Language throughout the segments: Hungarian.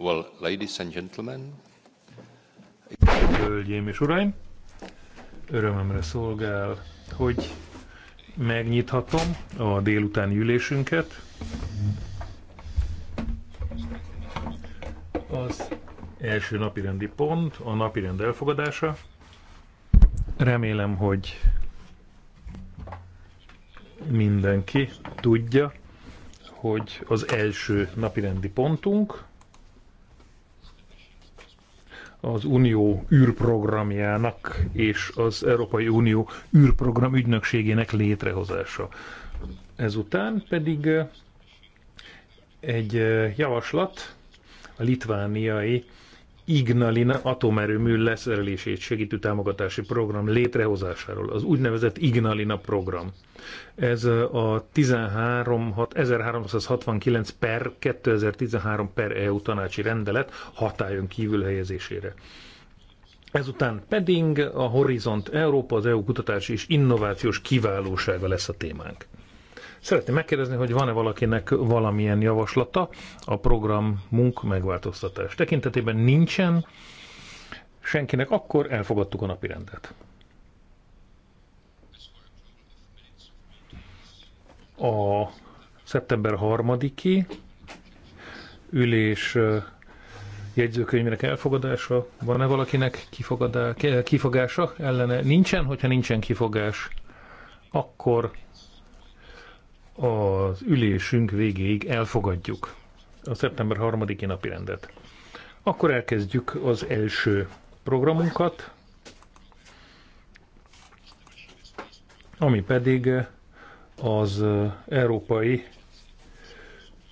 Well, ladies and gentlemen. Hölgyeim és uraim, örömömre szolgál, hogy megnyithatom a délutáni ülésünket. Az első napirendi pont, a napirend elfogadása. Remélem, hogy mindenki tudja, hogy az első napirendi pontunk az Unió űrprogramjának és az Európai Unió űrprogram ügynökségének létrehozása. Ezután pedig eh, egy eh, javaslat a litvániai Ignalina atomerőmű leszerelését segítő támogatási program létrehozásáról, az úgynevezett Ignalina program. Ez a 13, 1369 per 2013 per EU tanácsi rendelet hatályon kívül helyezésére. Ezután pedig a Horizont Európa, az EU kutatási és innovációs kiválósága lesz a témánk. Szeretném megkérdezni, hogy van-e valakinek valamilyen javaslata a program munk megváltoztatás tekintetében nincsen senkinek, akkor elfogadtuk a napirendet. A szeptember harmadiki i ülés jegyzőkönyvének elfogadása, van-e valakinek kifogása ellene? Nincsen, hogyha nincsen kifogás, akkor az ülésünk végéig elfogadjuk a szeptember 3-i napi rendet. Akkor elkezdjük az első programunkat, ami pedig az Európai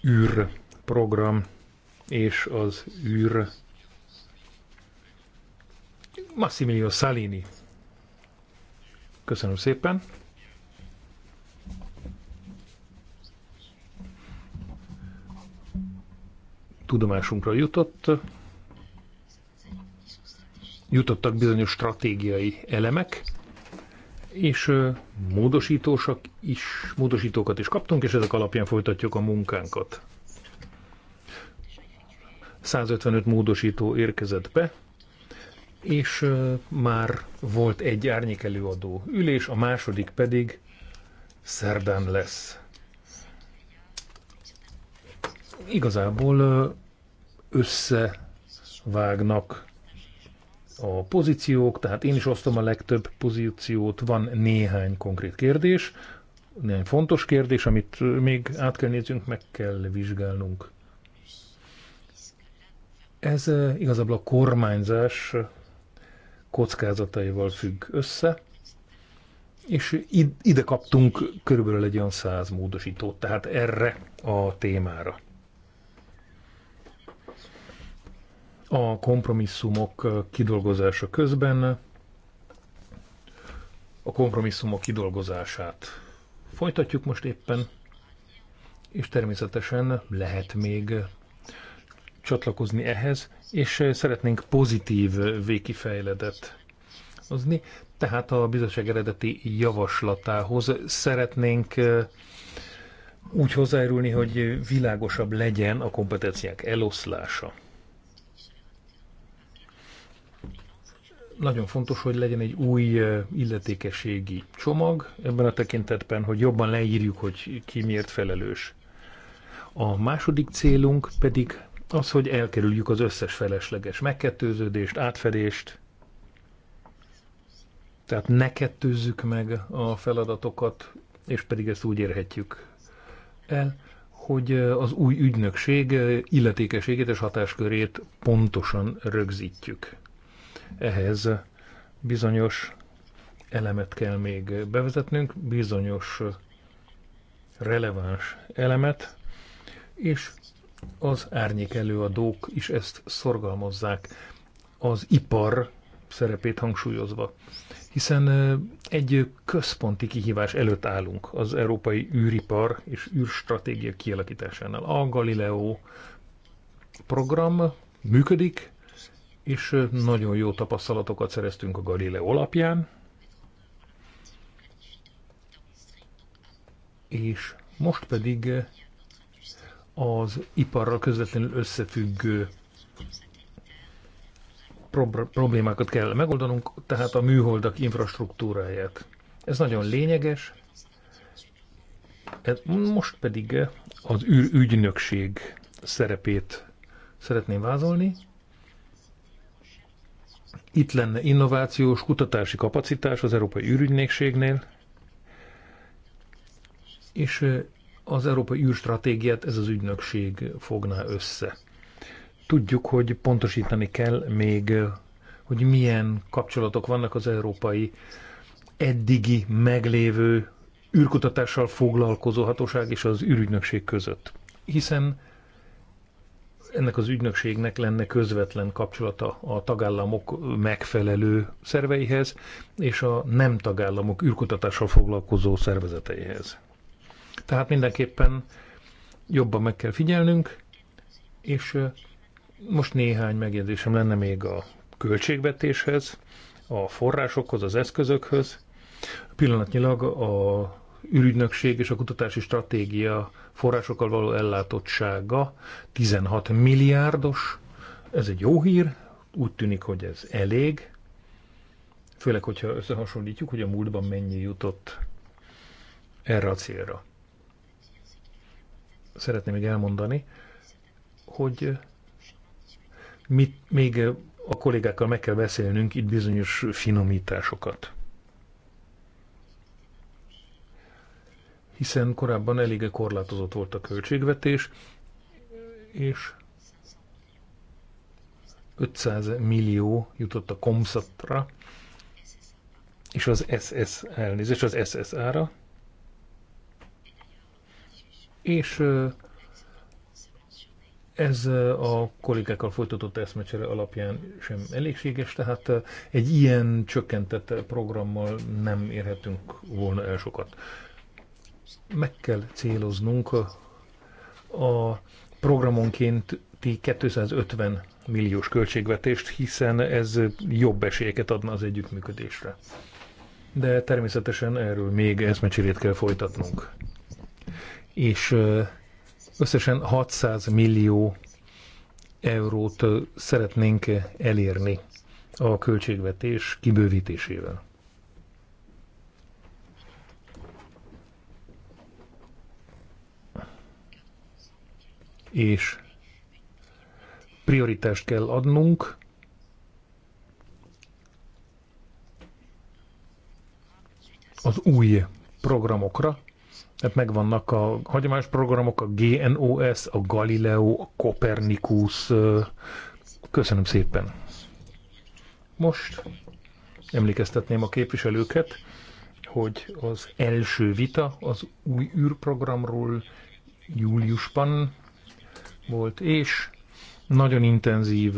űrprogram és az űr Massimilio Salini. Köszönöm szépen! tudomásunkra jutott, jutottak bizonyos stratégiai elemek, és módosítósak is, módosítókat is kaptunk, és ezek alapján folytatjuk a munkánkat. 155 módosító érkezett be, és már volt egy árnyékelőadó ülés, a második pedig szerdán lesz igazából összevágnak a pozíciók, tehát én is osztom a legtöbb pozíciót, van néhány konkrét kérdés, néhány fontos kérdés, amit még át kell nézzünk, meg kell vizsgálnunk. Ez igazából a kormányzás kockázataival függ össze, és ide kaptunk körülbelül egy olyan száz módosítót, tehát erre a témára. a kompromisszumok kidolgozása közben a kompromisszumok kidolgozását folytatjuk most éppen, és természetesen lehet még csatlakozni ehhez, és szeretnénk pozitív végkifejledet hozni, tehát a bizottság eredeti javaslatához szeretnénk úgy hozzájárulni, hogy világosabb legyen a kompetenciák eloszlása. nagyon fontos, hogy legyen egy új illetékeségi csomag ebben a tekintetben, hogy jobban leírjuk, hogy ki miért felelős. A második célunk pedig az, hogy elkerüljük az összes felesleges megkettőződést, átfedést, tehát ne kettőzzük meg a feladatokat, és pedig ezt úgy érhetjük el, hogy az új ügynökség illetékeségét és hatáskörét pontosan rögzítjük. Ehhez bizonyos elemet kell még bevezetnünk, bizonyos releváns elemet, és az árnyék előadók is ezt szorgalmazzák, az ipar szerepét hangsúlyozva. Hiszen egy központi kihívás előtt állunk az európai űripar és űrstratégia kialakításánál. A Galileo program működik, és nagyon jó tapasztalatokat szereztünk a Galileo alapján, és most pedig az iparral közvetlenül összefüggő problémákat kell megoldanunk, tehát a műholdak infrastruktúráját. Ez nagyon lényeges. Most pedig az űrügynökség szerepét szeretném vázolni. Itt lenne innovációs kutatási kapacitás az Európai űrügynökségnél, és az Európai űrstratégiát ez az ügynökség fogná össze. Tudjuk, hogy pontosítani kell még, hogy milyen kapcsolatok vannak az európai eddigi meglévő űrkutatással foglalkozó hatóság és az űrügynökség között. Hiszen ennek az ügynökségnek lenne közvetlen kapcsolata a tagállamok megfelelő szerveihez és a nem tagállamok űrkutatással foglalkozó szervezeteihez. Tehát mindenképpen jobban meg kell figyelnünk, és most néhány megjegyzésem lenne még a költségvetéshez, a forrásokhoz, az eszközökhöz. Pillanatnyilag a űrügynökség és a kutatási stratégia forrásokkal való ellátottsága 16 milliárdos. Ez egy jó hír, úgy tűnik, hogy ez elég, főleg, hogyha összehasonlítjuk, hogy a múltban mennyi jutott erre a célra. Szeretném még elmondani, hogy mit még a kollégákkal meg kell beszélnünk itt bizonyos finomításokat. hiszen korábban eléggé korlátozott volt a költségvetés, és 500 millió jutott a Komszatra, és az SS elnézés, az SSA-ra, és ez a kollégákkal folytatott eszmecsere alapján sem elégséges, tehát egy ilyen csökkentett programmal nem érhetünk volna el sokat meg kell céloznunk a programonkénti 250 milliós költségvetést, hiszen ez jobb esélyeket adna az együttműködésre. De természetesen erről még eszmecserét kell folytatnunk. És összesen 600 millió eurót szeretnénk elérni a költségvetés kibővítésével. és prioritást kell adnunk, az új programokra, tehát megvannak a hagyományos programok, a GNOS, a Galileo, a Copernicus. Köszönöm szépen. Most emlékeztetném a képviselőket, hogy az első vita az új űrprogramról júliusban volt, és nagyon intenzív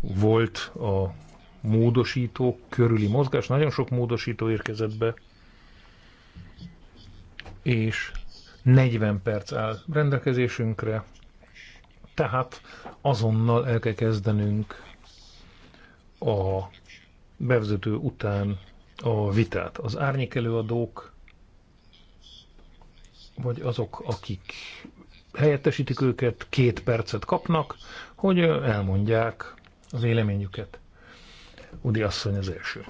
volt a módosító körüli mozgás, nagyon sok módosító érkezett be, és 40 perc áll rendelkezésünkre, tehát azonnal el kell kezdenünk a bevezető után a vitát. Az árnyékelőadók, vagy azok, akik helyettesítik őket, két percet kapnak, hogy elmondják az véleményüket. Udi asszony az első.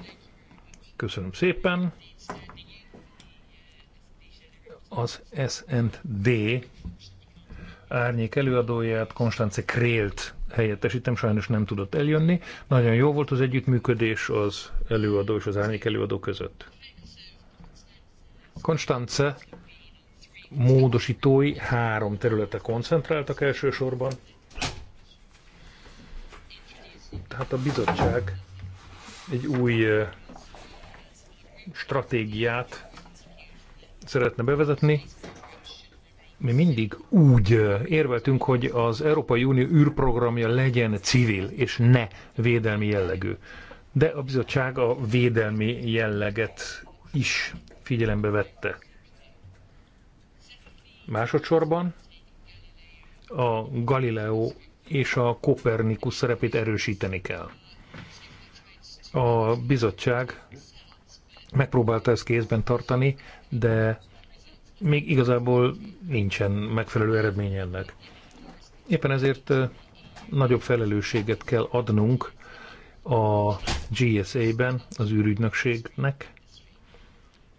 Köszönöm szépen. Az SND árnyék előadóját, Konstance Krélt helyettesítem, sajnos nem tudott eljönni. Nagyon jó volt az együttműködés az előadó és az árnyék előadó között. Konstance módosítói három területe koncentráltak elsősorban. Tehát a bizottság egy új stratégiát szeretne bevezetni. Mi mindig úgy érveltünk, hogy az Európai Unió űrprogramja legyen civil és ne védelmi jellegű. De a bizottság a védelmi jelleget is figyelembe vette. Másodszorban a Galileo és a Kopernikus szerepét erősíteni kell. A bizottság megpróbálta ezt kézben tartani, de még igazából nincsen megfelelő eredmény ennek. Éppen ezért nagyobb felelősséget kell adnunk a GSA-ben, az űrügynökségnek,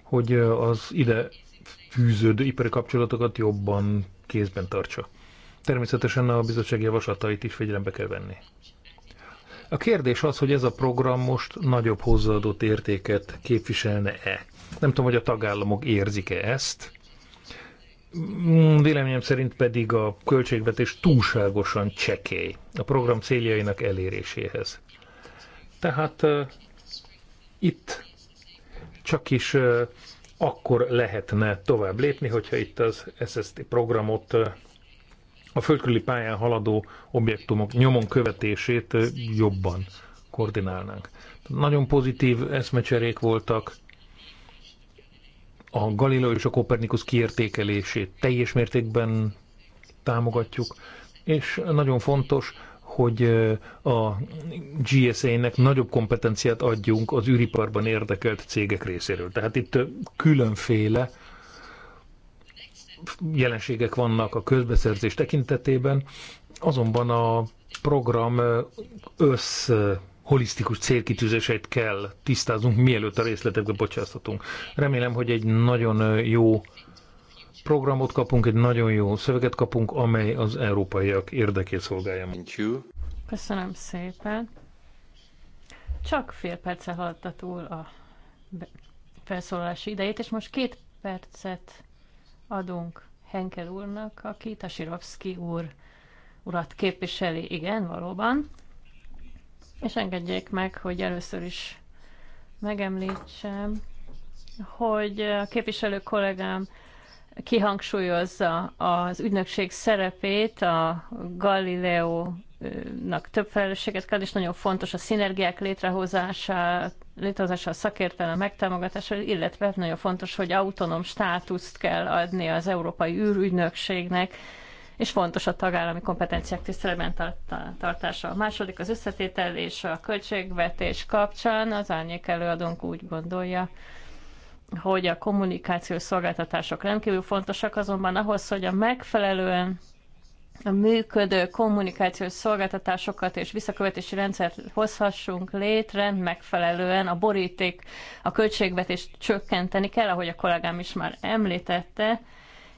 hogy az ide fűződő ipari kapcsolatokat jobban kézben tartsa. Természetesen a bizottság javaslatait is figyelembe kell venni. A kérdés az, hogy ez a program most nagyobb hozzáadott értéket képviselne-e. Nem tudom, hogy a tagállamok érzik-e ezt. Véleményem szerint pedig a költségvetés túlságosan csekély a program céljainak eléréséhez. Tehát uh, itt csak is uh, akkor lehetne tovább lépni, hogyha itt az SST programot a földkörüli pályán haladó objektumok nyomon követését jobban koordinálnánk. Nagyon pozitív eszmecserék voltak, a Galileo és a Kopernikus kiértékelését teljes mértékben támogatjuk, és nagyon fontos, hogy a GSA-nek nagyobb kompetenciát adjunk az űriparban érdekelt cégek részéről. Tehát itt különféle jelenségek vannak a közbeszerzés tekintetében, azonban a program össz holisztikus célkitűzéseit kell tisztáznunk, mielőtt a részletekbe bocsáztatunk. Remélem, hogy egy nagyon jó programot kapunk, egy nagyon jó szöveget kapunk, amely az európaiak érdekét szolgálja. Köszönöm szépen. Csak fél perce haladta túl a felszólalási idejét, és most két percet adunk Henkel úrnak, aki Tasirovszki úr urat képviseli. Igen, valóban. És engedjék meg, hogy először is megemlítsem, hogy a képviselő kollégám kihangsúlyozza az ügynökség szerepét, a Galileo-nak több felelősséget kell, és nagyon fontos a szinergiák létrehozása, létrehozása a szakértelem megtámogatása, illetve nagyon fontos, hogy autonóm státuszt kell adni az Európai űrügynökségnek, és fontos a tagállami kompetenciák tiszteletben tartása. A második az összetétel és a költségvetés kapcsán az árnyék előadónk úgy gondolja, hogy a kommunikációs szolgáltatások rendkívül fontosak, azonban ahhoz, hogy a megfelelően a működő kommunikációs szolgáltatásokat és visszakövetési rendszert hozhassunk létre, megfelelően a boríték, a költségvetést csökkenteni kell, ahogy a kollégám is már említette,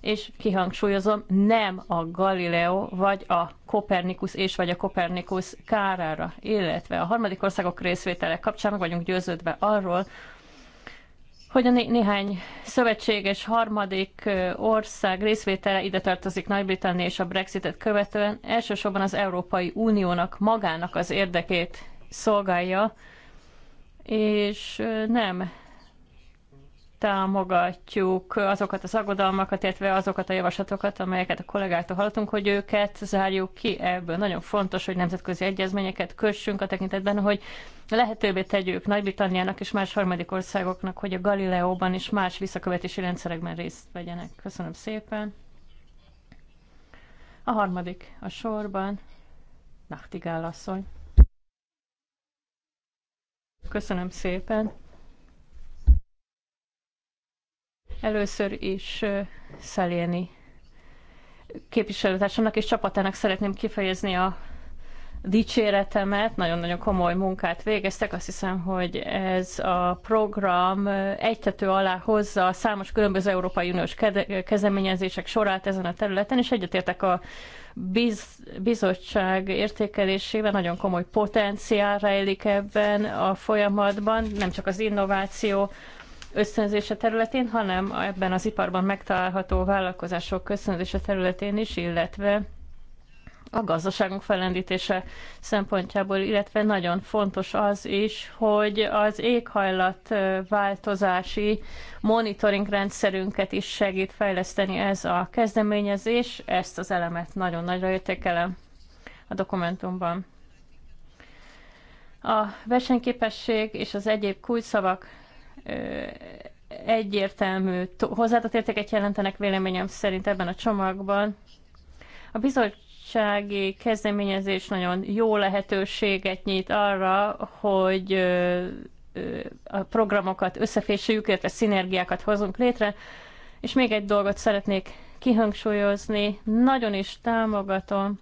és kihangsúlyozom, nem a Galileo vagy a Kopernikus és vagy a Kopernikus kárára, illetve a harmadik országok részvétele kapcsán vagyunk győződve arról, hogy a né- néhány szövetséges harmadik ország részvétele ide tartozik Nagy-Britannia és a Brexitet követően elsősorban az Európai Uniónak magának az érdekét szolgálja, és nem támogatjuk azokat az aggodalmakat, illetve azokat a javaslatokat, amelyeket a kollégáktól hallottunk, hogy őket zárjuk ki ebből. Nagyon fontos, hogy nemzetközi egyezményeket kössünk a tekintetben, hogy lehetővé tegyük Nagy-Britanniának és más harmadik országoknak, hogy a Galileóban és más visszakövetési rendszerekben részt vegyenek. Köszönöm szépen. A harmadik a sorban. Nachtigál asszony. Köszönöm szépen. Először is Szeléni képviselőtársamnak és csapatának szeretném kifejezni a dicséretemet, nagyon-nagyon komoly munkát végeztek. Azt hiszem, hogy ez a program egytető alá hozza a számos különböző Európai Uniós kezdeményezések sorát ezen a területen, és egyetértek a biz- bizottság értékelésében, nagyon komoly potenciál rejlik ebben a folyamatban, nem csak az innováció, ösztönzése területén, hanem ebben az iparban megtalálható vállalkozások ösztönzése területén is, illetve a gazdaságunk felendítése szempontjából, illetve nagyon fontos az is, hogy az éghajlat változási monitoring rendszerünket is segít fejleszteni ez a kezdeményezés. Ezt az elemet nagyon nagyra értékelem a dokumentumban. A versenyképesség és az egyéb kulcsszavak egyértelmű hozzáadott értéket jelentenek véleményem szerint ebben a csomagban. A bizottsági kezdeményezés nagyon jó lehetőséget nyit arra, hogy a programokat összefésüljük, illetve szinergiákat hozunk létre. És még egy dolgot szeretnék kihangsúlyozni, nagyon is támogatom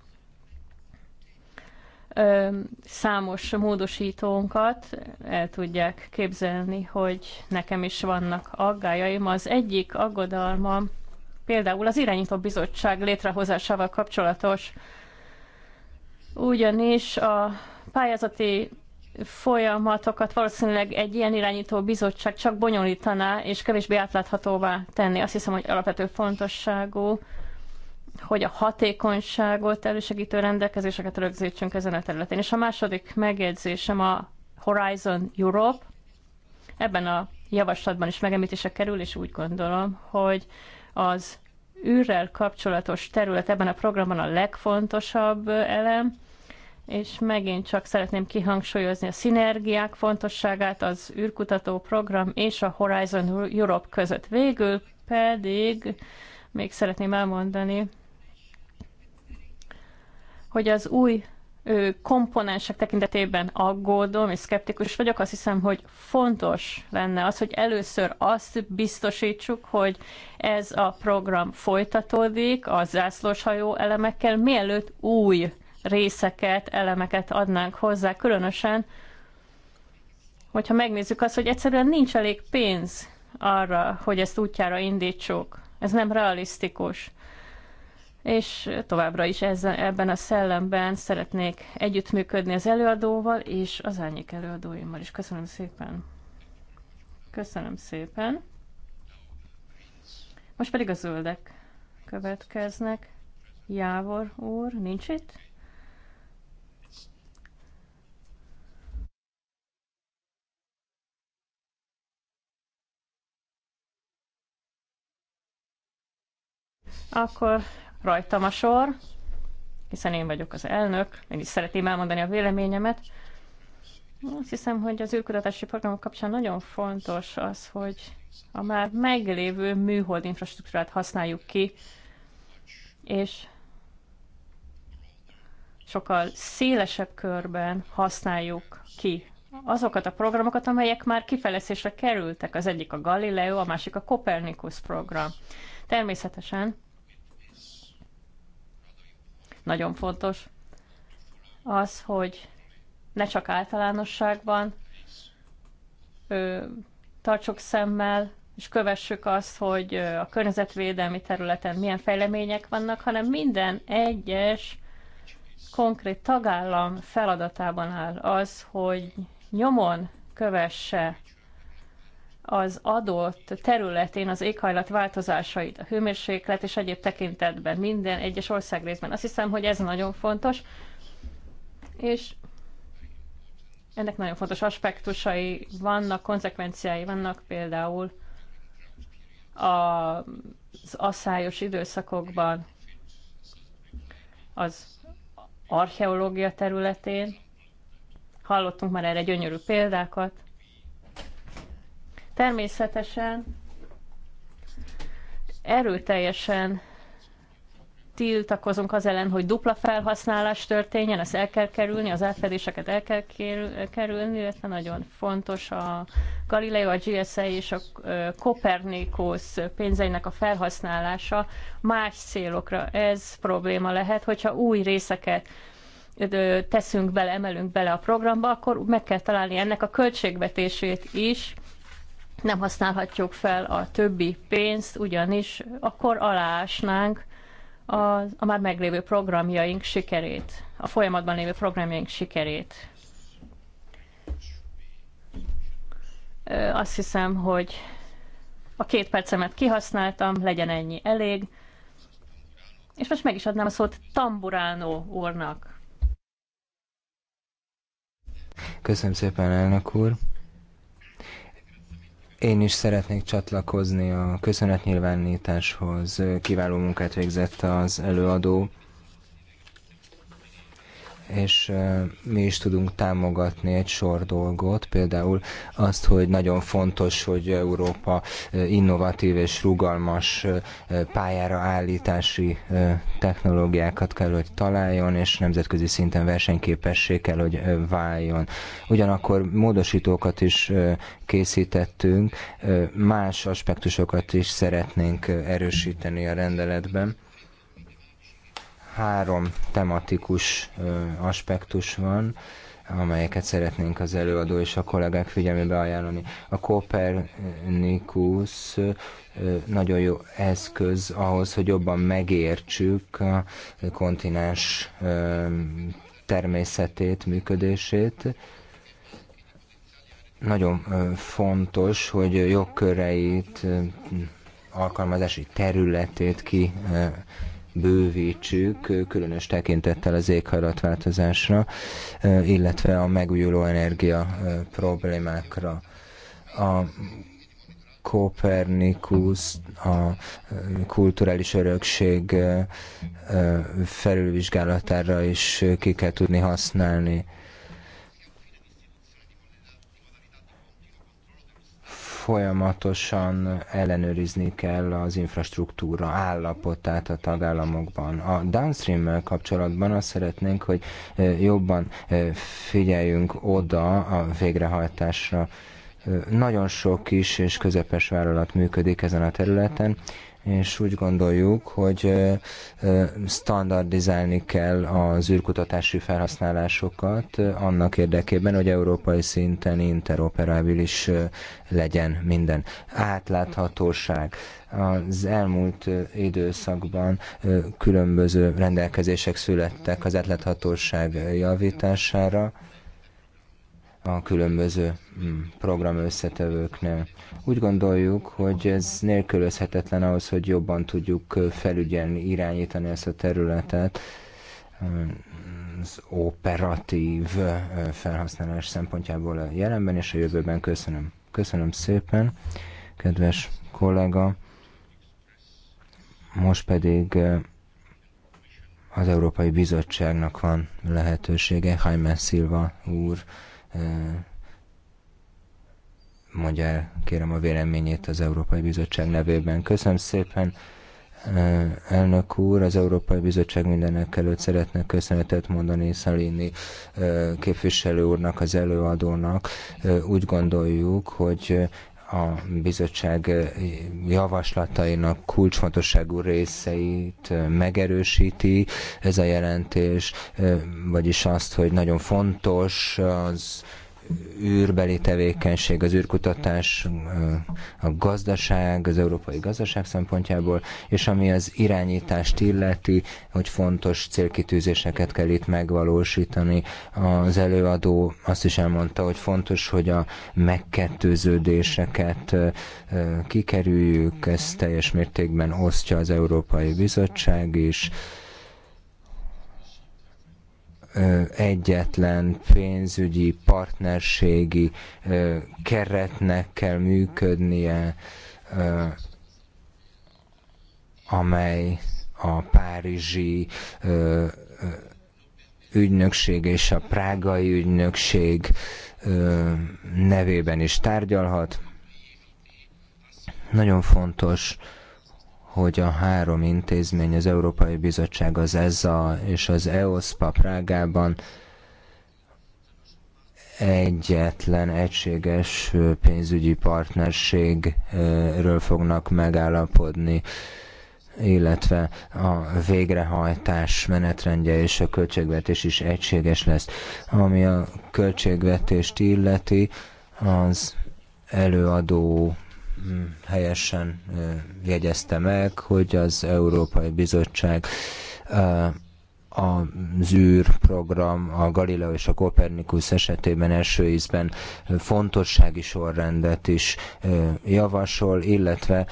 számos módosítónkat el tudják képzelni, hogy nekem is vannak aggájaim. Az egyik aggodalma, például az irányító bizottság létrehozásával kapcsolatos, ugyanis a pályázati folyamatokat valószínűleg egy ilyen irányító bizottság csak bonyolítaná és kevésbé átláthatóvá tenni. Azt hiszem, hogy alapvető fontosságú, hogy a hatékonyságot elősegítő rendelkezéseket rögzítsünk ezen a területen. És a második megjegyzésem a Horizon Europe. Ebben a javaslatban is megemlítése kerül, és úgy gondolom, hogy az űrrel kapcsolatos terület ebben a programban a legfontosabb elem, és megint csak szeretném kihangsúlyozni a szinergiák fontosságát az űrkutató program és a Horizon Europe között. Végül pedig még szeretném elmondani, hogy az új komponensek tekintetében aggódom és szkeptikus vagyok, azt hiszem, hogy fontos lenne az, hogy először azt biztosítsuk, hogy ez a program folytatódik a zászlóshajó elemekkel, mielőtt új részeket, elemeket adnánk hozzá, különösen, hogyha megnézzük azt, hogy egyszerűen nincs elég pénz arra, hogy ezt útjára indítsuk. Ez nem realisztikus és továbbra is ezzel, ebben a szellemben szeretnék együttműködni az előadóval és az árnyék előadóimmal is. Köszönöm szépen! Köszönöm szépen! Most pedig a zöldek következnek. Jávor úr, nincs itt? Akkor rajtam a sor, hiszen én vagyok az elnök, én is szeretném elmondani a véleményemet. Azt hiszem, hogy az űrkutatási programok kapcsán nagyon fontos az, hogy a már meglévő műhold infrastruktúrát használjuk ki, és sokkal szélesebb körben használjuk ki azokat a programokat, amelyek már kifejlesztésre kerültek. Az egyik a Galileo, a másik a Copernicus program. Természetesen nagyon fontos az, hogy ne csak általánosságban ö, tartsuk szemmel, és kövessük azt, hogy a környezetvédelmi területen milyen fejlemények vannak, hanem minden egyes konkrét tagállam feladatában áll az, hogy nyomon kövesse az adott területén az éghajlat változásait, a hőmérséklet és egyéb tekintetben minden egyes ország részben. Azt hiszem, hogy ez nagyon fontos, és ennek nagyon fontos aspektusai vannak, konzekvenciái vannak például az asszályos időszakokban, az archeológia területén. Hallottunk már erre gyönyörű példákat, Természetesen erőteljesen tiltakozunk az ellen, hogy dupla felhasználás történjen, ezt el kell kerülni, az átfedéseket el kell kerülni, illetve nagyon fontos a Galileo, a GSA és a Kopernikus pénzeinek a felhasználása más célokra. Ez probléma lehet, hogyha új részeket teszünk bele, emelünk bele a programba, akkor meg kell találni ennek a költségvetését is, nem használhatjuk fel a többi pénzt, ugyanis akkor aláásnánk a, a már meglévő programjaink sikerét, a folyamatban lévő programjaink sikerét. Azt hiszem, hogy a két percemet kihasználtam, legyen ennyi elég. És most meg is adnám a szót Tamburánó úrnak. Köszönöm szépen, elnök úr. Én is szeretnék csatlakozni a köszönetnyilvánításhoz. Kiváló munkát végzett az előadó és mi is tudunk támogatni egy sor dolgot, például azt, hogy nagyon fontos, hogy Európa innovatív és rugalmas pályára állítási technológiákat kell, hogy találjon, és nemzetközi szinten versenyképessé kell, hogy váljon. Ugyanakkor módosítókat is készítettünk, más aspektusokat is szeretnénk erősíteni a rendeletben Három tematikus aspektus van, amelyeket szeretnénk az előadó és a kollégák figyelmébe ajánlani. A Kopernikus nagyon jó eszköz ahhoz, hogy jobban megértsük a kontinens természetét, működését. Nagyon fontos, hogy jogköreit, alkalmazási területét ki bővítsük, különös tekintettel az éghajlatváltozásra, eh, illetve a megújuló energia eh, problémákra. A Kopernikus, a eh, kulturális örökség felülvizsgálatára is ki kell tudni használni folyamatosan ellenőrizni kell az infrastruktúra állapotát a tagállamokban. A downstream kapcsolatban azt szeretnénk, hogy jobban figyeljünk oda a végrehajtásra. Nagyon sok kis és közepes vállalat működik ezen a területen, és úgy gondoljuk, hogy standardizálni kell az űrkutatási felhasználásokat annak érdekében, hogy európai szinten interoperabilis legyen minden. Átláthatóság. Az elmúlt időszakban különböző rendelkezések születtek az átláthatóság javítására a különböző mm, program összetevőknél. Úgy gondoljuk, hogy ez nélkülözhetetlen ahhoz, hogy jobban tudjuk felügyelni, irányítani ezt a területet az operatív felhasználás szempontjából a jelenben és a jövőben. Köszönöm. Köszönöm szépen, kedves kollega. Most pedig az Európai Bizottságnak van lehetősége. Jaime Silva úr mondja el, kérem a véleményét az Európai Bizottság nevében. Köszönöm szépen, elnök úr, az Európai Bizottság mindenek előtt szeretne köszönetet mondani Szalini képviselő úrnak, az előadónak. Úgy gondoljuk, hogy a bizottság javaslatainak kulcsfontosságú részeit megerősíti ez a jelentés, vagyis azt, hogy nagyon fontos az űrbeli tevékenység, az űrkutatás, a gazdaság, az európai gazdaság szempontjából, és ami az irányítást illeti, hogy fontos célkitűzéseket kell itt megvalósítani. Az előadó azt is elmondta, hogy fontos, hogy a megkettőződéseket kikerüljük, ezt teljes mértékben osztja az Európai Bizottság is, egyetlen pénzügyi partnerségi keretnek kell működnie, amely a párizsi ügynökség és a prágai ügynökség nevében is tárgyalhat. Nagyon fontos hogy a három intézmény, az Európai Bizottság, az EZA és az EOSPA Prágában egyetlen egységes pénzügyi partnerségről fognak megállapodni, illetve a végrehajtás menetrendje és a költségvetés is egységes lesz. Ami a költségvetést illeti, az előadó helyesen jegyezte meg, hogy az Európai Bizottság az űrprogram a Galileo és a Kopernikus esetében első ízben fontossági sorrendet is javasol, illetve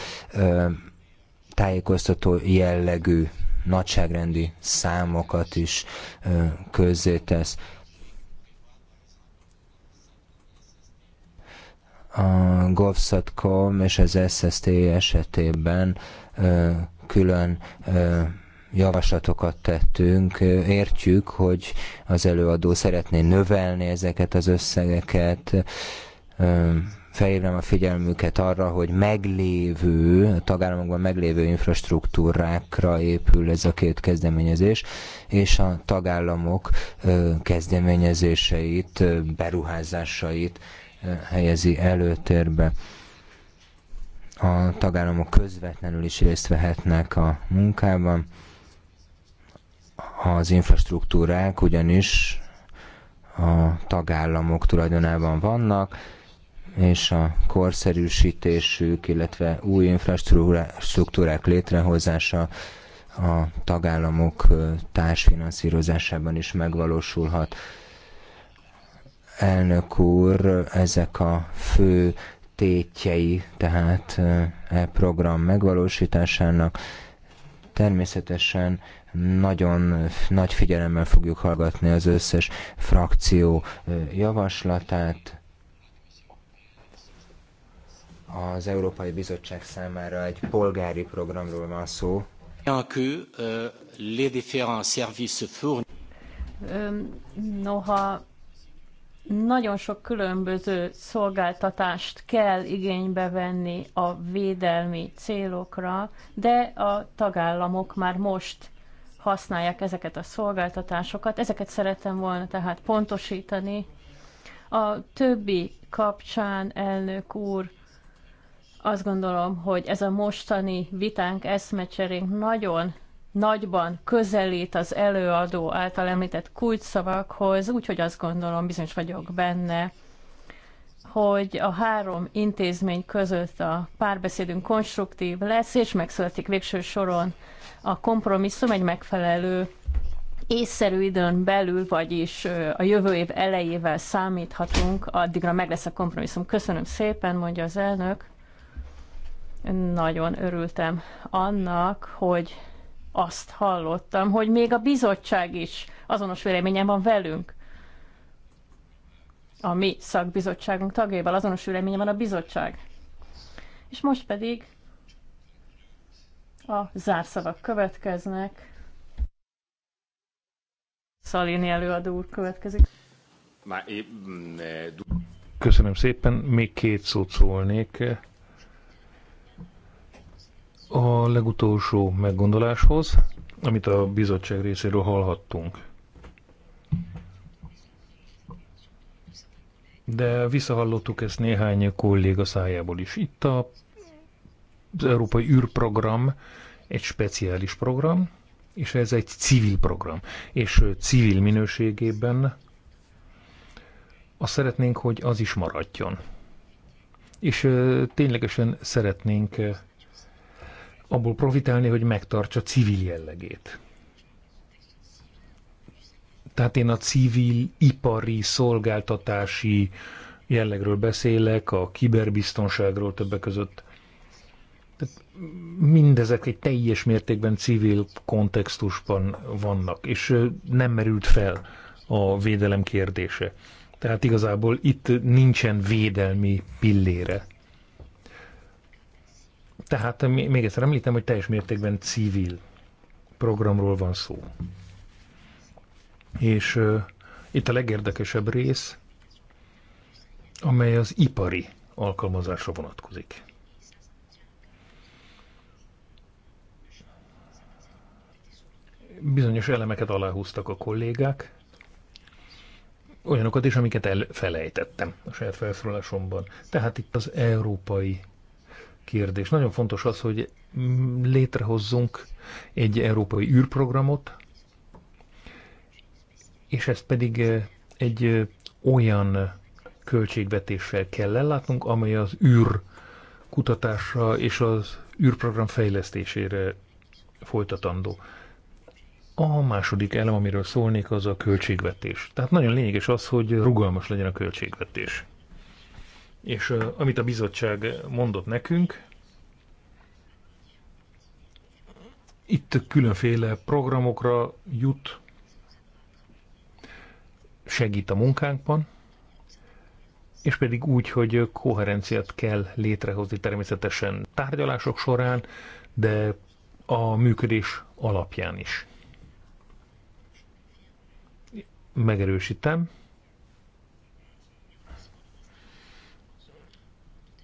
tájékoztató jellegű nagyságrendi számokat is közzétesz. tesz a Govsatcom és az SST esetében külön javaslatokat tettünk. Értjük, hogy az előadó szeretné növelni ezeket az összegeket, felhívnám a figyelmüket arra, hogy meglévő, tagállamokban meglévő infrastruktúrákra épül ez a két kezdeményezés, és a tagállamok kezdeményezéseit, beruházásait helyezi előtérbe. A tagállamok közvetlenül is részt vehetnek a munkában. Az infrastruktúrák ugyanis a tagállamok tulajdonában vannak, és a korszerűsítésük, illetve új infrastruktúrák létrehozása a tagállamok társfinanszírozásában is megvalósulhat elnök úr, ezek a fő tétjei tehát e program megvalósításának. Természetesen nagyon nagy figyelemmel fogjuk hallgatni az összes frakció javaslatát. Az Európai Bizottság számára egy polgári programról van szó. Noha nagyon sok különböző szolgáltatást kell igénybe venni a védelmi célokra, de a tagállamok már most használják ezeket a szolgáltatásokat. Ezeket szerettem volna tehát pontosítani. A többi kapcsán, elnök úr, azt gondolom, hogy ez a mostani vitánk, eszmecserénk nagyon nagyban közelít az előadó által említett kulcsszavakhoz, úgyhogy azt gondolom, bizonyos vagyok benne, hogy a három intézmény között a párbeszédünk konstruktív lesz, és megszületik végső soron a kompromisszum egy megfelelő észszerű időn belül, vagyis a jövő év elejével számíthatunk, addigra meg lesz a kompromisszum. Köszönöm szépen, mondja az elnök. Nagyon örültem annak, hogy azt hallottam, hogy még a bizottság is azonos véleményen van velünk. A mi szakbizottságunk tagjával azonos véleményen van a bizottság. És most pedig a zárszavak következnek. Szalini előadó úr következik. Mm, eh, Köszönöm szépen, még két szót szólnék a legutolsó meggondoláshoz, amit a bizottság részéről hallhattunk. De visszahallottuk ezt néhány kolléga szájából is. Itt a, az Európai űrprogram egy speciális program, és ez egy civil program. És civil minőségében azt szeretnénk, hogy az is maradjon. És ténylegesen szeretnénk abból profitálni, hogy megtartsa civil jellegét. Tehát én a civil, ipari, szolgáltatási jellegről beszélek, a kiberbiztonságról többek között. Tehát mindezek egy teljes mértékben civil kontextusban vannak, és nem merült fel a védelem kérdése. Tehát igazából itt nincsen védelmi pillére. Tehát még egyszer említem, hogy teljes mértékben civil programról van szó. És uh, itt a legérdekesebb rész, amely az ipari alkalmazásra vonatkozik. Bizonyos elemeket aláhúztak a kollégák, olyanokat is, amiket elfelejtettem a saját felszólalásomban. Tehát itt az európai kérdés. Nagyon fontos az, hogy létrehozzunk egy európai űrprogramot, és ezt pedig eh, egy eh, olyan költségvetéssel kell ellátnunk, amely az űr kutatásra és az űrprogram fejlesztésére folytatandó. A második elem, amiről szólnék, az a költségvetés. Tehát nagyon lényeges az, hogy rugalmas legyen a költségvetés és amit a bizottság mondott nekünk, itt különféle programokra jut, segít a munkánkban, és pedig úgy, hogy koherenciát kell létrehozni természetesen tárgyalások során, de a működés alapján is. Megerősítem,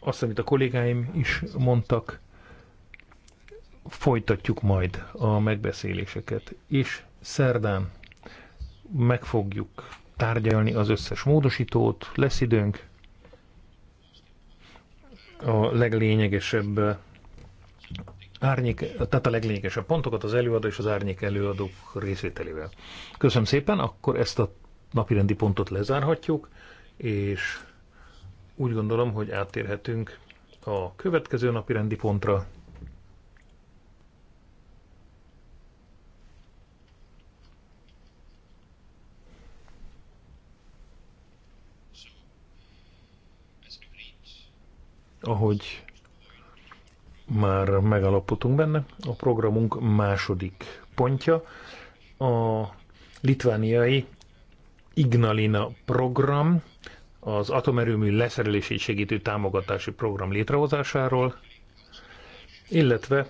azt, amit a kollégáim is mondtak, folytatjuk majd a megbeszéléseket, és szerdán meg fogjuk tárgyalni az összes módosítót, lesz időnk a leglényegesebb árnyék, tehát a leglényegesebb pontokat az előadó és az árnyék előadók részvételével. Köszönöm szépen, akkor ezt a napirendi pontot lezárhatjuk, és úgy gondolom, hogy áttérhetünk a következő napi rendi pontra. Ahogy már megalapotunk benne, a programunk második pontja a litvániai Ignalina program, az atomerőmű leszerelését segítő támogatási program létrehozásáról, illetve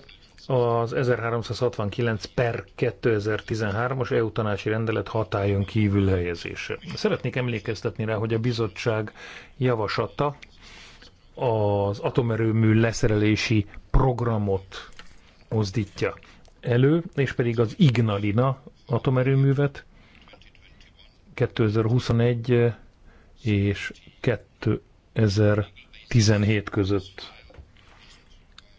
az 1369 per 2013-as EU tanási rendelet hatályon kívül helyezése. Szeretnék emlékeztetni rá, hogy a bizottság javaslata az atomerőmű leszerelési programot mozdítja elő, és pedig az Ignalina atomerőművet 2021 és 2017 között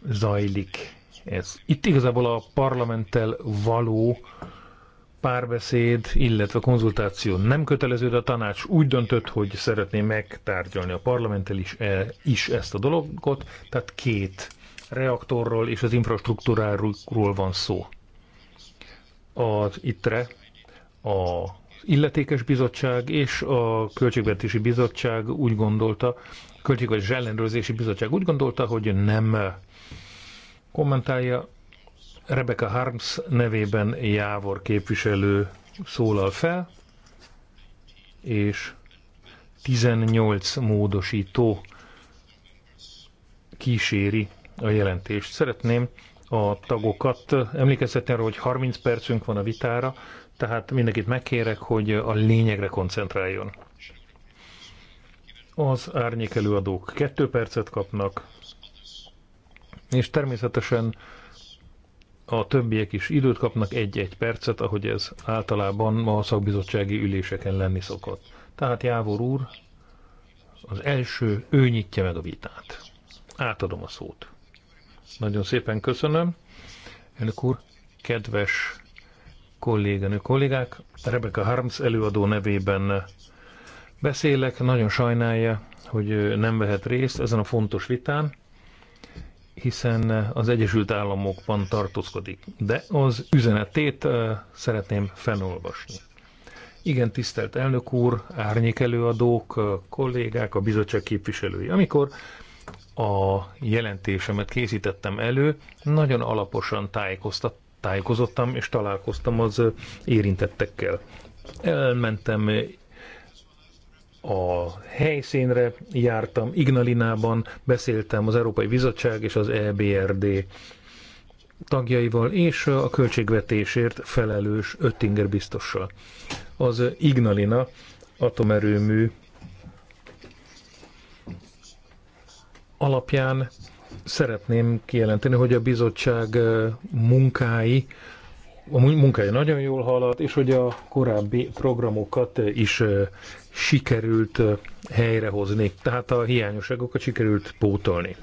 zajlik ez. Itt igazából a parlamenttel való párbeszéd, illetve konzultáció nem kötelező, de a tanács úgy döntött, hogy szeretné megtárgyalni a parlamenttel is, e, is ezt a dologot, tehát két reaktorról és az infrastruktúráról van szó. Az ITRE, a illetékes bizottság és a költségvetési bizottság úgy gondolta, költségvetési ellenőrzési bizottság úgy gondolta, hogy nem kommentálja. Rebecca Harms nevében Jávor képviselő szólal fel, és 18 módosító kíséri a jelentést. Szeretném a tagokat emlékeztetni arra, hogy 30 percünk van a vitára, tehát mindenkit megkérek, hogy a lényegre koncentráljon. Az árnyék előadók kettő percet kapnak, és természetesen a többiek is időt kapnak egy-egy percet, ahogy ez általában ma a szakbizottsági üléseken lenni szokott. Tehát Jávor úr, az első, ő nyitja meg a vitát. Átadom a szót. Nagyon szépen köszönöm. Elnök úr, kedves kolléganő kollégák. Rebecca Harms előadó nevében beszélek. Nagyon sajnálja, hogy nem vehet részt ezen a fontos vitán, hiszen az Egyesült Államokban tartózkodik. De az üzenetét szeretném felolvasni. Igen, tisztelt elnök úr, árnyék előadók, kollégák, a bizottság képviselői. Amikor a jelentésemet készítettem elő, nagyon alaposan tájékoztattam, tájékozottam, és találkoztam az érintettekkel. Elmentem a helyszínre, jártam Ignalinában, beszéltem az Európai Bizottság és az EBRD tagjaival és a költségvetésért felelős Öttinger biztossal. Az Ignalina atomerőmű alapján szeretném kijelenteni, hogy a bizottság munkái, a munkája nagyon jól halad, és hogy a korábbi programokat is sikerült helyrehozni, tehát a hiányosságokat sikerült pótolni.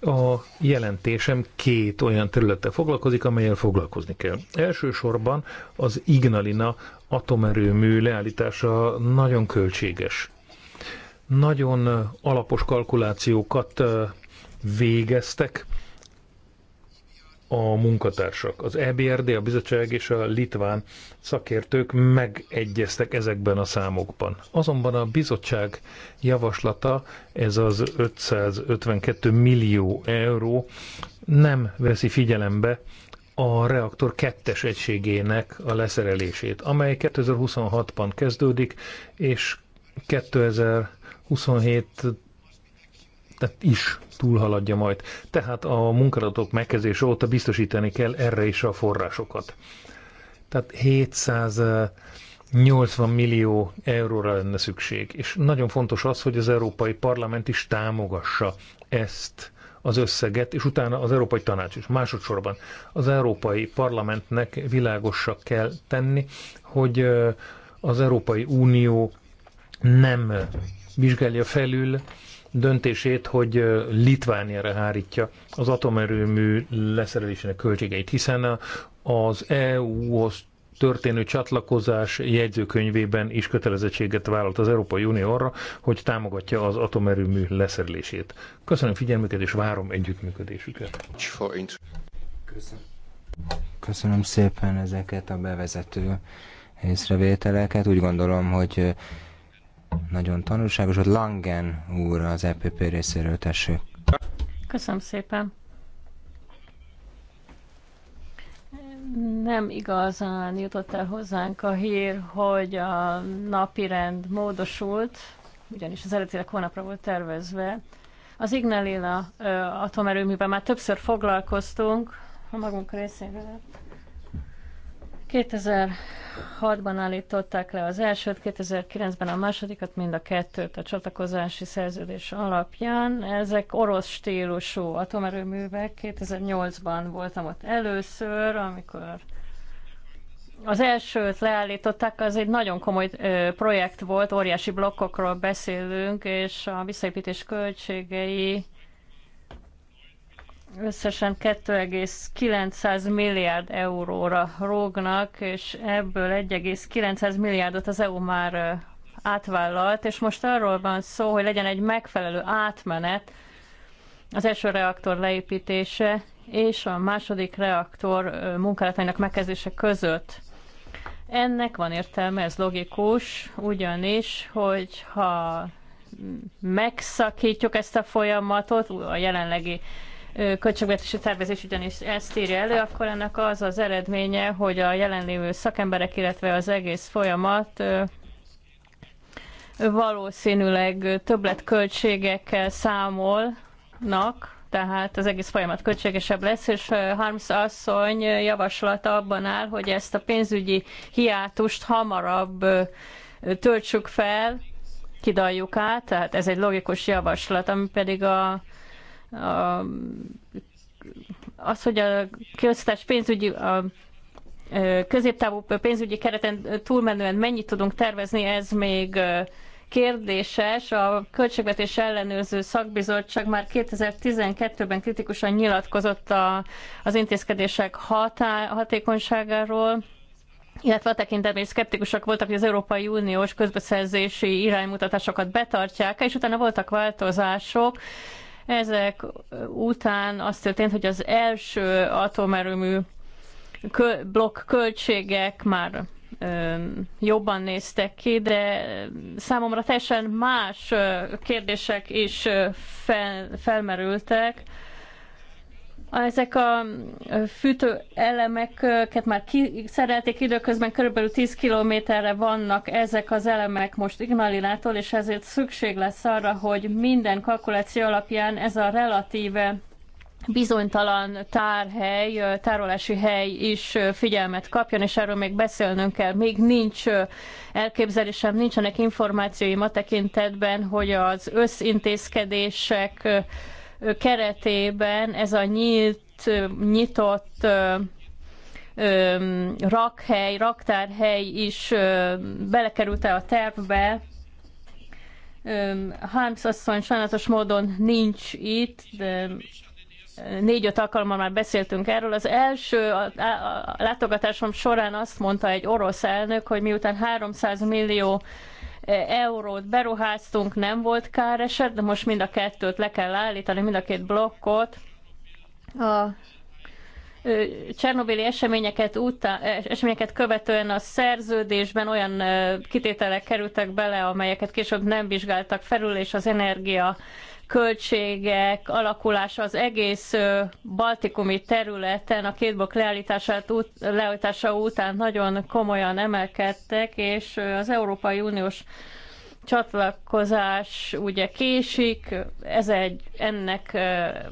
A jelentésem két olyan területtel foglalkozik, amelyel foglalkozni kell. Elsősorban az Ignalina atomerőmű leállítása nagyon költséges. Nagyon alapos kalkulációkat végeztek a munkatársak. Az EBRD, a bizottság és a litván szakértők megegyeztek ezekben a számokban. Azonban a bizottság javaslata, ez az 552 millió euró, nem veszi figyelembe a reaktor kettes egységének a leszerelését, amely 2026-ban kezdődik, és 2027 tehát is túlhaladja majd. Tehát a munkadatok megkezdése óta biztosítani kell erre is a forrásokat. Tehát 780 millió euróra lenne szükség. És nagyon fontos az, hogy az Európai Parlament is támogassa ezt az összeget, és utána az Európai Tanács is. Másodszorban az Európai Parlamentnek világosak kell tenni, hogy az Európai Unió nem vizsgálja felül döntését, hogy Litvániára hárítja az atomerőmű leszerelésének költségeit, hiszen az EU-hoz történő csatlakozás jegyzőkönyvében is kötelezettséget vállalt az Európai Unió arra, hogy támogatja az atomerőmű leszerelését. Köszönöm figyelmüket és várom együttműködésüket. Köszönöm. szépen ezeket a bevezető észrevételeket. Úgy gondolom, hogy nagyon tanulságos, hogy Langen úr az EPP részéről tessék. Köszönöm szépen. nem igazán jutott el hozzánk a hír, hogy a napi rend módosult, ugyanis az eredetileg hónapra volt tervezve. Az Ignalina atomerőműben már többször foglalkoztunk, a magunk részéről 2006-ban állították le az elsőt, 2009-ben a másodikat, mind a kettőt a csatlakozási szerződés alapján. Ezek orosz stílusú atomerőművek. 2008-ban voltam ott először, amikor az elsőt leállították, az egy nagyon komoly projekt volt, óriási blokkokról beszélünk, és a visszaépítés költségei összesen 2,9 milliárd euróra rógnak, és ebből 1,9 milliárdot az EU már átvállalt, és most arról van szó, hogy legyen egy megfelelő átmenet az első reaktor leépítése és a második reaktor munkálatainak megkezdése között. Ennek van értelme, ez logikus, ugyanis, hogyha megszakítjuk ezt a folyamatot, a jelenlegi költségvetési tervezés ugyanis ezt írja elő, akkor ennek az az eredménye, hogy a jelenlévő szakemberek, illetve az egész folyamat valószínűleg többletköltségekkel számolnak, tehát az egész folyamat költségesebb lesz, és Harms asszony javaslata abban áll, hogy ezt a pénzügyi hiátust hamarabb töltsük fel, kidaljuk át, tehát ez egy logikus javaslat, ami pedig a a, az, hogy a köztes pénzügyi, a középtávú pénzügyi kereten túlmenően mennyit tudunk tervezni, ez még kérdéses. A Költségvetés Ellenőrző Szakbizottság már 2012-ben kritikusan nyilatkozott a, az intézkedések hatá, hatékonyságáról, illetve a tekintetben is szkeptikusak voltak, hogy az Európai Uniós közbeszerzési iránymutatásokat betartják, és utána voltak változások, ezek után az történt, hogy az első atomerőmű köl, blokk költségek már jobban néztek ki, de számomra teljesen más kérdések is fel, felmerültek. Ezek a fűtő elemeket már kiszerelték időközben, körülbelül 10 kilométerre vannak ezek az elemek most Ignalinától, és ezért szükség lesz arra, hogy minden kalkuláció alapján ez a relatíve bizonytalan tárhely, tárolási hely is figyelmet kapjon, és erről még beszélnünk kell. Még nincs elképzelésem, nincsenek információim a tekintetben, hogy az összintézkedések keretében ez a nyílt, nyitott rakhely, raktárhely is belekerült-e a tervbe. Harms asszony sajnálatos módon nincs itt, de négy-öt alkalommal már beszéltünk erről. Az első a látogatásom során azt mondta egy orosz elnök, hogy miután 300 millió eurót beruháztunk, nem volt káreset, de most mind a kettőt le kell állítani, mind a két blokkot. A Csernobili eseményeket, után, eseményeket követően a szerződésben olyan kitételek kerültek bele, amelyeket később nem vizsgáltak felül, és az energia költségek alakulása az egész baltikumi területen a két blokk leállítása után nagyon komolyan emelkedtek, és az Európai Uniós csatlakozás ugye késik, ez egy, ennek,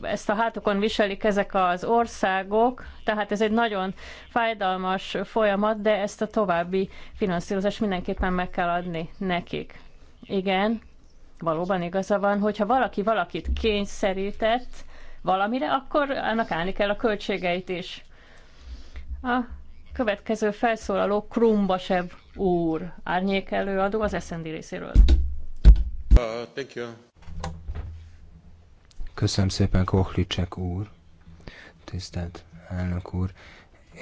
ezt a hátukon viselik ezek az országok, tehát ez egy nagyon fájdalmas folyamat, de ezt a további finanszírozást mindenképpen meg kell adni nekik. Igen, valóban igaza van, hogyha valaki valakit kényszerített valamire, akkor annak állni kell a költségeit is. A következő felszólaló Krumbasev úr, árnyék előadó az SND részéről. Uh, thank you. Köszönöm szépen, Kohlicek úr. Tisztelt elnök úr.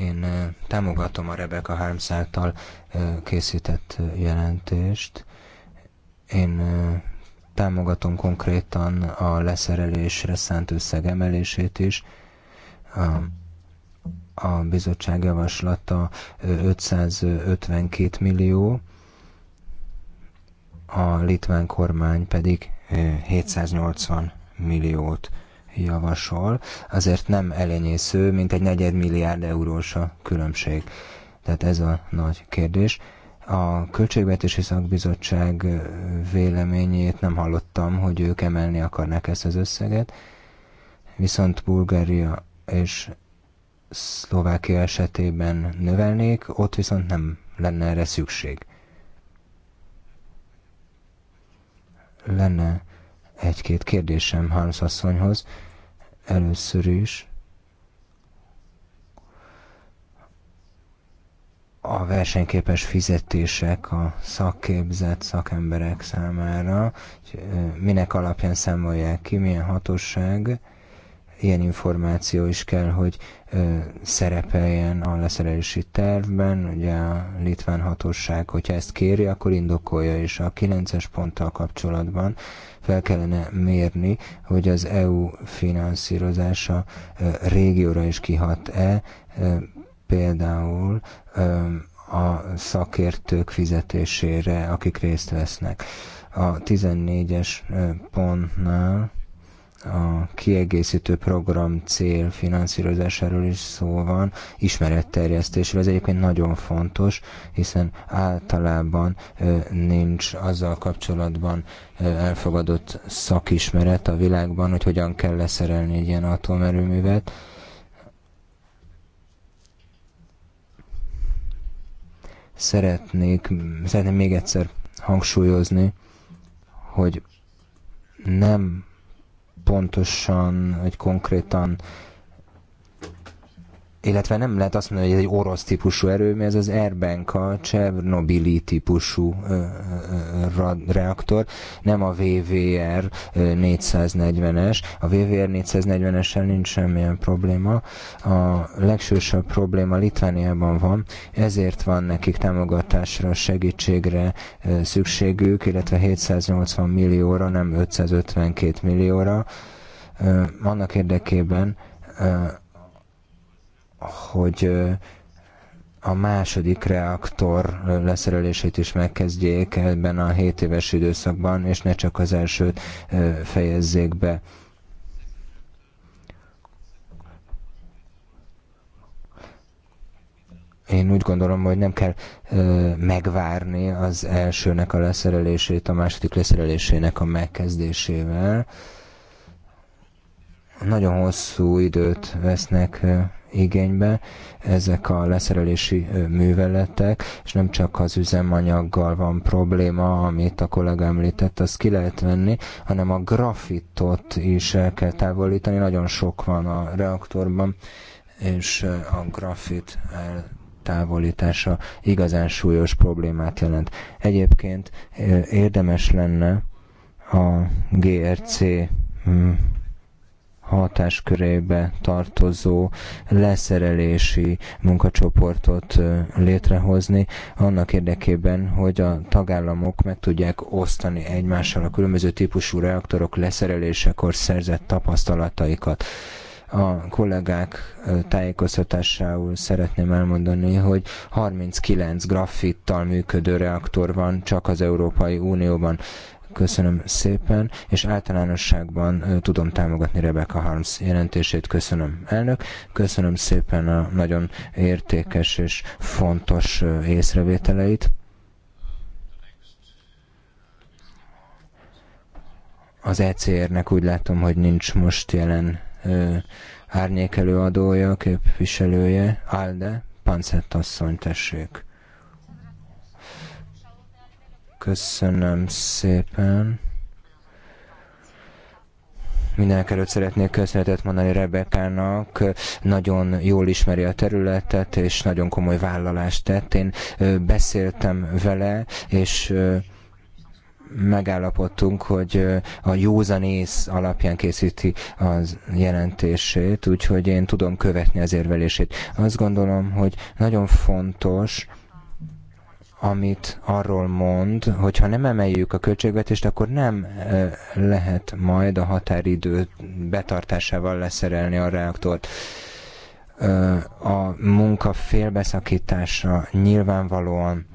Én uh, támogatom a Rebecca Harms által uh, készített uh, jelentést. Én Támogatom konkrétan a leszerelésre szánt összeg emelését is. A, a bizottság javaslata 552 millió, a litván kormány pedig 780 milliót javasol, azért nem elenyésző, mint egy negyed milliárd eurós a különbség. Tehát ez a nagy kérdés. A Költségvetési Szakbizottság véleményét nem hallottam, hogy ők emelni akarnák ezt az összeget, viszont Bulgária és Szlovákia esetében növelnék, ott viszont nem lenne erre szükség. Lenne egy-két kérdésem Hans asszonyhoz. Először is a versenyképes fizetések a szakképzett szakemberek számára, minek alapján számolják ki, milyen hatóság, ilyen információ is kell, hogy szerepeljen a leszerelési tervben, ugye a litván hatóság, hogyha ezt kéri, akkor indokolja is. A 9-es ponttal kapcsolatban fel kellene mérni, hogy az EU finanszírozása régióra is kihat-e, például a szakértők fizetésére, akik részt vesznek. A 14-es pontnál a kiegészítő program cél finanszírozásáról is szó van, ismeretterjesztésről. Ez egyébként nagyon fontos, hiszen általában nincs azzal kapcsolatban elfogadott szakismeret a világban, hogy hogyan kell leszerelni egy ilyen atomerőművet szeretnék, szeretném még egyszer hangsúlyozni, hogy nem pontosan, egy konkrétan illetve nem lehet azt mondani, hogy ez egy orosz típusú erőmű, ez az Erbenka Csernobili típusú reaktor, nem a VVR 440-es. A VVR 440-essel nincs semmilyen probléma. A legsősebb probléma Litvániában van, ezért van nekik támogatásra, segítségre szükségük, illetve 780 millióra, nem 552 millióra, annak érdekében, hogy a második reaktor leszerelését is megkezdjék ebben a 7 éves időszakban, és ne csak az elsőt fejezzék be. én úgy gondolom, hogy nem kell ö, megvárni az elsőnek a leszerelését, a második leszerelésének a megkezdésével. Nagyon hosszú időt vesznek ö, igénybe ezek a leszerelési műveletek, és nem csak az üzemanyaggal van probléma, amit a kollega említett, azt ki lehet venni, hanem a grafitot is el kell távolítani, nagyon sok van a reaktorban, és a grafit távolítása igazán súlyos problémát jelent. Egyébként érdemes lenne a GRC hatáskörébe tartozó leszerelési munkacsoportot létrehozni, annak érdekében, hogy a tagállamok meg tudják osztani egymással a különböző típusú reaktorok leszerelésekor szerzett tapasztalataikat a kollégák tájékoztatásául szeretném elmondani, hogy 39 graffittal működő reaktor van csak az Európai Unióban. Köszönöm szépen, és általánosságban tudom támogatni Rebecca Harms jelentését. Köszönöm, elnök. Köszönöm szépen a nagyon értékes és fontos észrevételeit. Az ECR-nek úgy látom, hogy nincs most jelen árnyékelő adója, képviselője, Alde, Pancett asszony, tessék. Köszönöm szépen. Mindenek előtt szeretnék köszönetet mondani Rebekának, nagyon jól ismeri a területet, és nagyon komoly vállalást tett. Én beszéltem vele, és megállapodtunk, hogy a józanész alapján készíti az jelentését, úgyhogy én tudom követni az érvelését. Azt gondolom, hogy nagyon fontos, amit arról mond, hogy ha nem emeljük a költségvetést, akkor nem lehet majd a határidő betartásával leszerelni a reaktort. A munka félbeszakítása nyilvánvalóan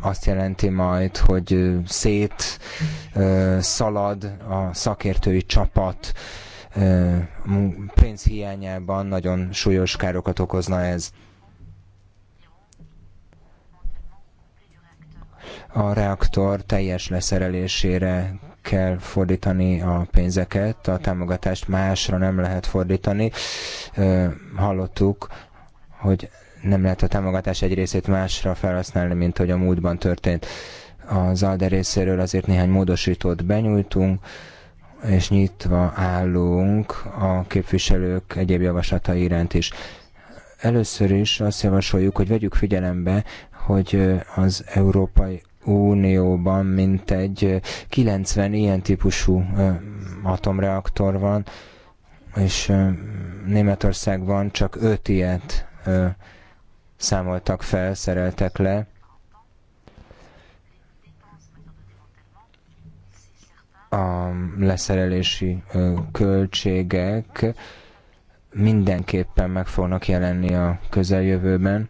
azt jelenti majd, hogy szét szalad a szakértői csapat, pénz hiányában nagyon súlyos károkat okozna ez. a reaktor teljes leszerelésére kell fordítani a pénzeket, a támogatást másra nem lehet fordítani. Hallottuk, hogy nem lehet a támogatás egy részét másra felhasználni, mint hogy a múltban történt. Az ALDE részéről azért néhány módosítót benyújtunk, és nyitva állunk a képviselők egyéb javaslatai iránt is. Először is azt javasoljuk, hogy vegyük figyelembe, hogy az Európai Unióban mintegy 90 ilyen típusú atomreaktor van, és Németországban csak 5 ilyet számoltak fel, szereltek le. A leszerelési költségek mindenképpen meg fognak jelenni a közeljövőben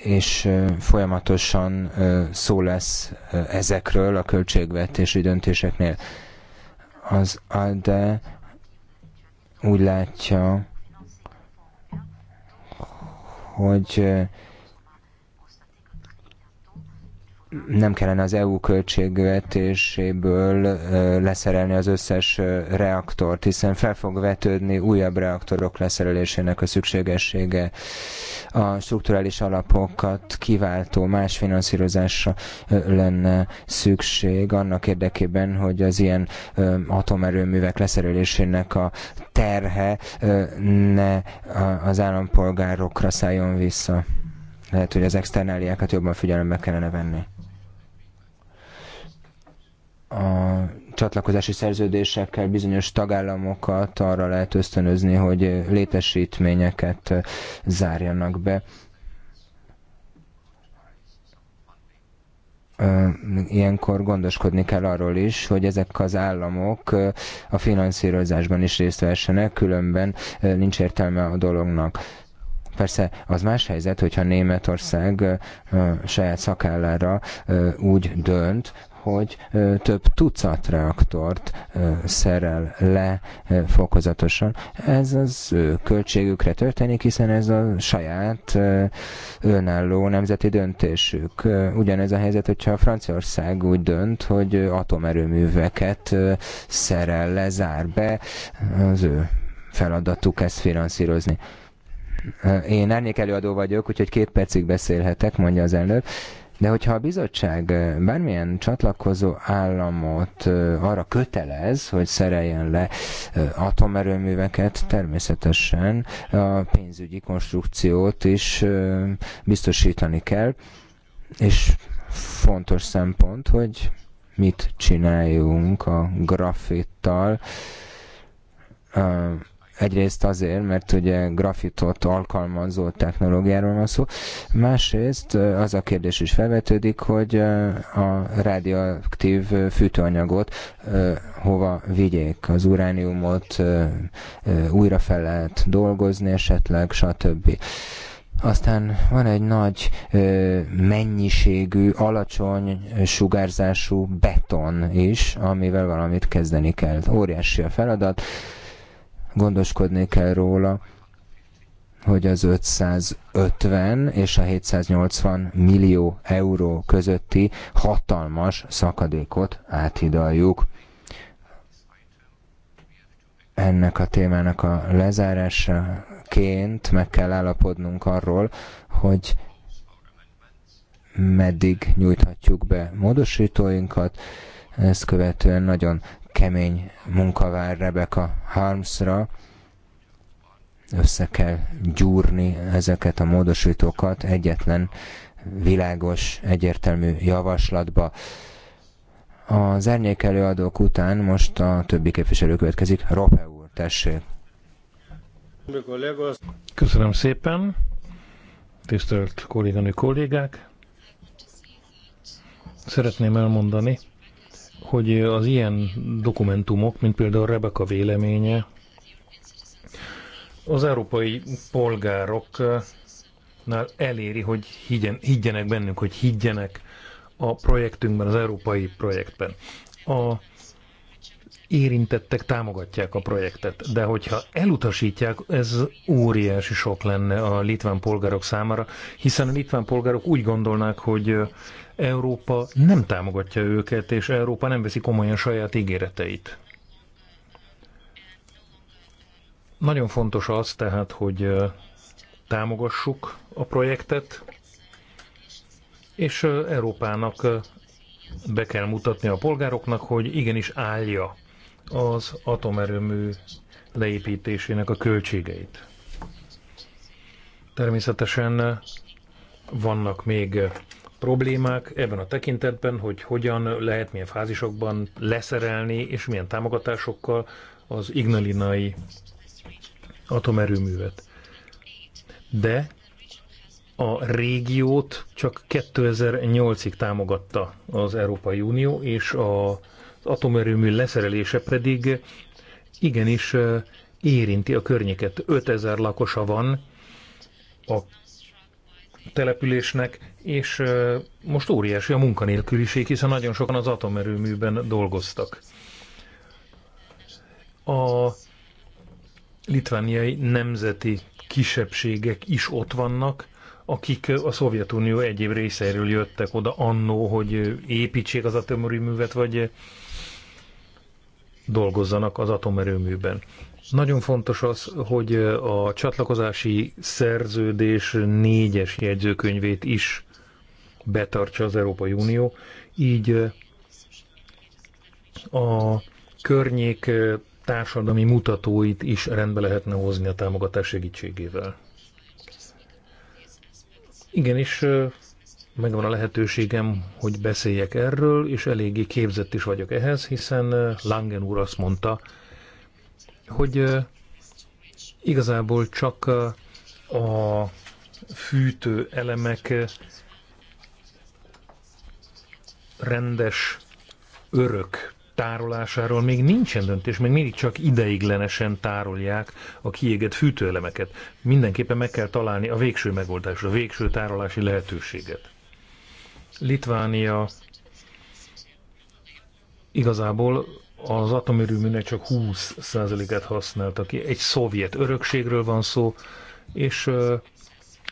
és folyamatosan szó lesz ezekről a költségvetési döntéseknél. Az ALDE úgy látja, hogy nem kellene az EU költségvetéséből leszerelni az összes reaktort, hiszen fel fog vetődni újabb reaktorok leszerelésének a szükségessége. A strukturális alapokat kiváltó más finanszírozásra lenne szükség annak érdekében, hogy az ilyen atomerőművek leszerelésének a terhe ne az állampolgárokra szálljon vissza. Lehet, hogy az externáliákat jobban figyelembe kellene venni a csatlakozási szerződésekkel bizonyos tagállamokat arra lehet ösztönözni, hogy létesítményeket zárjanak be. Ilyenkor gondoskodni kell arról is, hogy ezek az államok a finanszírozásban is részt vessenek, különben nincs értelme a dolognak. Persze az más helyzet, hogyha Németország saját szakállára úgy dönt, hogy több tucat reaktort szerel le fokozatosan. Ez az ő költségükre történik, hiszen ez a saját önálló nemzeti döntésük. Ugyanez a helyzet, hogyha a Franciaország úgy dönt, hogy atomerőműveket szerel le, zár be, az ő feladatuk ezt finanszírozni. Én árnyék előadó vagyok, úgyhogy két percig beszélhetek, mondja az elnök. De hogyha a bizottság bármilyen csatlakozó államot arra kötelez, hogy szereljen le atomerőműveket, természetesen a pénzügyi konstrukciót is biztosítani kell, és fontos szempont, hogy mit csináljunk a grafittal, Egyrészt azért, mert ugye grafitot alkalmazó technológiáról van szó, másrészt az a kérdés is felvetődik, hogy a radioaktív fűtőanyagot hova vigyék, az urániumot újra fel lehet dolgozni esetleg, stb. Aztán van egy nagy ö, mennyiségű, alacsony sugárzású beton is, amivel valamit kezdeni kell. Óriási a feladat, gondoskodni kell róla, hogy az 550 és a 780 millió euró közötti hatalmas szakadékot áthidaljuk. Ennek a témának a lezárásaként meg kell állapodnunk arról, hogy meddig nyújthatjuk be módosítóinkat, ezt követően nagyon kemény munka vár Rebecca Harmsra. Össze kell gyúrni ezeket a módosítókat egyetlen világos, egyértelmű javaslatba. Az árnyék előadók után most a többi képviselő következik. Rope úr, tessék! Köszönöm szépen, tisztelt kolléganő kollégák! Szeretném elmondani, hogy az ilyen dokumentumok, mint például Rebeka véleménye, az európai polgároknál eléri, hogy higgyen, higgyenek bennünk, hogy higgyenek a projektünkben, az európai projektben. A érintettek támogatják a projektet, de hogyha elutasítják, ez óriási sok lenne a litván polgárok számára, hiszen a litván polgárok úgy gondolnák, hogy Európa nem támogatja őket, és Európa nem veszi komolyan saját ígéreteit. Nagyon fontos az tehát, hogy támogassuk a projektet, és Európának be kell mutatni a polgároknak, hogy igenis állja az atomerőmű leépítésének a költségeit. Természetesen vannak még problémák ebben a tekintetben, hogy hogyan lehet, milyen fázisokban leszerelni, és milyen támogatásokkal az ignalinai atomerőművet. De a régiót csak 2008-ig támogatta az Európai Unió, és az atomerőmű leszerelése pedig igenis eh, érinti a környéket. 5000 lakosa van a településnek, és most óriási a munkanélküliség, hiszen nagyon sokan az atomerőműben dolgoztak. A litvániai nemzeti kisebbségek is ott vannak, akik a Szovjetunió egyéb részeiről jöttek oda annó, hogy építsék az atomerőművet, vagy dolgozzanak az atomerőműben. Nagyon fontos az, hogy a csatlakozási szerződés négyes jegyzőkönyvét is betartsa az Európai Unió, így a környék társadalmi mutatóit is rendbe lehetne hozni a támogatás segítségével. Igen, és megvan a lehetőségem, hogy beszéljek erről, és eléggé képzett is vagyok ehhez, hiszen Langen úr azt mondta, hogy igazából csak a fűtő elemek rendes örök tárolásáról még nincsen döntés, még mindig csak ideiglenesen tárolják a kiégett fűtőelemeket. Mindenképpen meg kell találni a végső megoldást, a végső tárolási lehetőséget. Litvánia igazából az atomerőműnek csak 20%-át használta ki. Egy szovjet örökségről van szó, és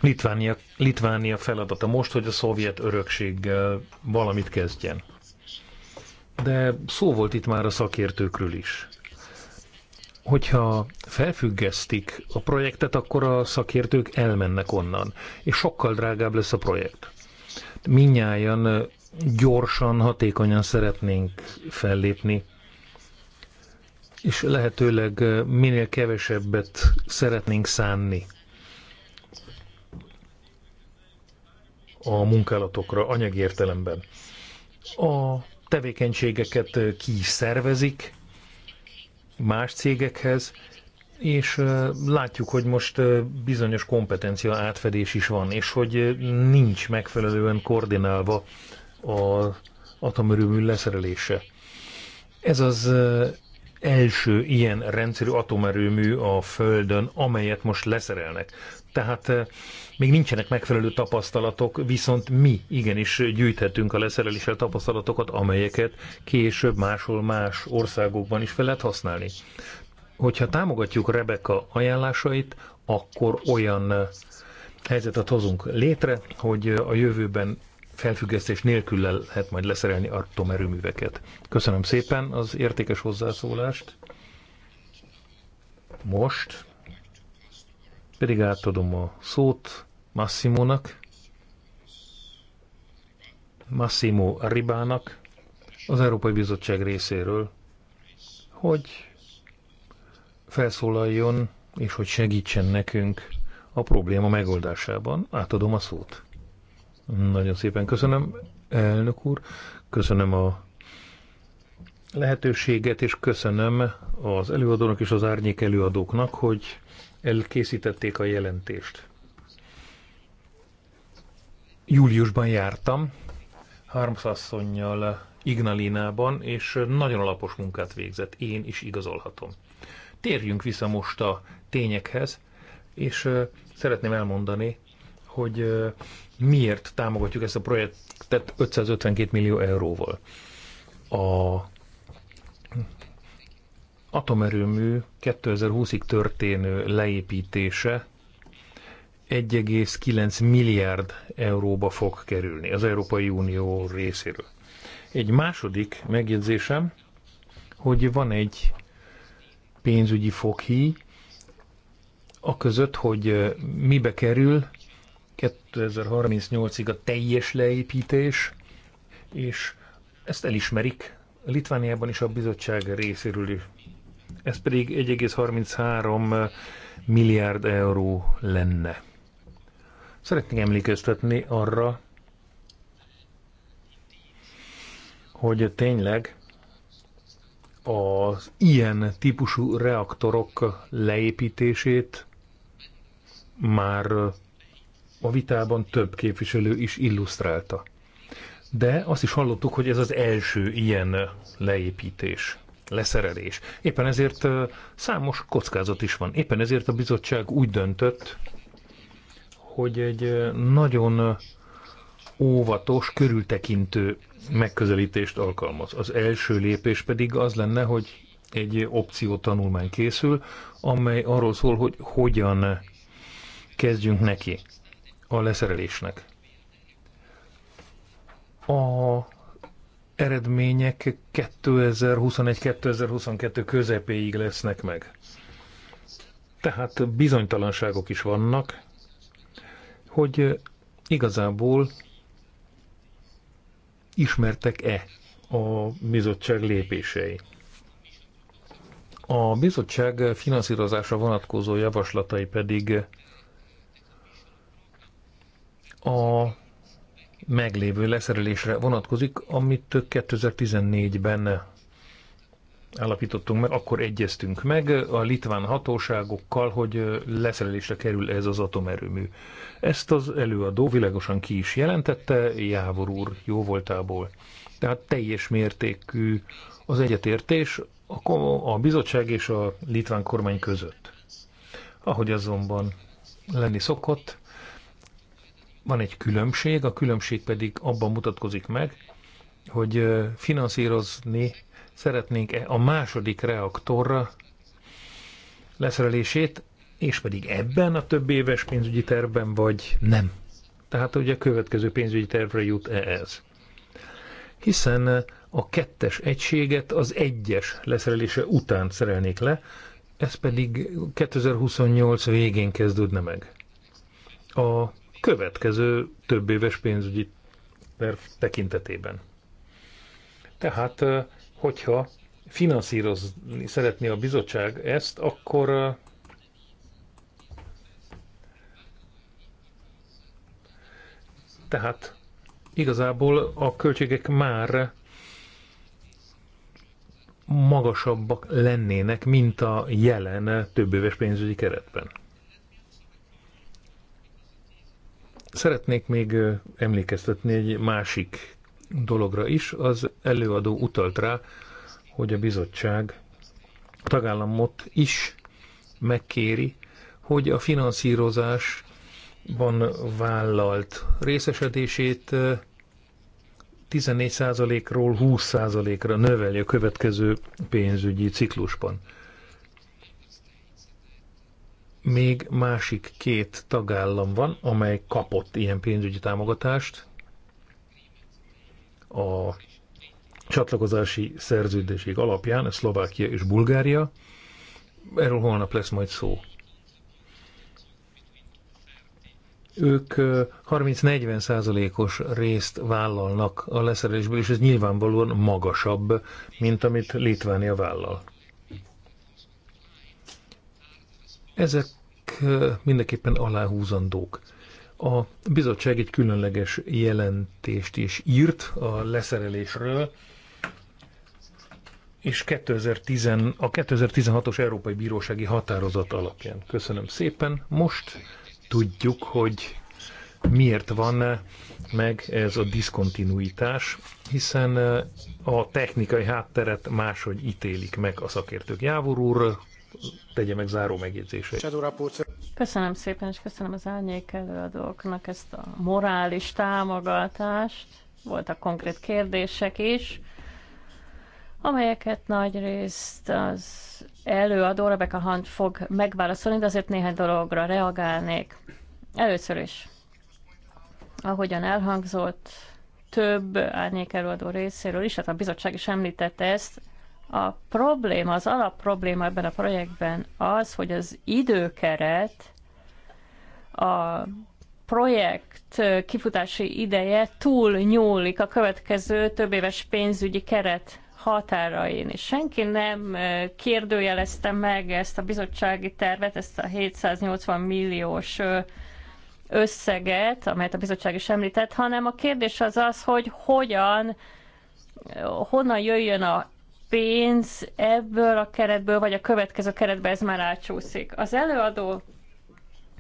Litvánia, Litvánia feladata most, hogy a szovjet örökséggel valamit kezdjen. De szó volt itt már a szakértőkről is. Hogyha felfüggesztik a projektet, akkor a szakértők elmennek onnan, és sokkal drágább lesz a projekt. Minnyáján gyorsan, hatékonyan szeretnénk fellépni és lehetőleg minél kevesebbet szeretnénk szánni a munkálatokra anyagi értelemben. A tevékenységeket ki is szervezik más cégekhez, és látjuk, hogy most bizonyos kompetencia átfedés is van, és hogy nincs megfelelően koordinálva az atomerőmű leszerelése. Ez az első ilyen rendszerű atomerőmű a Földön, amelyet most leszerelnek. Tehát eh, még nincsenek megfelelő tapasztalatok, viszont mi igenis gyűjthetünk a leszereléssel tapasztalatokat, amelyeket később máshol más országokban is fel lehet használni. Hogyha támogatjuk Rebecca ajánlásait, akkor olyan eh, helyzetet hozunk létre, hogy eh, a jövőben felfüggesztés nélkül lehet majd leszerelni atomerőműveket. Köszönöm szépen az értékes hozzászólást. Most pedig átadom a szót Massimónak, Massimo Ribának, az Európai Bizottság részéről, hogy felszólaljon és hogy segítsen nekünk a probléma megoldásában. Átadom a szót. Nagyon szépen köszönöm, elnök úr. Köszönöm a lehetőséget, és köszönöm az előadónak és az árnyék előadóknak, hogy elkészítették a jelentést. Júliusban jártam, Harmsasszonynal Ignalinában, és nagyon alapos munkát végzett, én is igazolhatom. Térjünk vissza most a tényekhez, és szeretném elmondani, hogy miért támogatjuk ezt a projektet 552 millió euróval. A atomerőmű 2020-ig történő leépítése 1,9 milliárd euróba fog kerülni az Európai Unió részéről. Egy második megjegyzésem, hogy van egy pénzügyi foghíj, a között, hogy mibe kerül 2038-ig a teljes leépítés, és ezt elismerik Litvániában is a bizottság részéről is. Ez pedig 1,33 milliárd euró lenne. Szeretnék emlékeztetni arra, hogy tényleg az ilyen típusú reaktorok leépítését már a vitában több képviselő is illusztrálta. De azt is hallottuk, hogy ez az első ilyen leépítés, leszerelés. Éppen ezért számos kockázat is van. Éppen ezért a bizottság úgy döntött, hogy egy nagyon óvatos, körültekintő megközelítést alkalmaz. Az első lépés pedig az lenne, hogy egy opció tanulmány készül, amely arról szól, hogy hogyan kezdjünk neki a leszerelésnek. A eredmények 2021-2022 közepéig lesznek meg. Tehát bizonytalanságok is vannak, hogy igazából ismertek-e a bizottság lépései. A bizottság finanszírozása vonatkozó javaslatai pedig a meglévő leszerelésre vonatkozik, amit 2014-ben állapítottunk meg, akkor egyeztünk meg a litván hatóságokkal, hogy leszerelésre kerül ez az atomerőmű. Ezt az előadó világosan ki is jelentette, Jávor úr jó voltából. Tehát teljes mértékű az egyetértés a bizottság és a litván kormány között. Ahogy azonban lenni szokott, van egy különbség, a különbség pedig abban mutatkozik meg, hogy finanszírozni szeretnénk-e a második reaktorra leszerelését, és pedig ebben a több éves pénzügyi tervben, vagy nem. Tehát ugye a következő pénzügyi tervre jut -e ez. Hiszen a kettes egységet az egyes leszerelése után szerelnék le, ez pedig 2028 végén kezdődne meg. A következő több éves pénzügyi terv tekintetében. Tehát, hogyha finanszírozni szeretné a bizottság ezt, akkor tehát igazából a költségek már magasabbak lennének, mint a jelen több éves pénzügyi keretben. Szeretnék még emlékeztetni egy másik dologra is. Az előadó utalt rá, hogy a bizottság tagállamot is megkéri, hogy a finanszírozásban vállalt részesedését 14%-ról 20%-ra növelje a következő pénzügyi ciklusban még másik két tagállam van, amely kapott ilyen pénzügyi támogatást a csatlakozási szerződésig alapján, ez Szlovákia és Bulgária. Erről holnap lesz majd szó. Ők 30-40 százalékos részt vállalnak a leszerelésből, és ez nyilvánvalóan magasabb, mint amit Litvánia vállal. Ezek mindenképpen aláhúzandók. A bizottság egy különleges jelentést is írt a leszerelésről, és 2010, a 2016-os Európai Bírósági Határozat alapján. Köszönöm szépen. Most tudjuk, hogy miért van meg ez a diszkontinuitás, hiszen a technikai hátteret máshogy ítélik meg a szakértők. Jávor úr tegye meg záró megjegyzéseit. Köszönöm szépen, és köszönöm az árnyék előadóknak ezt a morális támogatást. Voltak konkrét kérdések is, amelyeket nagy részt az előadó Rebecca Hunt fog megválaszolni, de azért néhány dologra reagálnék. Először is, ahogyan elhangzott, több árnyék előadó részéről is, hát a bizottság is említette ezt, a probléma, az alapprobléma ebben a projektben az, hogy az időkeret a projekt kifutási ideje túl nyúlik a következő több éves pénzügyi keret határain. És senki nem kérdőjelezte meg ezt a bizottsági tervet, ezt a 780 milliós összeget, amelyet a bizottság is említett, hanem a kérdés az az, hogy hogyan, honnan jöjjön a pénz ebből a keretből, vagy a következő keretbe ez már átsúszik. Az előadó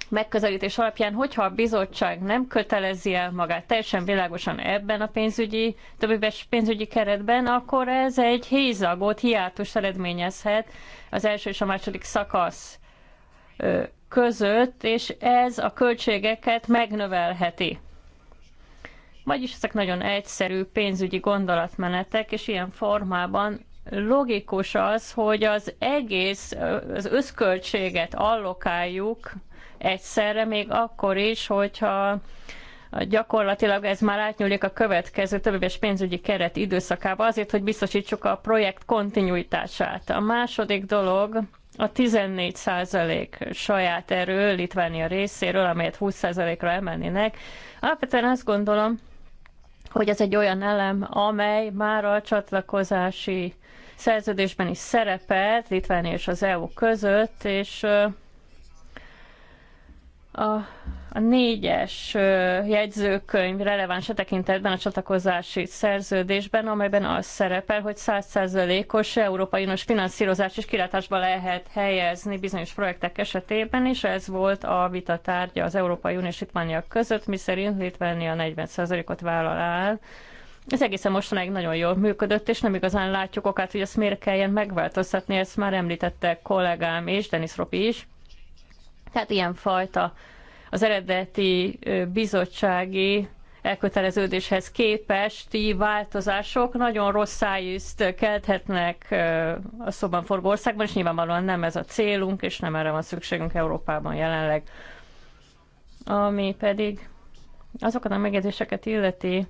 megközelítés alapján, hogyha a bizottság nem kötelezi el magát teljesen világosan ebben a pénzügyi, többi pénzügyi keretben, akkor ez egy hézagot, hiátus eredményezhet az első és a második szakasz között, és ez a költségeket megnövelheti. Vagyis ezek nagyon egyszerű pénzügyi gondolatmenetek, és ilyen formában logikus az, hogy az egész, az összköltséget allokáljuk egyszerre, még akkor is, hogyha gyakorlatilag ez már átnyúlik a következő éves pénzügyi keret időszakába azért, hogy biztosítsuk a projekt kontinuitását. A második dolog a 14 százalék saját erő Litvánia részéről, amelyet 20 százalékra emelnének. Alapvetően azt gondolom, hogy ez egy olyan elem, amely már a csatlakozási szerződésben is szerepelt Litvánia és az EU között, és a, a négyes jegyzőkönyv releváns a e tekintetben a csatlakozási szerződésben, amelyben az szerepel, hogy 100%-os Európai Uniós finanszírozás és kilátásba lehet helyezni bizonyos projektek esetében, és ez volt a vita tárgya az Európai Unió és Litvánia között, miszerint Litvánia 40%-ot vállal áll ez egészen mostanáig nagyon jól működött, és nem igazán látjuk okát, hogy ezt miért kelljen megváltoztatni, ezt már említette kollégám és Denis Ropi is. Tehát ilyenfajta az eredeti bizottsági elköteleződéshez képesti változások nagyon rossz szájűzt kelthetnek a szóban forgó országban, és nyilvánvalóan nem ez a célunk, és nem erre van szükségünk Európában jelenleg. Ami pedig azokat a megjegyzéseket illeti,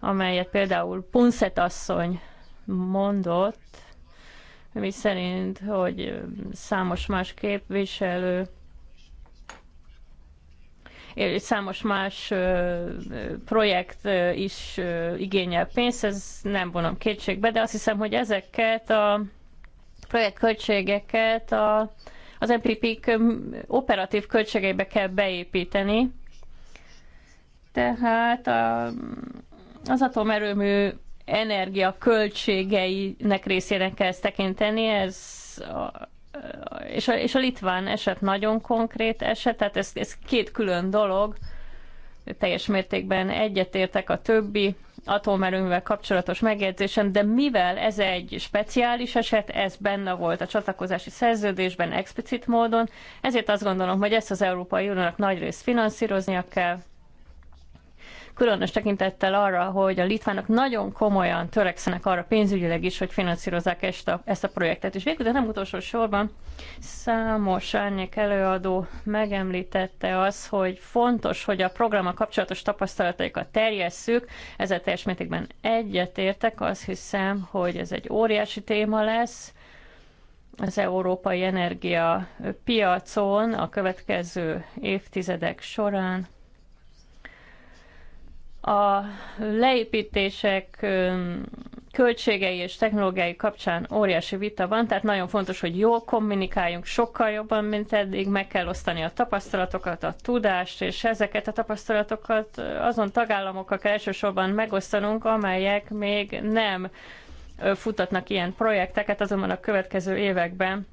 amelyet például Punszet asszony mondott, mi szerint, hogy számos más képviselő és számos más projekt is igényel pénzt, ez nem vonom kétségbe, de azt hiszem, hogy ezeket a projektköltségeket a, az MPP operatív költségeibe kell beépíteni. Tehát a, az atomerőmű energia költségeinek részének kell ezt tekinteni, ez a, és, a, és a litván eset nagyon konkrét eset, tehát ez, ez két külön dolog, teljes mértékben egyetértek a többi atomerőművel kapcsolatos megjegyzésem, de mivel ez egy speciális eset, ez benne volt a csatlakozási szerződésben explicit módon, ezért azt gondolom, hogy ezt az Európai Uniónak rész finanszíroznia kell, különös tekintettel arra, hogy a litvánok nagyon komolyan törekszenek arra pénzügyileg is, hogy finanszírozzák ezt a, ezt a projektet. És végül, de nem utolsó sorban, számos árnyék előadó megemlítette az, hogy fontos, hogy a programmal kapcsolatos tapasztalataikat terjesszük, ezzel teljes mértékben egyetértek, azt hiszem, hogy ez egy óriási téma lesz, az európai energia piacon a következő évtizedek során a leépítések költségei és technológiai kapcsán óriási vita van, tehát nagyon fontos, hogy jól kommunikáljunk, sokkal jobban, mint eddig, meg kell osztani a tapasztalatokat, a tudást, és ezeket a tapasztalatokat azon tagállamokkal kell elsősorban megosztanunk, amelyek még nem futatnak ilyen projekteket, azonban a következő években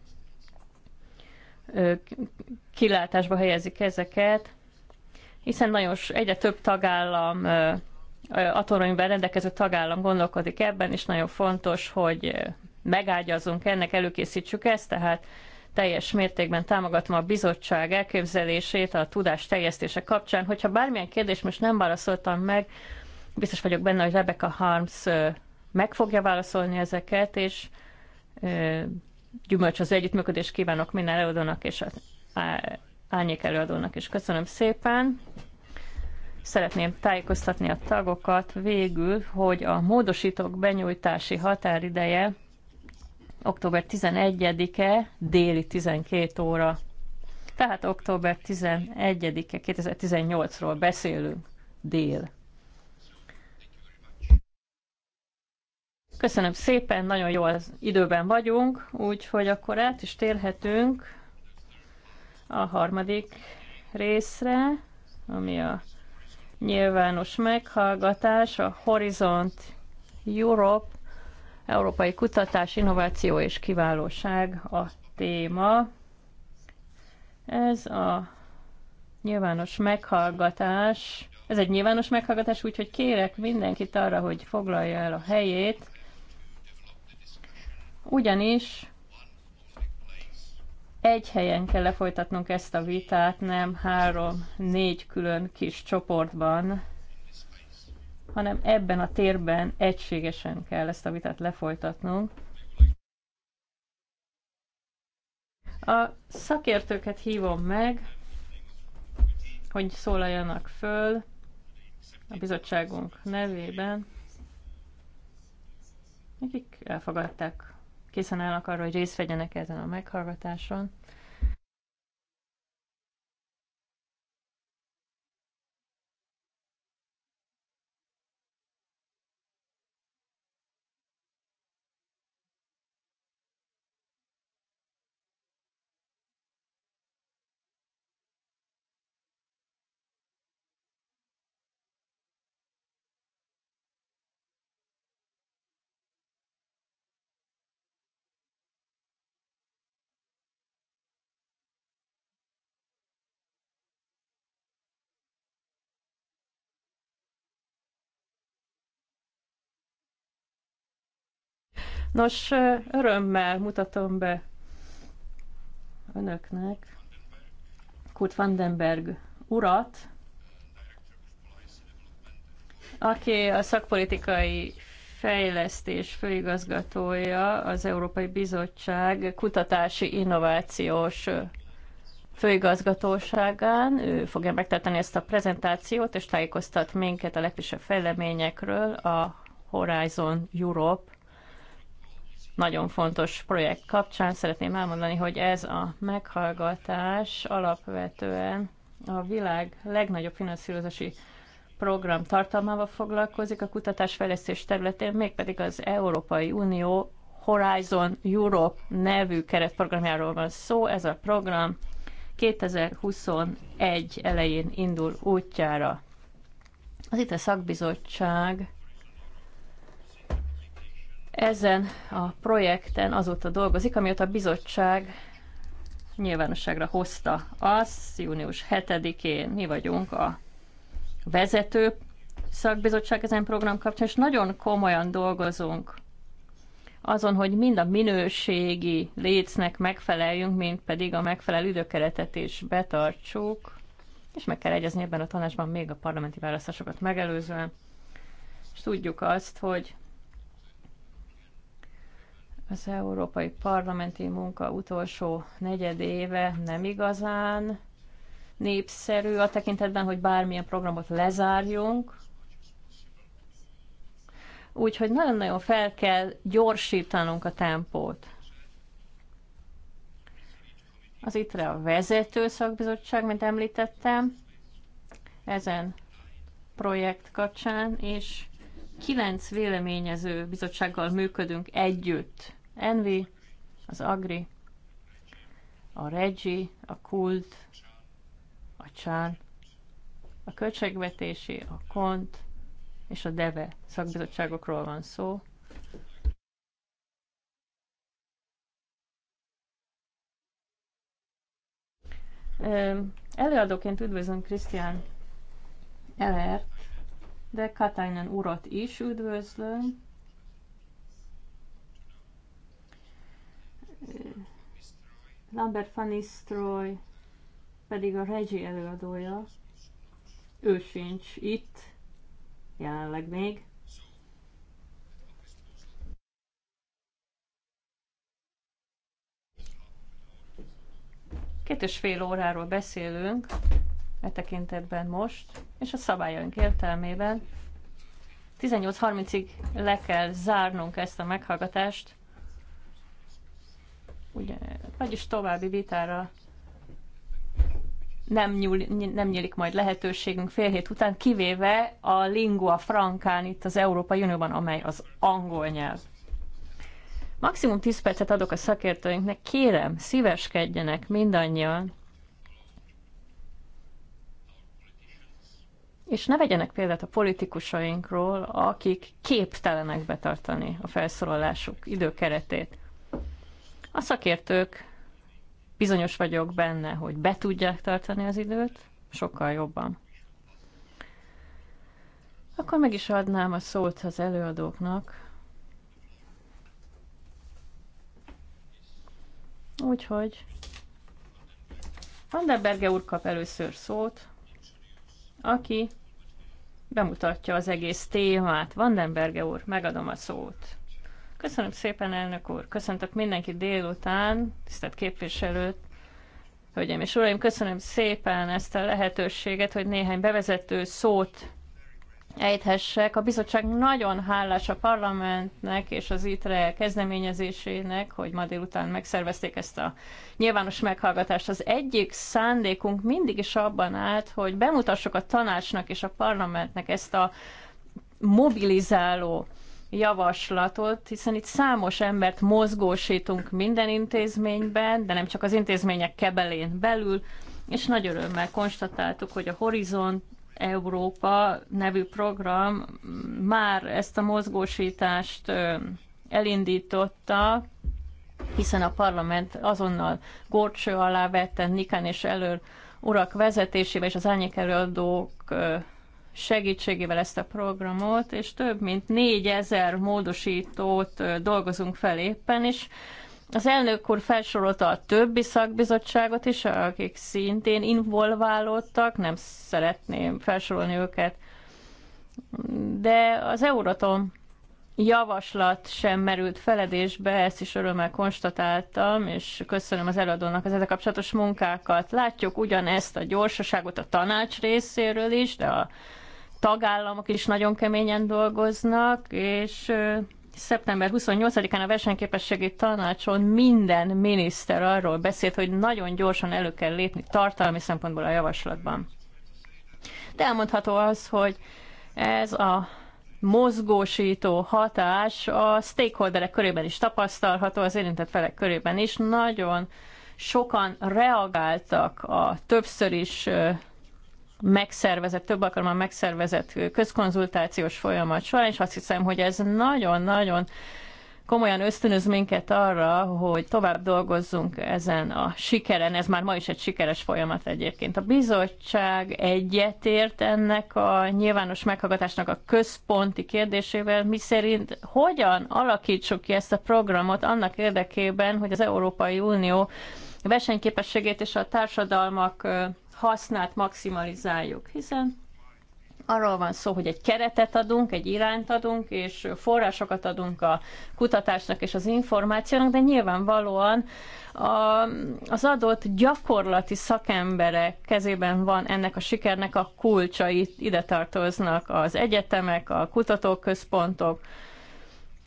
kilátásba helyezik ezeket hiszen nagyon egyre több tagállam atomrőmben rendelkező tagállam gondolkodik ebben, és nagyon fontos, hogy megágyazunk ennek, előkészítsük ezt, tehát teljes mértékben támogatom a bizottság elképzelését a tudás teljesztése kapcsán. Hogyha bármilyen kérdés most nem válaszoltam meg, biztos vagyok benne, hogy Rebecca Harms meg fogja válaszolni ezeket, és gyümölcs az együttműködést kívánok minden előadónak és a árnyék előadónak is. Köszönöm szépen! Szeretném tájékoztatni a tagokat végül, hogy a módosítók benyújtási határideje október 11-e déli 12 óra. Tehát október 11-e 2018-ról beszélünk dél. Köszönöm szépen, nagyon jó az időben vagyunk, úgyhogy akkor át is térhetünk a harmadik részre, ami a nyilvános meghallgatás, a Horizont Europe, Európai Kutatás, Innováció és Kiválóság a téma. Ez a nyilvános meghallgatás, ez egy nyilvános meghallgatás, úgyhogy kérek mindenkit arra, hogy foglalja el a helyét, ugyanis egy helyen kell lefolytatnunk ezt a vitát, nem három-négy külön kis csoportban, hanem ebben a térben egységesen kell ezt a vitát lefolytatnunk. A szakértőket hívom meg, hogy szólaljanak föl a bizottságunk nevében, akik elfogadták készen állnak arra, hogy részt vegyenek ezen a meghallgatáson. Nos, örömmel mutatom be önöknek Kurt Vandenberg urat, aki a szakpolitikai fejlesztés főigazgatója az Európai Bizottság kutatási innovációs főigazgatóságán. Ő fogja megtartani ezt a prezentációt, és tájékoztat minket a legfrissebb fejleményekről a Horizon Europe nagyon fontos projekt kapcsán. Szeretném elmondani, hogy ez a meghallgatás alapvetően a világ legnagyobb finanszírozási program tartalmával foglalkozik a kutatásfejlesztés területén, mégpedig az Európai Unió Horizon Europe nevű keretprogramjáról van szó. Ez a program 2021 elején indul útjára. Az itt a szakbizottság ezen a projekten azóta dolgozik, amióta a bizottság nyilvánosságra hozta azt, június 7-én mi vagyunk a vezető szakbizottság ezen program kapcsán, és nagyon komolyan dolgozunk azon, hogy mind a minőségi lécnek megfeleljünk, mint pedig a megfelelő időkeretet is betartsuk, és meg kell egyezni ebben a tanácsban még a parlamenti választásokat megelőzően. És tudjuk azt, hogy az európai parlamenti munka utolsó negyed éve nem igazán népszerű a tekintetben, hogy bármilyen programot lezárjunk. Úgyhogy nagyon-nagyon fel kell gyorsítanunk a tempót. Az ittre a vezető szakbizottság, mint említettem, ezen projekt kapcsán, és kilenc véleményező bizottsággal működünk együtt. Envi, az Agri, a Regi, a Kult, a Csán, a Költségvetési, a Kont és a Deve szakbizottságokról van szó. Előadóként üdvözlöm Krisztián Elert, de Katainen urat is üdvözlöm, Lambert van pedig a Reggie előadója. Ő sincs itt, jelenleg még. Két és fél óráról beszélünk e tekintetben most, és a szabályaink értelmében 18.30-ig le kell zárnunk ezt a meghallgatást, ugye, vagyis további vitára nem, nyúl, nem nyílik majd lehetőségünk fél hét után, kivéve a lingua francán itt az Európai Unióban, amely az angol nyelv. Maximum 10 percet adok a szakértőinknek, kérem, szíveskedjenek mindannyian, és ne vegyenek példát a politikusainkról, akik képtelenek betartani a felszólalásuk időkeretét. A szakértők bizonyos vagyok benne, hogy be tudják tartani az időt, sokkal jobban. Akkor meg is adnám a szót az előadóknak. Úgyhogy Vanderberge úr kap először szót, aki bemutatja az egész témát. Vandenberge úr, megadom a szót. Köszönöm szépen, elnök úr. Köszöntök mindenki délután, tisztelt képviselőt, hölgyeim és uraim. Köszönöm szépen ezt a lehetőséget, hogy néhány bevezető szót ejthessek. A bizottság nagyon hálás a parlamentnek és az ITRE kezdeményezésének, hogy ma délután megszervezték ezt a nyilvános meghallgatást. Az egyik szándékunk mindig is abban állt, hogy bemutassuk a tanácsnak és a parlamentnek ezt a mobilizáló javaslatot, hiszen itt számos embert mozgósítunk minden intézményben, de nem csak az intézmények kebelén belül, és nagy örömmel konstatáltuk, hogy a Horizont Európa nevű program már ezt a mozgósítást elindította, hiszen a parlament azonnal górcső alá vette Nikán és elő urak vezetésével és az árnyékelőadók segítségével ezt a programot, és több mint 4000 módosítót dolgozunk fel éppen, és az elnök úr felsorolta a többi szakbizottságot is, akik szintén involválódtak, nem szeretném felsorolni őket, de az Euratom javaslat sem merült feledésbe, ezt is örömmel konstatáltam, és köszönöm az eladónak az ezzel kapcsolatos munkákat. Látjuk ugyanezt a gyorsaságot a tanács részéről is, de a tagállamok is nagyon keményen dolgoznak, és szeptember 28-án a versenyképességi tanácson minden miniszter arról beszélt, hogy nagyon gyorsan elő kell lépni tartalmi szempontból a javaslatban. De elmondható az, hogy ez a mozgósító hatás a stakeholderek körében is tapasztalható, az érintett felek körében is. Nagyon sokan reagáltak a többször is megszervezett, több alkalommal megszervezett közkonzultációs folyamat során, és azt hiszem, hogy ez nagyon-nagyon komolyan ösztönöz minket arra, hogy tovább dolgozzunk ezen a sikeren. Ez már ma is egy sikeres folyamat egyébként. A bizottság egyetért ennek a nyilvános meghallgatásnak a központi kérdésével, mi szerint hogyan alakítsuk ki ezt a programot annak érdekében, hogy az Európai Unió versenyképességét és a társadalmak hasznát maximalizáljuk, hiszen arról van szó, hogy egy keretet adunk, egy irányt adunk, és forrásokat adunk a kutatásnak és az információnak, de nyilvánvalóan a, az adott gyakorlati szakemberek kezében van ennek a sikernek a kulcsai, ide tartoznak az egyetemek, a kutatóközpontok,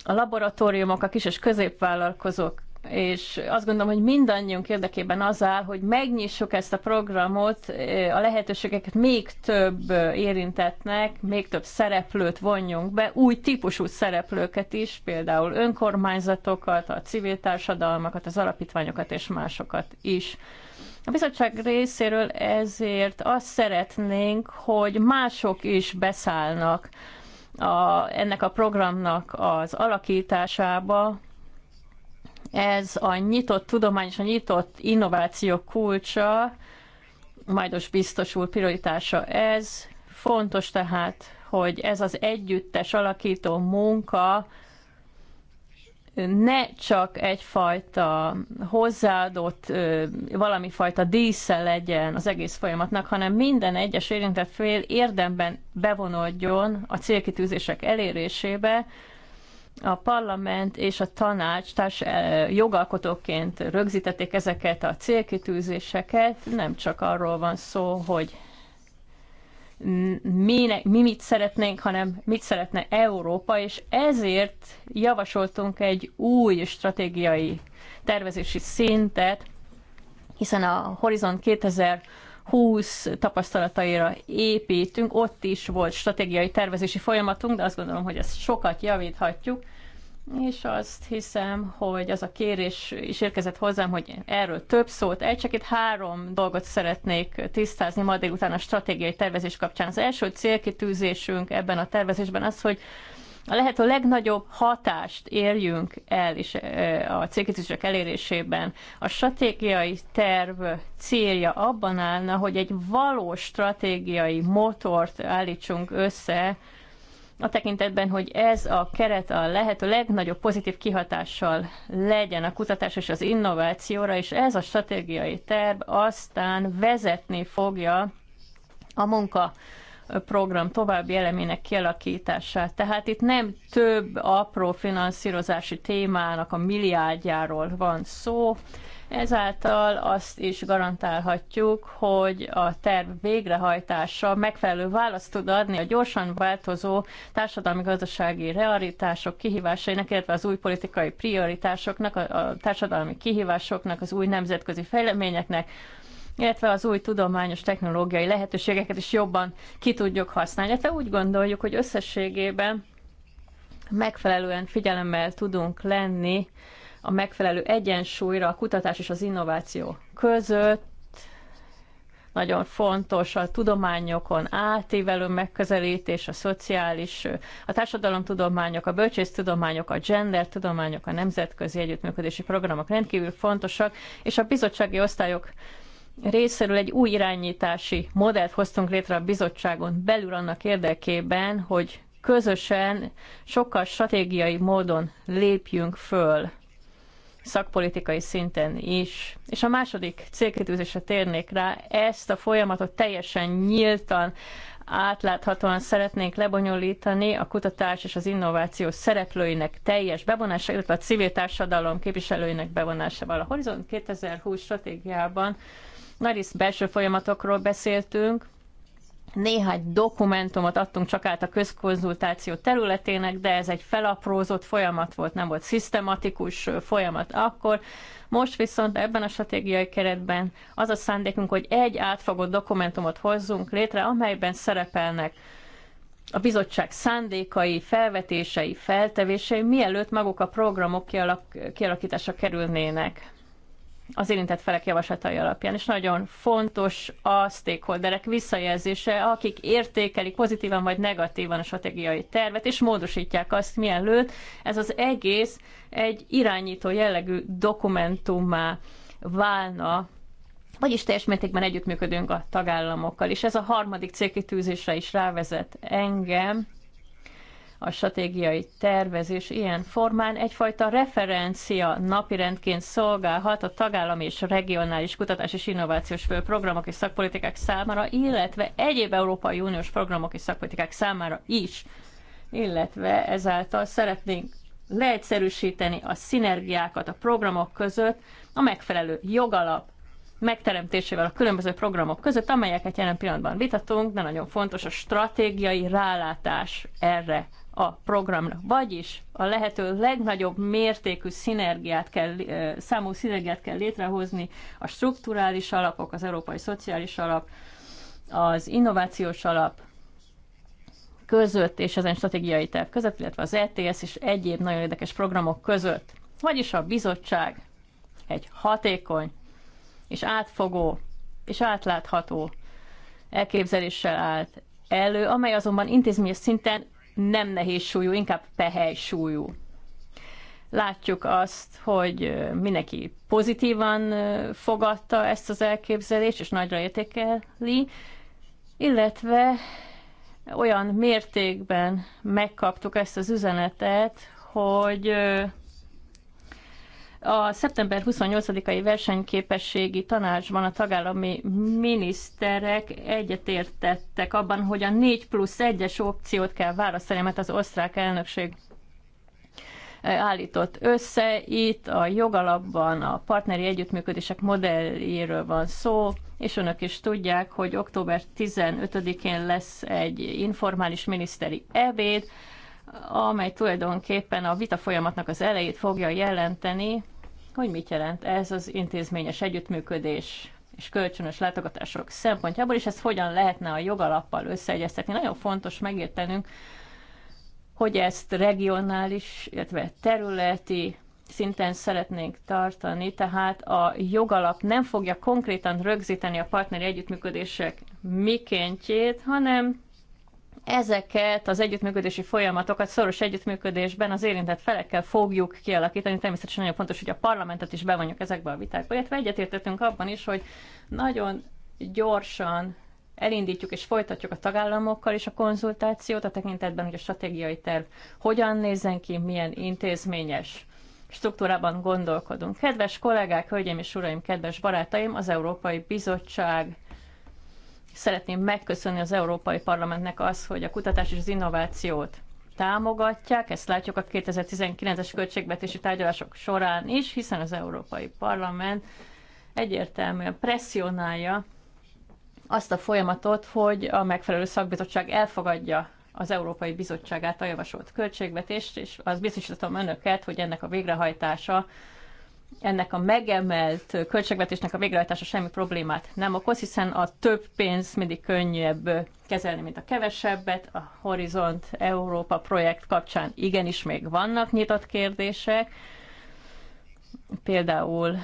a laboratóriumok, a kis és középvállalkozók és azt gondolom, hogy mindannyiunk érdekében az áll, hogy megnyissuk ezt a programot, a lehetőségeket még több érintetnek, még több szereplőt vonjunk be, új típusú szereplőket is, például önkormányzatokat, a civil társadalmakat, az alapítványokat és másokat is. A bizottság részéről ezért azt szeretnénk, hogy mások is beszállnak a, ennek a programnak az alakításába, ez a nyitott tudomány és a nyitott innováció kulcsa, Majdos biztos úr prioritása ez. Fontos tehát, hogy ez az együttes alakító munka ne csak egyfajta hozzáadott, valami fajta dísze legyen az egész folyamatnak, hanem minden egyes érintett fél érdemben bevonódjon a célkitűzések elérésébe, a parlament és a tanács társ eh, jogalkotóként rögzítették ezeket a célkitűzéseket. Nem csak arról van szó, hogy mi, mi mit szeretnénk, hanem mit szeretne Európa, és ezért javasoltunk egy új stratégiai tervezési szintet, hiszen a Horizon 2000 20 tapasztalataira építünk, ott is volt stratégiai tervezési folyamatunk, de azt gondolom, hogy ezt sokat javíthatjuk, és azt hiszem, hogy az a kérés is érkezett hozzám, hogy erről több szót egy, csak itt három dolgot szeretnék tisztázni ma délután a stratégiai tervezés kapcsán. Az első célkitűzésünk ebben a tervezésben az, hogy a lehető legnagyobb hatást érjünk el is a célkitűzések elérésében. A stratégiai terv célja abban állna, hogy egy valós stratégiai motort állítsunk össze, a tekintetben, hogy ez a keret a lehető legnagyobb pozitív kihatással legyen a kutatás és az innovációra, és ez a stratégiai terv aztán vezetni fogja a munka program további elemének kialakítását. Tehát itt nem több apró finanszírozási témának a milliárdjáról van szó, Ezáltal azt is garantálhatjuk, hogy a terv végrehajtása megfelelő választ tud adni a gyorsan változó társadalmi-gazdasági realitások kihívásainak, illetve az új politikai prioritásoknak, a, társadalmi kihívásoknak, az új nemzetközi fejleményeknek, illetve az új tudományos technológiai lehetőségeket is jobban ki tudjuk használni. Tehát úgy gondoljuk, hogy összességében megfelelően figyelemmel tudunk lenni a megfelelő egyensúlyra a kutatás és az innováció között, nagyon fontos a tudományokon átívelő megközelítés, a szociális, a társadalomtudományok, a bölcsésztudományok, a gender tudományok, a nemzetközi együttműködési programok rendkívül fontosak, és a bizottsági osztályok részéről egy új irányítási modellt hoztunk létre a bizottságon belül annak érdekében, hogy közösen, sokkal stratégiai módon lépjünk föl szakpolitikai szinten is. És a második célkitűzésre térnék rá, ezt a folyamatot teljesen nyíltan, átláthatóan szeretnénk lebonyolítani a kutatás és az innováció szereplőinek teljes bevonása, illetve a civil társadalom képviselőinek bevonásával. A Horizon 2020 stratégiában Nagyrészt belső folyamatokról beszéltünk, néhány dokumentumot adtunk csak át a közkonzultáció területének, de ez egy felaprózott folyamat volt, nem volt szisztematikus folyamat akkor. Most viszont ebben a stratégiai keretben az a szándékunk, hogy egy átfogó dokumentumot hozzunk létre, amelyben szerepelnek a bizottság szándékai, felvetései, feltevései, mielőtt maguk a programok kialak, kialakítása kerülnének az érintett felek javaslatai alapján. És nagyon fontos a stakeholderek visszajelzése, akik értékelik pozitívan vagy negatívan a stratégiai tervet, és módosítják azt, mielőtt Ez az egész egy irányító jellegű dokumentumá válna vagyis teljes mértékben együttműködünk a tagállamokkal, és ez a harmadik célkitűzésre is rávezet engem, a stratégiai tervezés ilyen formán egyfajta referencia napirendként szolgálhat a tagállami és regionális kutatás és innovációs programok és szakpolitikák számára, illetve egyéb Európai Uniós programok és szakpolitikák számára is, illetve ezáltal szeretnénk leegyszerűsíteni a szinergiákat a programok között a megfelelő jogalap megteremtésével a különböző programok között, amelyeket jelen pillanatban vitatunk, de nagyon fontos a stratégiai rálátás erre a programnak. Vagyis a lehető legnagyobb mértékű szinergiát kell, számú szinergiát kell létrehozni a strukturális alapok, az európai szociális alap, az innovációs alap között és ezen stratégiai terv között, illetve az ETS és egyéb nagyon érdekes programok között. Vagyis a bizottság egy hatékony és átfogó és átlátható elképzeléssel állt elő, amely azonban intézményes szinten nem nehéz súlyú, inkább tehely súlyú. Látjuk azt, hogy mindenki pozitívan fogadta ezt az elképzelést, és nagyra értékeli, illetve olyan mértékben megkaptuk ezt az üzenetet, hogy a szeptember 28-ai versenyképességi tanácsban a tagállami miniszterek egyetértettek abban, hogy a 4 plusz 1-es opciót kell választani, mert az osztrák elnökség eh, állított össze. Itt a jogalapban a partneri együttműködések modelljéről van szó, és önök is tudják, hogy október 15-én lesz egy informális miniszteri ebéd, amely tulajdonképpen a vita folyamatnak az elejét fogja jelenteni, hogy mit jelent ez az intézményes együttműködés és kölcsönös látogatások szempontjából, és ezt hogyan lehetne a jogalappal összeegyeztetni. Nagyon fontos megértenünk, hogy ezt regionális, illetve területi szinten szeretnénk tartani, tehát a jogalap nem fogja konkrétan rögzíteni a partneri együttműködések mikéntjét, hanem ezeket az együttműködési folyamatokat szoros együttműködésben az érintett felekkel fogjuk kialakítani. Természetesen nagyon fontos, hogy a parlamentet is bevonjuk ezekbe a vitákba, illetve egyetértettünk abban is, hogy nagyon gyorsan elindítjuk és folytatjuk a tagállamokkal is a konzultációt a tekintetben, hogy a stratégiai terv hogyan nézzen ki, milyen intézményes struktúrában gondolkodunk. Kedves kollégák, hölgyeim és uraim, kedves barátaim, az Európai Bizottság Szeretném megköszönni az Európai Parlamentnek az, hogy a kutatás és az innovációt támogatják, ezt látjuk a 2019-es költségvetési tárgyalások során is, hiszen az Európai Parlament egyértelműen presszionálja azt a folyamatot, hogy a megfelelő szakbizottság elfogadja az Európai Bizottság által javasolt költségvetést, és az biztosítom önöket, hogy ennek a végrehajtása ennek a megemelt költségvetésnek a végrehajtása semmi problémát nem okoz, hiszen a több pénz mindig könnyebb kezelni, mint a kevesebbet. A Horizont Európa projekt kapcsán igenis még vannak nyitott kérdések, például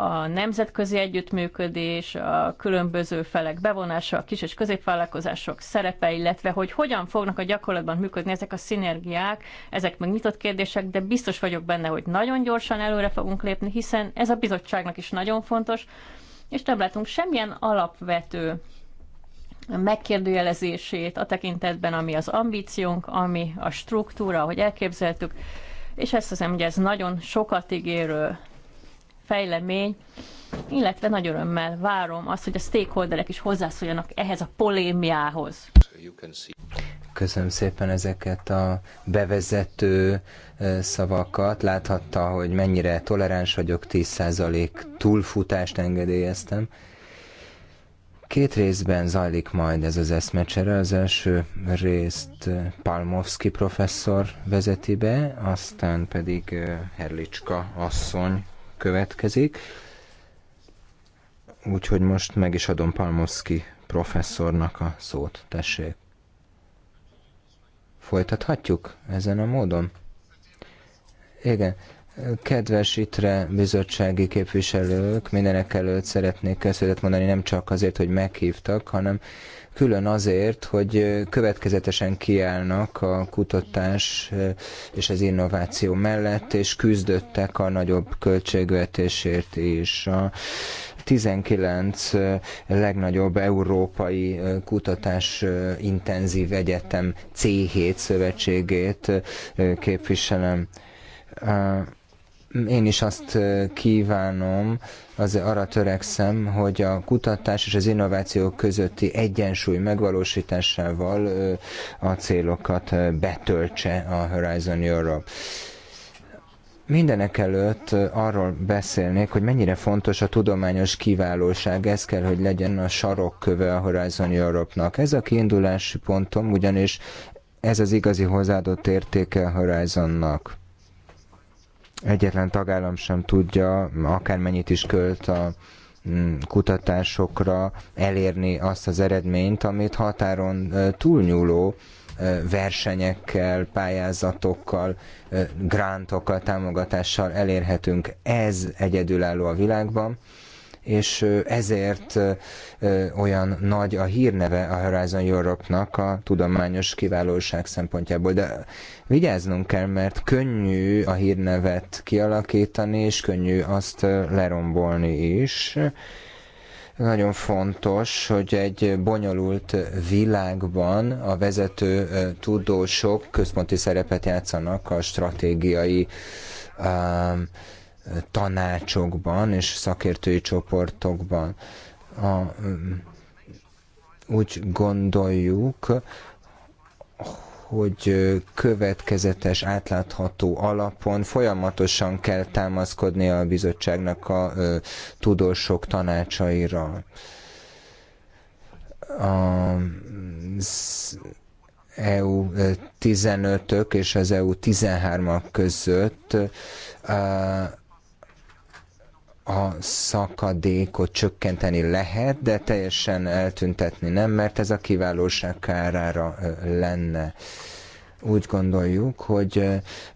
a nemzetközi együttműködés, a különböző felek bevonása, a kis és középvállalkozások szerepe, illetve hogy hogyan fognak a gyakorlatban működni ezek a szinergiák, ezek meg nyitott kérdések, de biztos vagyok benne, hogy nagyon gyorsan előre fogunk lépni, hiszen ez a bizottságnak is nagyon fontos, és nem látunk semmilyen alapvető megkérdőjelezését a tekintetben, ami az ambíciónk, ami a struktúra, ahogy elképzeltük, és ezt hiszem, hogy ez nagyon sokat ígérő fejlemény, illetve nagy örömmel várom azt, hogy a stakeholderek is hozzászóljanak ehhez a polémiához. Köszönöm szépen ezeket a bevezető eh, szavakat. Láthatta, hogy mennyire toleráns vagyok, 10% túlfutást engedélyeztem. Két részben zajlik majd ez az eszmecsere. Az első részt eh, Palmovski professzor vezeti be, aztán pedig eh, Herlicska asszony következik. Úgyhogy most meg is adom Palmoszki professzornak a szót. Tessék. Folytathatjuk ezen a módon? Igen. Kedves ittre bizottsági képviselők, mindenek előtt szeretnék köszönetet mondani nem csak azért, hogy meghívtak, hanem külön azért, hogy következetesen kiállnak a kutatás és az innováció mellett, és küzdöttek a nagyobb költségvetésért is. A 19 legnagyobb európai kutatás intenzív egyetem C7 szövetségét képviselem én is azt kívánom, az arra törekszem, hogy a kutatás és az innováció közötti egyensúly megvalósításával a célokat betöltse a Horizon Europe. Mindenek előtt arról beszélnék, hogy mennyire fontos a tudományos kiválóság, ez kell, hogy legyen a sarokköve a Horizon Europe-nak. Ez a kiindulási pontom, ugyanis ez az igazi hozzáadott értéke a Horizonnak egyetlen tagállam sem tudja, akármennyit is költ a mm, kutatásokra elérni azt az eredményt, amit határon túlnyúló versenyekkel, pályázatokkal, grantokkal, támogatással elérhetünk. Ez egyedülálló a világban, és ezért olyan nagy a hírneve a Horizon Europe-nak a tudományos kiválóság szempontjából. De vigyáznunk kell, mert könnyű a hírnevet kialakítani, és könnyű azt lerombolni is nagyon fontos, hogy egy bonyolult világban a vezető tudósok központi szerepet játszanak a stratégiai tanácsokban és szakértői csoportokban. A, mm, úgy gondoljuk, hogy következetes, átlátható alapon folyamatosan kell támaszkodni a bizottságnak a tudósok tanácsaira. A mm, EU 15-ök és az EU 13-ak között a szakadékot csökkenteni lehet, de teljesen eltüntetni nem, mert ez a kiválóság kárára lenne úgy gondoljuk, hogy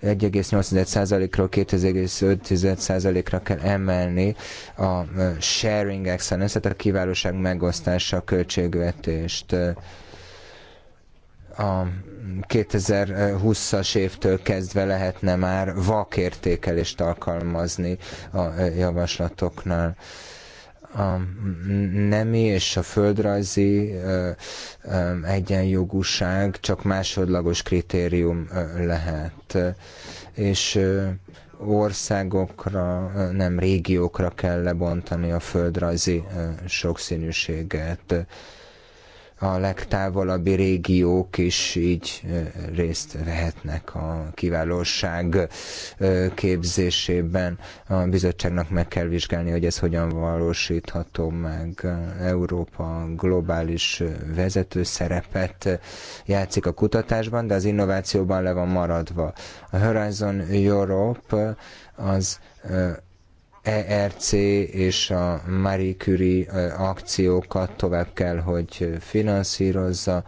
1,8%-ról 2,5%-ra kell emelni a sharing excellence, tehát a kiválóság megosztása a költségvetést. A 2020-as évtől kezdve lehetne már vakértékelést alkalmazni a e, javaslatoknál a nemi és a földrajzi e, e, egyenjogúság csak másodlagos kritérium lehet. És országokra, nem régiókra kell lebontani a földrajzi sokszínűséget a legtávolabbi régiók is így részt vehetnek a kiválóság képzésében. A bizottságnak meg kell vizsgálni, hogy ez hogyan valósítható meg. Európa globális vezető szerepet játszik a kutatásban, de az innovációban le van maradva. A Horizon Europe az ERC és a Marie Curie akciókat tovább kell, hogy finanszírozza,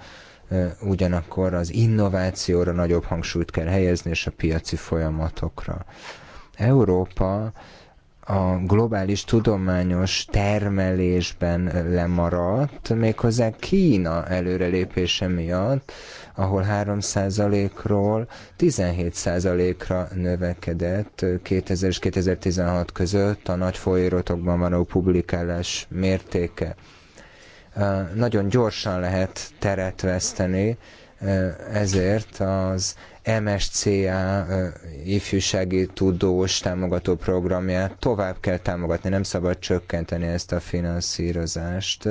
ugyanakkor az innovációra nagyobb hangsúlyt kell helyezni, és a piaci folyamatokra. Európa a globális tudományos termelésben lemaradt, méghozzá Kína előrelépése miatt, ahol 3%-ról 17%-ra növekedett 2000 és 2016 között a nagy folyóiratokban való publikálás mértéke. Nagyon gyorsan lehet teret veszteni, ezért az MSCA ifjúsági tudós támogató programját tovább kell támogatni, nem szabad csökkenteni ezt a finanszírozást.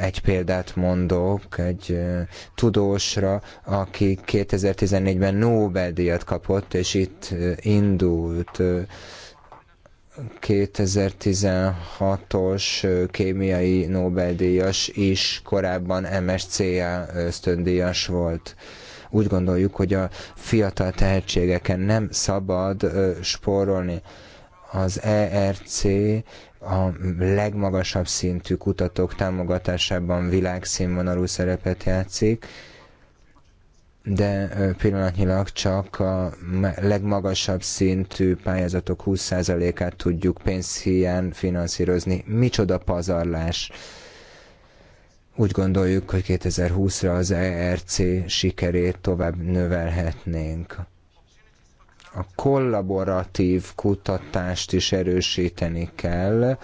Egy példát mondok, egy tudósra, aki 2014-ben Nobel-díjat kapott, és itt indult 2016-os kémiai Nobel-díjas is korábban MSCA ösztöndíjas volt úgy gondoljuk, hogy a fiatal tehetségeken nem szabad spórolni. Az ERC a legmagasabb szintű kutatók támogatásában világszínvonalú szerepet játszik, de pillanatnyilag csak a legmagasabb szintű pályázatok 20%-át tudjuk pénzhiány finanszírozni. Micsoda pazarlás! Úgy gondoljuk, hogy 2020-ra az ERC sikerét tovább növelhetnénk a kollaboratív kutatást is erősíteni kell.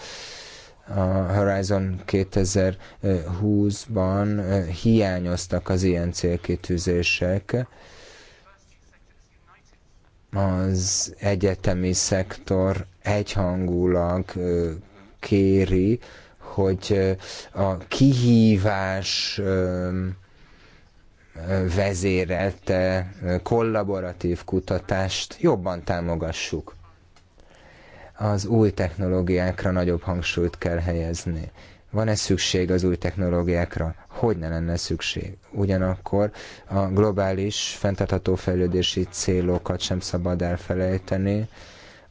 A Horizon 2020-ban eh, hiányoztak az ilyen célkitűzések. Az egyetemi szektor egyhangulag eh, kéri, hogy eh, a kihívás vezérelt eh, kollaboratív kutatást jobban támogassuk. Az új technológiákra nagyobb hangsúlyt kell helyezni. Van-e szükség az új technológiákra? Hogy ne lenne szükség? Ugyanakkor a globális fenntartható fejlődési célokat sem szabad elfelejteni,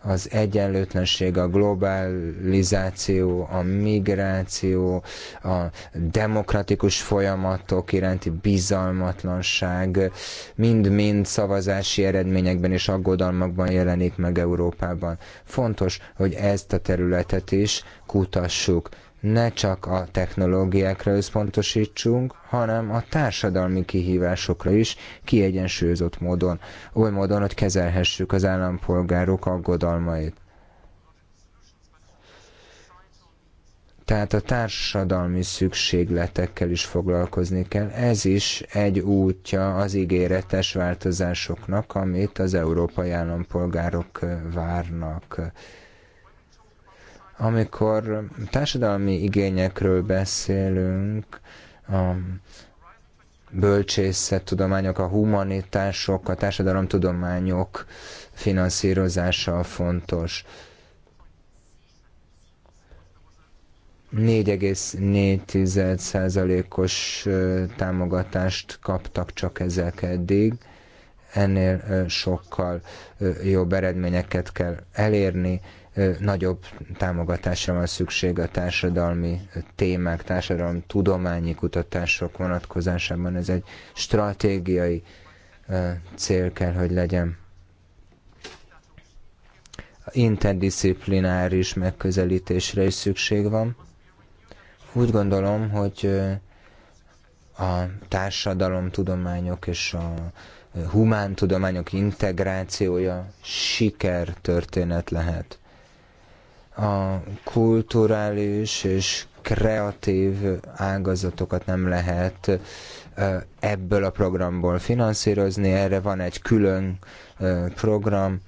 az egyenlőtlenség, a globalizáció, a migráció, a demokratikus folyamatok iránti bizalmatlanság, mind-mind szavazási eredményekben és aggodalmakban jelenik meg Európában. Fontos, hogy ezt a területet is kutassuk, ne csak a technológiákra összpontosítsunk, hanem a társadalmi kihívásokra is kiegyensúlyozott módon, oly módon, hogy kezelhessük az állampolgárok aggodalmait. Tehát a társadalmi szükségletekkel is foglalkozni kell. Ez is egy útja az ígéretes változásoknak, amit az európai állampolgárok várnak. Amikor társadalmi igényekről beszélünk, a bölcsészettudományok, a humanitások, a társadalomtudományok finanszírozása fontos. 4,4%-os támogatást kaptak csak ezek eddig. Ennél sokkal jobb eredményeket kell elérni nagyobb támogatásra van szükség a társadalmi témák, társadalmi tudományi kutatások vonatkozásában. Ez egy stratégiai cél kell, hogy legyen. Interdisziplináris megközelítésre is szükség van. Úgy gondolom, hogy a társadalomtudományok és a humántudományok integrációja sikertörténet lehet a kulturális és kreatív ágazatokat nem lehet ebből a programból finanszírozni, erre van egy külön program.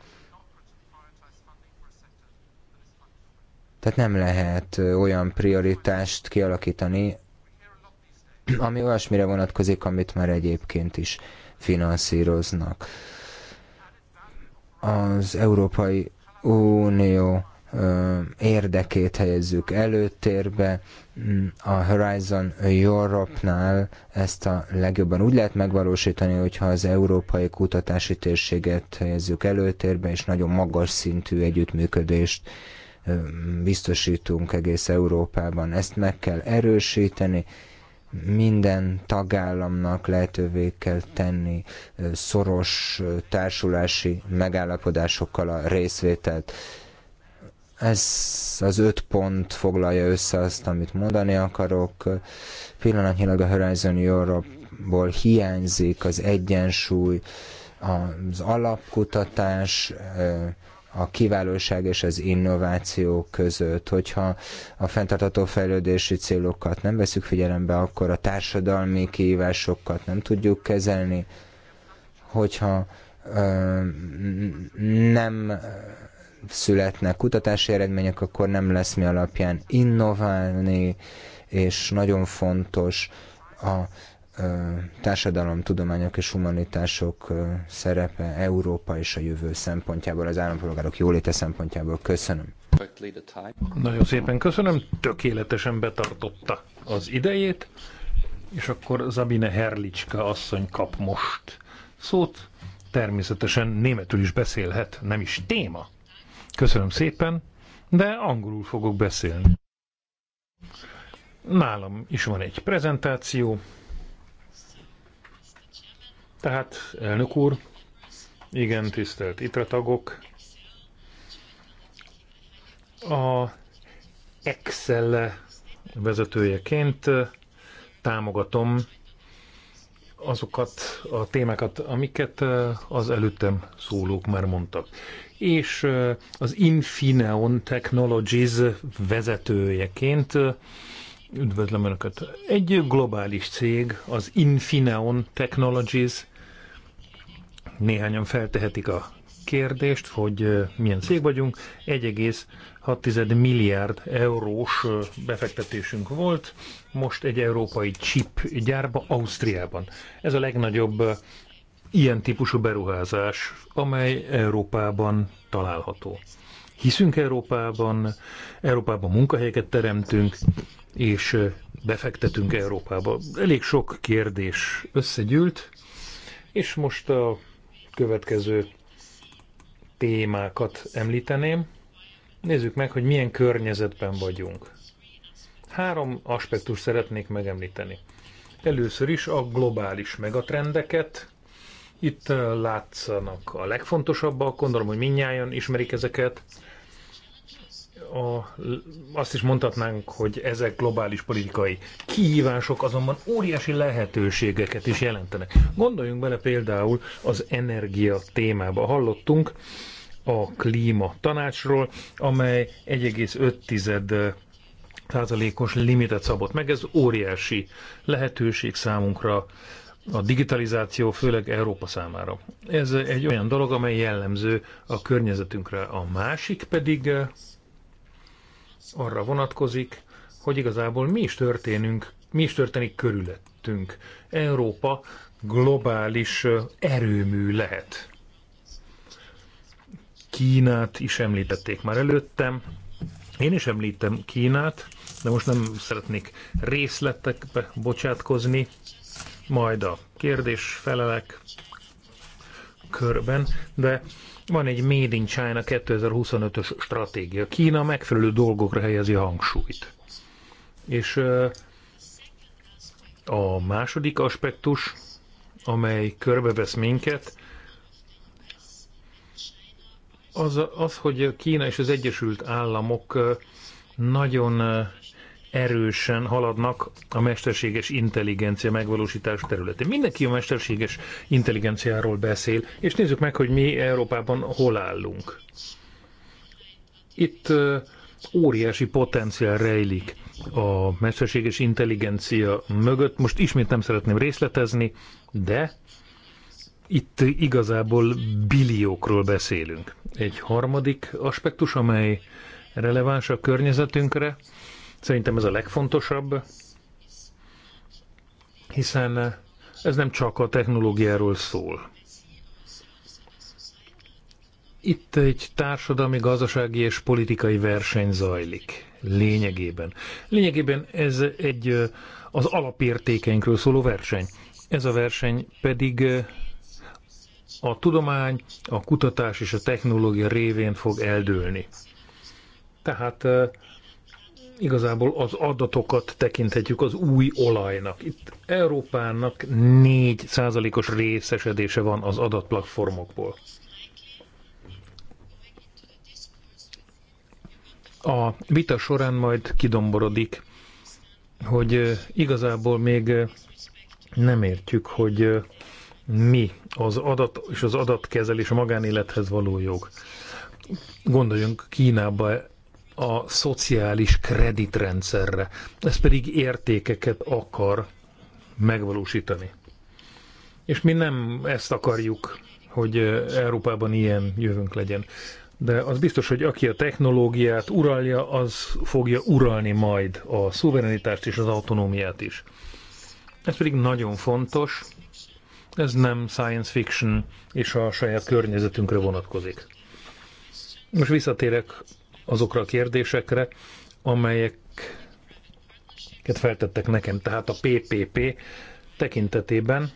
Tehát nem lehet olyan prioritást kialakítani, ami olyasmire vonatkozik, amit már egyébként is finanszíroznak. Az Európai Unió érdekét helyezzük előtérbe. Mm, a Horizon Europe-nál ezt a legjobban úgy lehet megvalósítani, hogyha az európai kutatási térséget helyezzük előtérbe, és nagyon magas szintű együttműködést biztosítunk egész Európában. Ezt meg kell erősíteni, minden tagállamnak lehetővé kell tenni szoros társulási megállapodásokkal a részvételt. Ez az öt pont foglalja össze azt, amit mondani akarok. Pillanatnyilag a Horizon Europe-ból hiányzik az egyensúly, az alapkutatás, a kiválóság és az innováció között. Hogyha a fenntartató fejlődési célokat nem veszük figyelembe, akkor a társadalmi kihívásokat nem tudjuk kezelni. Hogyha ö, nem születnek kutatási eredmények, akkor nem lesz mi alapján innoválni, és nagyon fontos a társadalom, tudományok és humanitások szerepe Európa és a jövő szempontjából, az állampolgárok jóléte szempontjából. Köszönöm. Nagyon szépen köszönöm, tökéletesen betartotta az idejét, és akkor Zabine Herlicska asszony kap most szót. Természetesen németül is beszélhet, nem is téma. Köszönöm szépen, de angolul fogok beszélni. Nálam is van egy prezentáció. Tehát, elnök úr, igen, tisztelt itratagok, a Excel -e vezetőjeként eh, támogatom azokat a témákat, amiket eh, az előttem szólók már mondtak és az Infineon Technologies vezetőjeként üdvözlöm Önöket. Egy globális cég, az Infineon Technologies, néhányan feltehetik a kérdést, hogy milyen cég vagyunk. 1,6 milliárd eurós befektetésünk volt, most egy európai chip gyárba Ausztriában. Ez a legnagyobb ilyen típusú beruházás, amely Európában található. Hiszünk Európában, Európában munkahelyeket teremtünk, és befektetünk Európába. Elég sok kérdés összegyűlt, és most a következő témákat említeném. Nézzük meg, hogy milyen környezetben vagyunk. Három aspektus szeretnék megemlíteni. Először is a globális megatrendeket, itt látszanak a legfontosabbak, gondolom, hogy minnyáján ismerik ezeket. A, azt is mondhatnánk, hogy ezek globális politikai kihívások azonban óriási lehetőségeket is jelentenek. Gondoljunk bele például az energia témába. Hallottunk a klíma tanácsról, amely 1,5 százalékos limitet szabott meg. Ez óriási lehetőség számunkra a digitalizáció főleg Európa számára. Ez egy olyan dolog, amely jellemző a környezetünkre. A másik pedig eh, arra vonatkozik, hogy igazából mi is történünk, mi is történik körülöttünk. Európa globális eh, erőmű lehet. Kínát is említették már előttem. Én is említem Kínát, de most nem szeretnék részletekbe bocsátkozni majd a kérdés-felelek körben, de van egy Made in China 2025-ös stratégia. Kína megfelelő dolgokra helyezi a hangsúlyt. És a második aspektus, amely körbevesz minket, az, az, hogy Kína és az Egyesült Államok nagyon erősen haladnak a mesterséges intelligencia megvalósítás területén. Mindenki a mesterséges intelligenciáról beszél, és nézzük meg, hogy mi Európában hol állunk. Itt óriási potenciál rejlik a mesterséges intelligencia mögött. Most ismét nem szeretném részletezni, de itt igazából billiókról beszélünk. Egy harmadik aspektus, amely releváns a környezetünkre, Szerintem ez a legfontosabb, hiszen ez nem csak a technológiáról szól. Itt egy társadalmi, gazdasági és politikai verseny zajlik. Lényegében. Lényegében ez egy az alapértékeinkről szóló verseny. Ez a verseny pedig a tudomány, a kutatás és a technológia révén fog eldőlni. Tehát igazából az adatokat tekinthetjük az új olajnak. Itt Európának 4 százalékos részesedése van az adatplatformokból. A vita során majd kidomborodik, hogy igazából még nem értjük, hogy mi az adat és az adatkezelés a magánélethez való jog. Gondoljunk Kínába a szociális kreditrendszerre. Ez pedig értékeket akar megvalósítani. És mi nem ezt akarjuk, hogy Európában ilyen jövőnk legyen. De az biztos, hogy aki a technológiát uralja, az fogja uralni majd a szuverenitást és az autonómiát is. Ez pedig nagyon fontos, ez nem science fiction és a saját környezetünkre vonatkozik. Most visszatérek azokra a kérdésekre, amelyeket feltettek nekem. Tehát a PPP tekintetében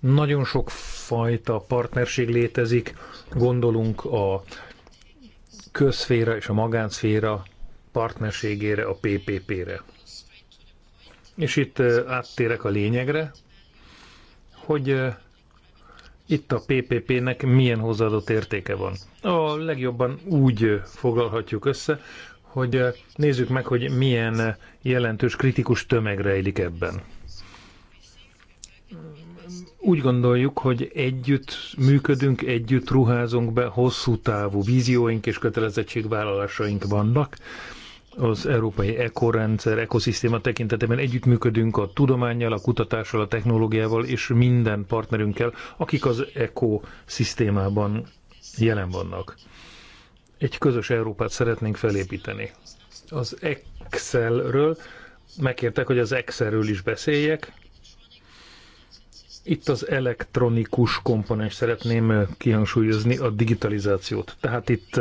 nagyon sok fajta partnerség létezik, gondolunk a közszféra és a magánszféra partnerségére, a PPP-re. És itt eh, áttérek a lényegre, hogy eh, itt a PPP-nek milyen hozzáadott értéke van. A legjobban úgy fogalhatjuk össze, hogy nézzük meg, hogy milyen jelentős kritikus tömeg rejlik ebben. Úgy gondoljuk, hogy együtt működünk, együtt ruházunk be, hosszú távú vízióink és kötelezettségvállalásaink vannak, az európai ekorendszer, ekoszisztéma tekintetében együttműködünk a tudományjal, a kutatással, a technológiával és minden partnerünkkel, akik az ekoszisztémában jelen vannak. Egy közös Európát szeretnénk felépíteni. Az Excelről megkértek, hogy az Excelről is beszéljek. Itt az elektronikus komponens szeretném kihangsúlyozni a digitalizációt. Tehát itt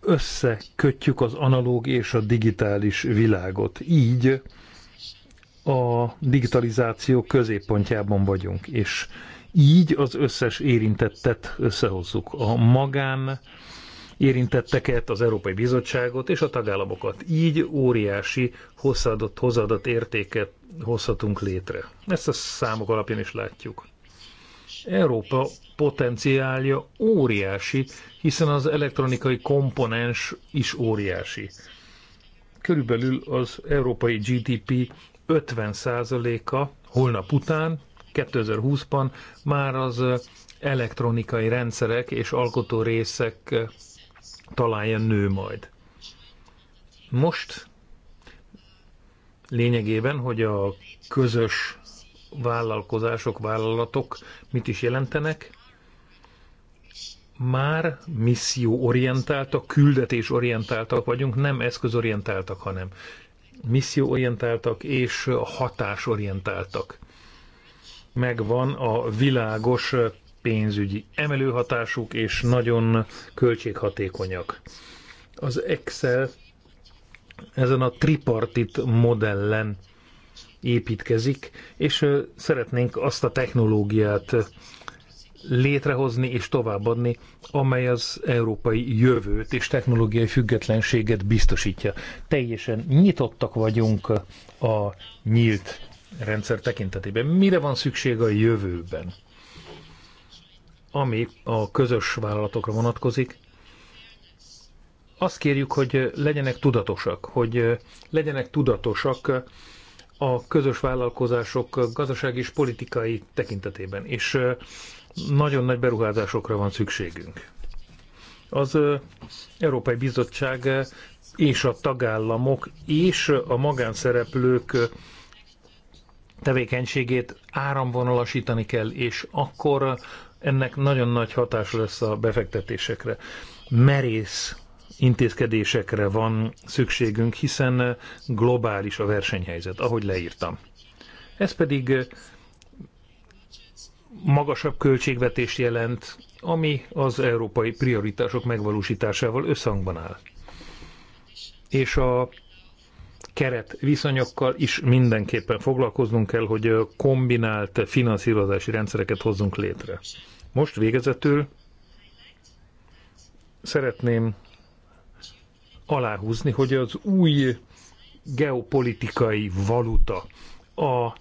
összekötjük az analóg és a digitális világot. Így a digitalizáció középpontjában vagyunk, és így az összes érintettet összehozzuk. A magán érintetteket, az Európai Bizottságot és a tagállamokat. Így óriási hozzáadott, hozzáadott értéket hozhatunk létre. Ezt a számok alapján is látjuk. Európa potenciálja óriási, hiszen az elektronikai komponens is óriási. Körülbelül az európai GDP 50%-a holnap után, 2020-ban már az elektronikai rendszerek és alkotó részek találja nő majd. Most lényegében, hogy a közös vállalkozások, vállalatok mit is jelentenek, már misszióorientáltak, küldetésorientáltak vagyunk, nem eszközorientáltak, hanem misszióorientáltak és hatásorientáltak. Megvan a világos pénzügyi emelőhatásuk, és nagyon költséghatékonyak. Az Excel ezen a tripartit modellen építkezik, és szeretnénk azt a technológiát létrehozni és továbbadni, amely az európai jövőt és technológiai függetlenséget biztosítja. Teljesen nyitottak vagyunk a nyílt rendszer tekintetében. Mire van szükség a jövőben? Ami a közös vállalatokra vonatkozik, azt kérjük, hogy legyenek tudatosak, hogy legyenek tudatosak a közös vállalkozások gazdasági és politikai tekintetében, és nagyon nagy beruházásokra van szükségünk. Az Európai Bizottság és a tagállamok és a magánszereplők tevékenységét áramvonalasítani kell, és akkor ennek nagyon nagy hatása lesz a befektetésekre. Merész intézkedésekre van szükségünk, hiszen globális a versenyhelyzet, ahogy leírtam. Ez pedig magasabb költségvetés jelent, ami az európai prioritások megvalósításával összhangban áll. És a keret viszonyokkal is mindenképpen foglalkoznunk kell, hogy kombinált finanszírozási rendszereket hozzunk létre. Most végezetül szeretném aláhúzni, hogy az új geopolitikai valuta a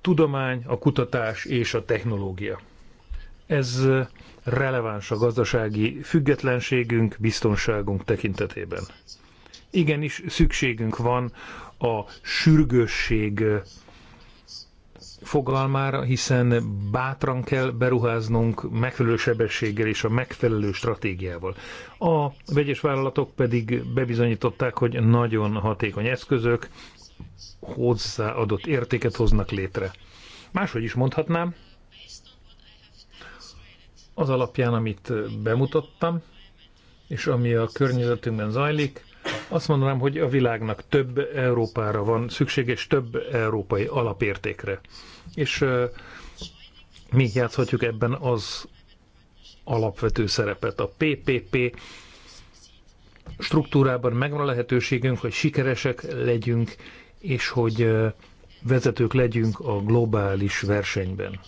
tudomány, a kutatás és a technológia. Ez releváns a gazdasági függetlenségünk, biztonságunk tekintetében. Igenis szükségünk van a sürgősség fogalmára, hiszen bátran kell beruháznunk megfelelő sebességgel és a megfelelő stratégiával. A vegyes vállalatok pedig bebizonyították, hogy nagyon hatékony eszközök hozzáadott értéket hoznak létre. Máshogy is mondhatnám, az alapján, amit bemutattam, és ami a környezetünkben zajlik, azt mondanám, hogy a világnak több Európára van szükséges, több európai alapértékre. És mi játszhatjuk ebben az alapvető szerepet. A PPP struktúrában megvan a lehetőségünk, hogy sikeresek legyünk, és hogy vezetők legyünk a globális versenyben.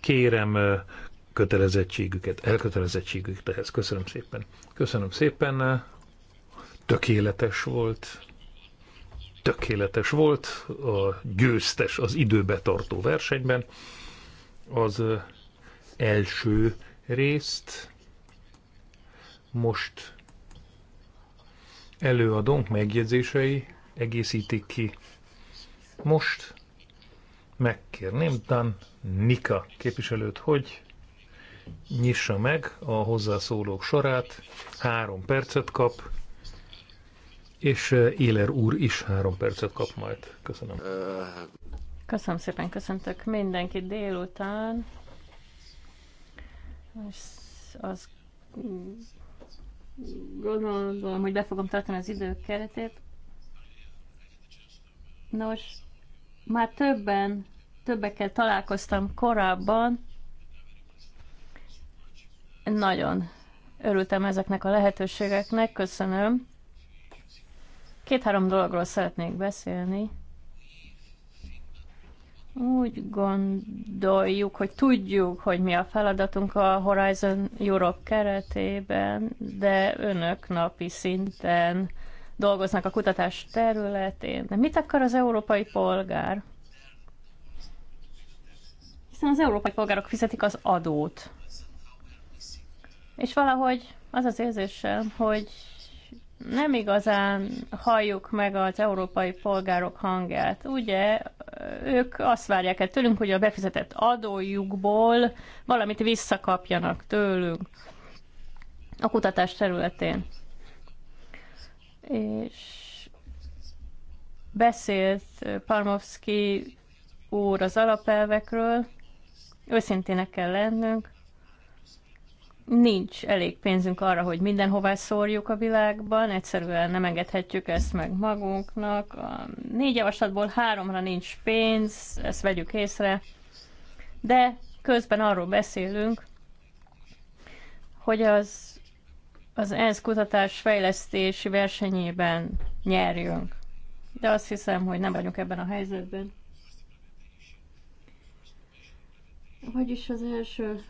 Kérem kötelezettségüket, elkötelezettségüket ehhez. Köszönöm szépen. Köszönöm szépen tökéletes volt, tökéletes volt a győztes az időbetartó versenyben. Az első részt most előadónk megjegyzései egészítik ki. Most megkérném Dan Nika képviselőt, hogy nyissa meg a hozzászólók sorát, három percet kap, és eh, Éler úr is három percet kap majd. Köszönöm. Köszönöm szépen, köszöntök mindenkit délután. És az gondolom, hogy be fogom tartani az idő keretét. Nos, már többen, többekkel találkoztam korábban. Nagyon örültem ezeknek a lehetőségeknek, köszönöm. Két-három dologról szeretnék beszélni. Úgy gondoljuk, hogy tudjuk, hogy mi a feladatunk a Horizon Europe keretében, de önök napi szinten dolgoznak a kutatás területén. De mit akar az európai polgár? Hiszen az európai polgárok fizetik az adót. És valahogy az az érzésem, hogy nem igazán halljuk meg az európai polgárok hangját. Ugye ők azt várják el tőlünk, hogy a befizetett adójukból valamit visszakapjanak tőlünk a kutatás területén. És beszélt Parmovsky úr az alapelvekről, őszintének kell lennünk, nincs elég pénzünk arra, hogy mindenhová szórjuk a világban, egyszerűen nem engedhetjük ezt meg magunknak. A négy javaslatból háromra nincs pénz, ezt vegyük észre, de közben arról beszélünk, hogy az, az ENSZ kutatás fejlesztési versenyében nyerjünk. De azt hiszem, hogy nem vagyunk ebben a helyzetben. Vagyis az első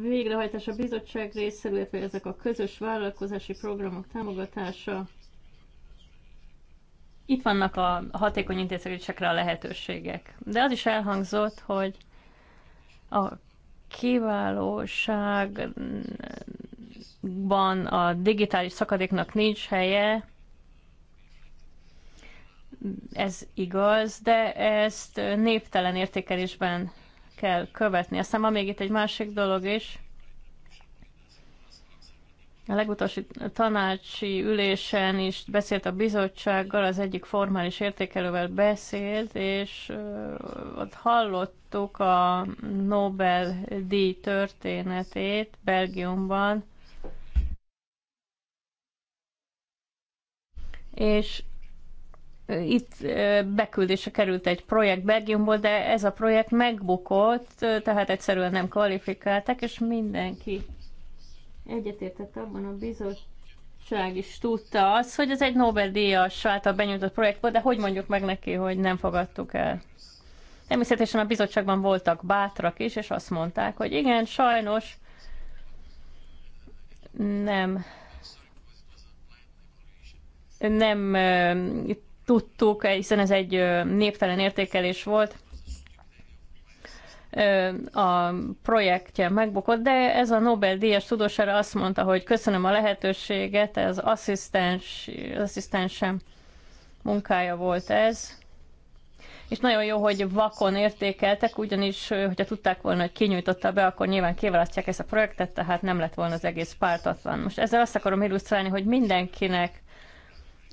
végrehajtás a bizottság részéről, illetve ezek a közös vállalkozási programok támogatása. Itt vannak a hatékony intézkedésekre a lehetőségek. De az is elhangzott, hogy a kiválóságban a digitális szakadéknak nincs helye, ez igaz, de ezt névtelen értékelésben kell követni. Aztán van még itt egy másik dolog is. A legutolsó tanácsi ülésen is beszélt a bizottsággal, az egyik formális értékelővel beszélt, és ott hallottuk a Nobel-díj történetét Belgiumban. És itt beküldése került egy projekt Belgiumból, de ez a projekt megbukott, tehát egyszerűen nem kvalifikáltak, és mindenki egyetértett abban a bizottság is tudta az, hogy ez egy Nobel-díjas által benyújtott projekt volt, de hogy mondjuk meg neki, hogy nem fogadtuk el. Természetesen a bizottságban voltak bátrak is, és azt mondták, hogy igen, sajnos nem nem tudtuk, hiszen ez egy néptelen értékelés volt, a projektje megbukott, de ez a Nobel-díjas tudósára azt mondta, hogy köszönöm a lehetőséget, ez asszisztens, asszisztensem munkája volt ez. És nagyon jó, hogy vakon értékeltek, ugyanis, hogyha tudták volna, hogy kinyújtotta be, akkor nyilván kiválasztják ezt a projektet, tehát nem lett volna az egész pártatlan. Most ezzel azt akarom illusztrálni, hogy mindenkinek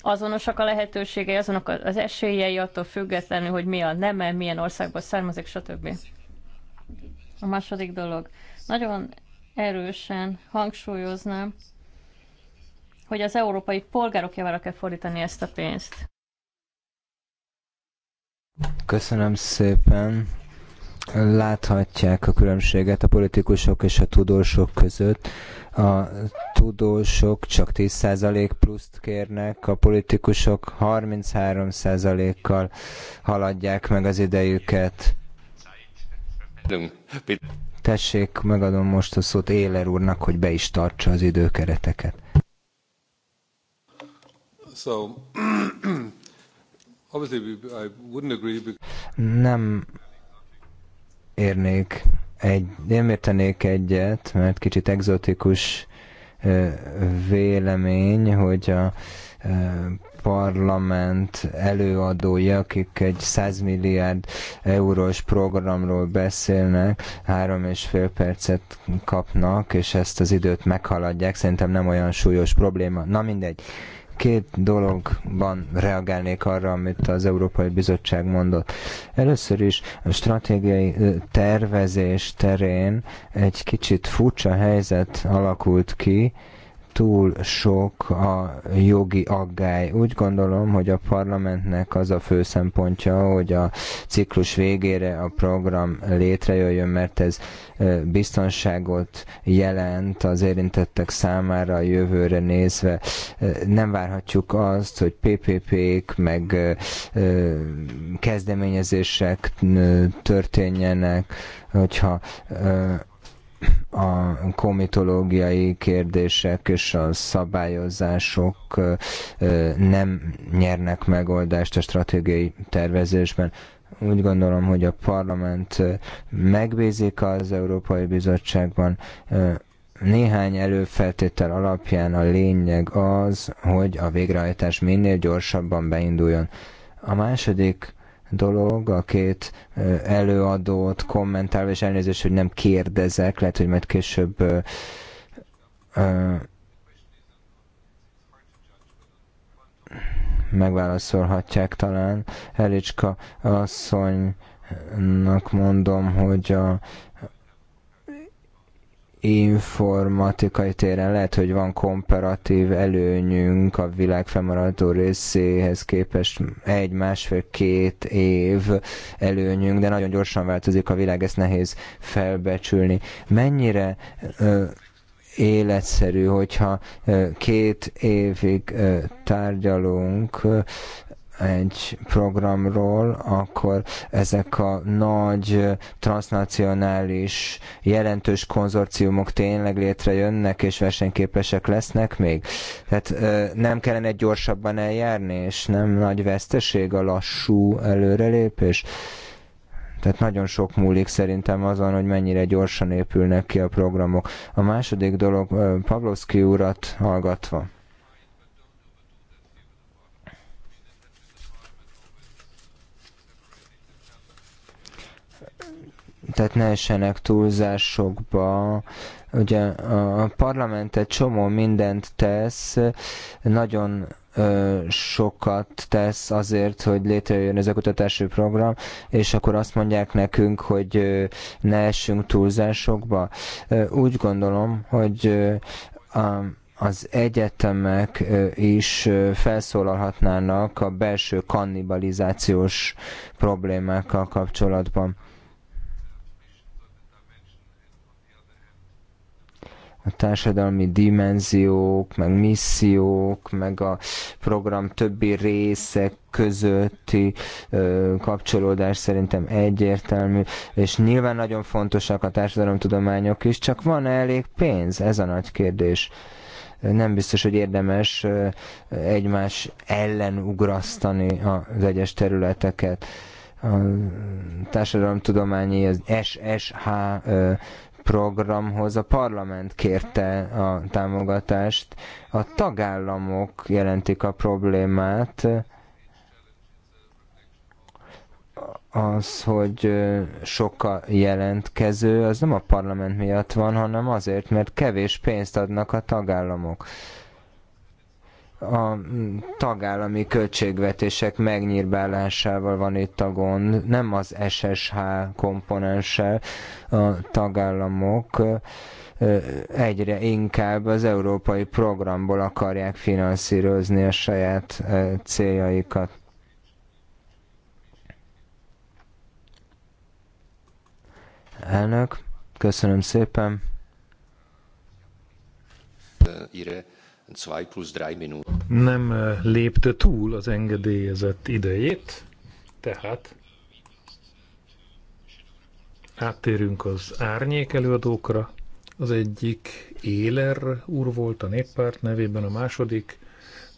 azonosak a lehetőségei, azonok az esélyei, attól függetlenül, hogy mi a neme, milyen országból származik, stb. A második dolog. Nagyon erősen hangsúlyoznám, hogy az európai polgárok javára kell fordítani ezt a pénzt. Köszönöm szépen láthatják a különbséget a politikusok és a tudósok között. A tudósok csak 10% pluszt kérnek, a politikusok 33%-kal haladják meg az idejüket. Tessék, megadom most a szót Éler úrnak, hogy be is tartsa az időkereteket. So, obviously I wouldn't agree because... Nem érnék egy, nem értenék egyet, mert kicsit egzotikus vélemény, hogy a parlament előadói, akik egy 100 milliárd eurós programról beszélnek, három és fél percet kapnak, és ezt az időt meghaladják. Szerintem nem olyan súlyos probléma. Na mindegy két dologban reagálnék arra, amit az Európai Bizottság mondott. Először is a stratégiai tervezés terén egy kicsit furcsa helyzet alakult ki, túl sok a jogi aggály. Úgy gondolom, hogy a parlamentnek az a fő szempontja, hogy a ciklus végére a program létrejöjjön, mert ez biztonságot jelent az érintettek számára a jövőre nézve. Nem várhatjuk azt, hogy PPP-k meg kezdeményezések történjenek, hogyha a komitológiai kérdések és a szabályozások nem nyernek megoldást a stratégiai tervezésben. Úgy gondolom, hogy a parlament megbízik az Európai Bizottságban, néhány előfeltétel alapján a lényeg az, hogy a végrehajtás minél gyorsabban beinduljon. A második dolog. A két előadót kommentálva, és elnézést, hogy nem kérdezek, lehet, hogy majd később megválaszolhatják talán. Elicska asszonynak mondom, hogy a informatikai téren lehet, hogy van komparatív előnyünk a világ fennmaradó részéhez képest egy, másfél, két év előnyünk, de nagyon gyorsan változik a világ, ezt nehéz felbecsülni. Mennyire ö, életszerű, hogyha két évig tárgyalunk egy programról, akkor ezek a nagy transnacionális jelentős konzorciumok tényleg létrejönnek és versenyképesek lesznek még? Tehát nem kellene gyorsabban eljárni, és nem nagy veszteség a lassú előrelépés? Tehát nagyon sok múlik szerintem azon, hogy mennyire gyorsan épülnek ki a programok. A második dolog, Pavlovski urat hallgatva. tehát ne essenek túlzásokba. Ugye a parlament egy csomó mindent tesz, nagyon sokat tesz azért, hogy létrejön ez a kutatási program, és akkor azt mondják nekünk, hogy ne essünk túlzásokba. Úgy gondolom, hogy az egyetemek is felszólalhatnának a belső kannibalizációs problémákkal kapcsolatban. a társadalmi dimenziók, meg missziók, meg a program többi részek közötti ö, kapcsolódás szerintem egyértelmű, és nyilván nagyon fontosak a társadalomtudományok is, csak van -e elég pénz? Ez a nagy kérdés. Nem biztos, hogy érdemes ö, egymás ellen ugrasztani az egyes területeket a társadalomtudományi, az SSH programhoz a parlament kérte a támogatást. A tagállamok jelentik a problémát, az, hogy sok a jelentkező, az nem a parlament miatt van, hanem azért, mert kevés pénzt adnak a tagállamok a mm, tagállami költségvetések megnyírbálásával van itt a gond, nem az SSH komponenssel a tagállamok egyre inkább az európai programból akarják finanszírozni a saját céljaikat. Elnök, köszönöm szépen. Ire nem eh, lépte túl az engedélyezett idejét, tehát áttérünk az árnyék előadókra. Az egyik Éler úr volt a néppárt nevében, a második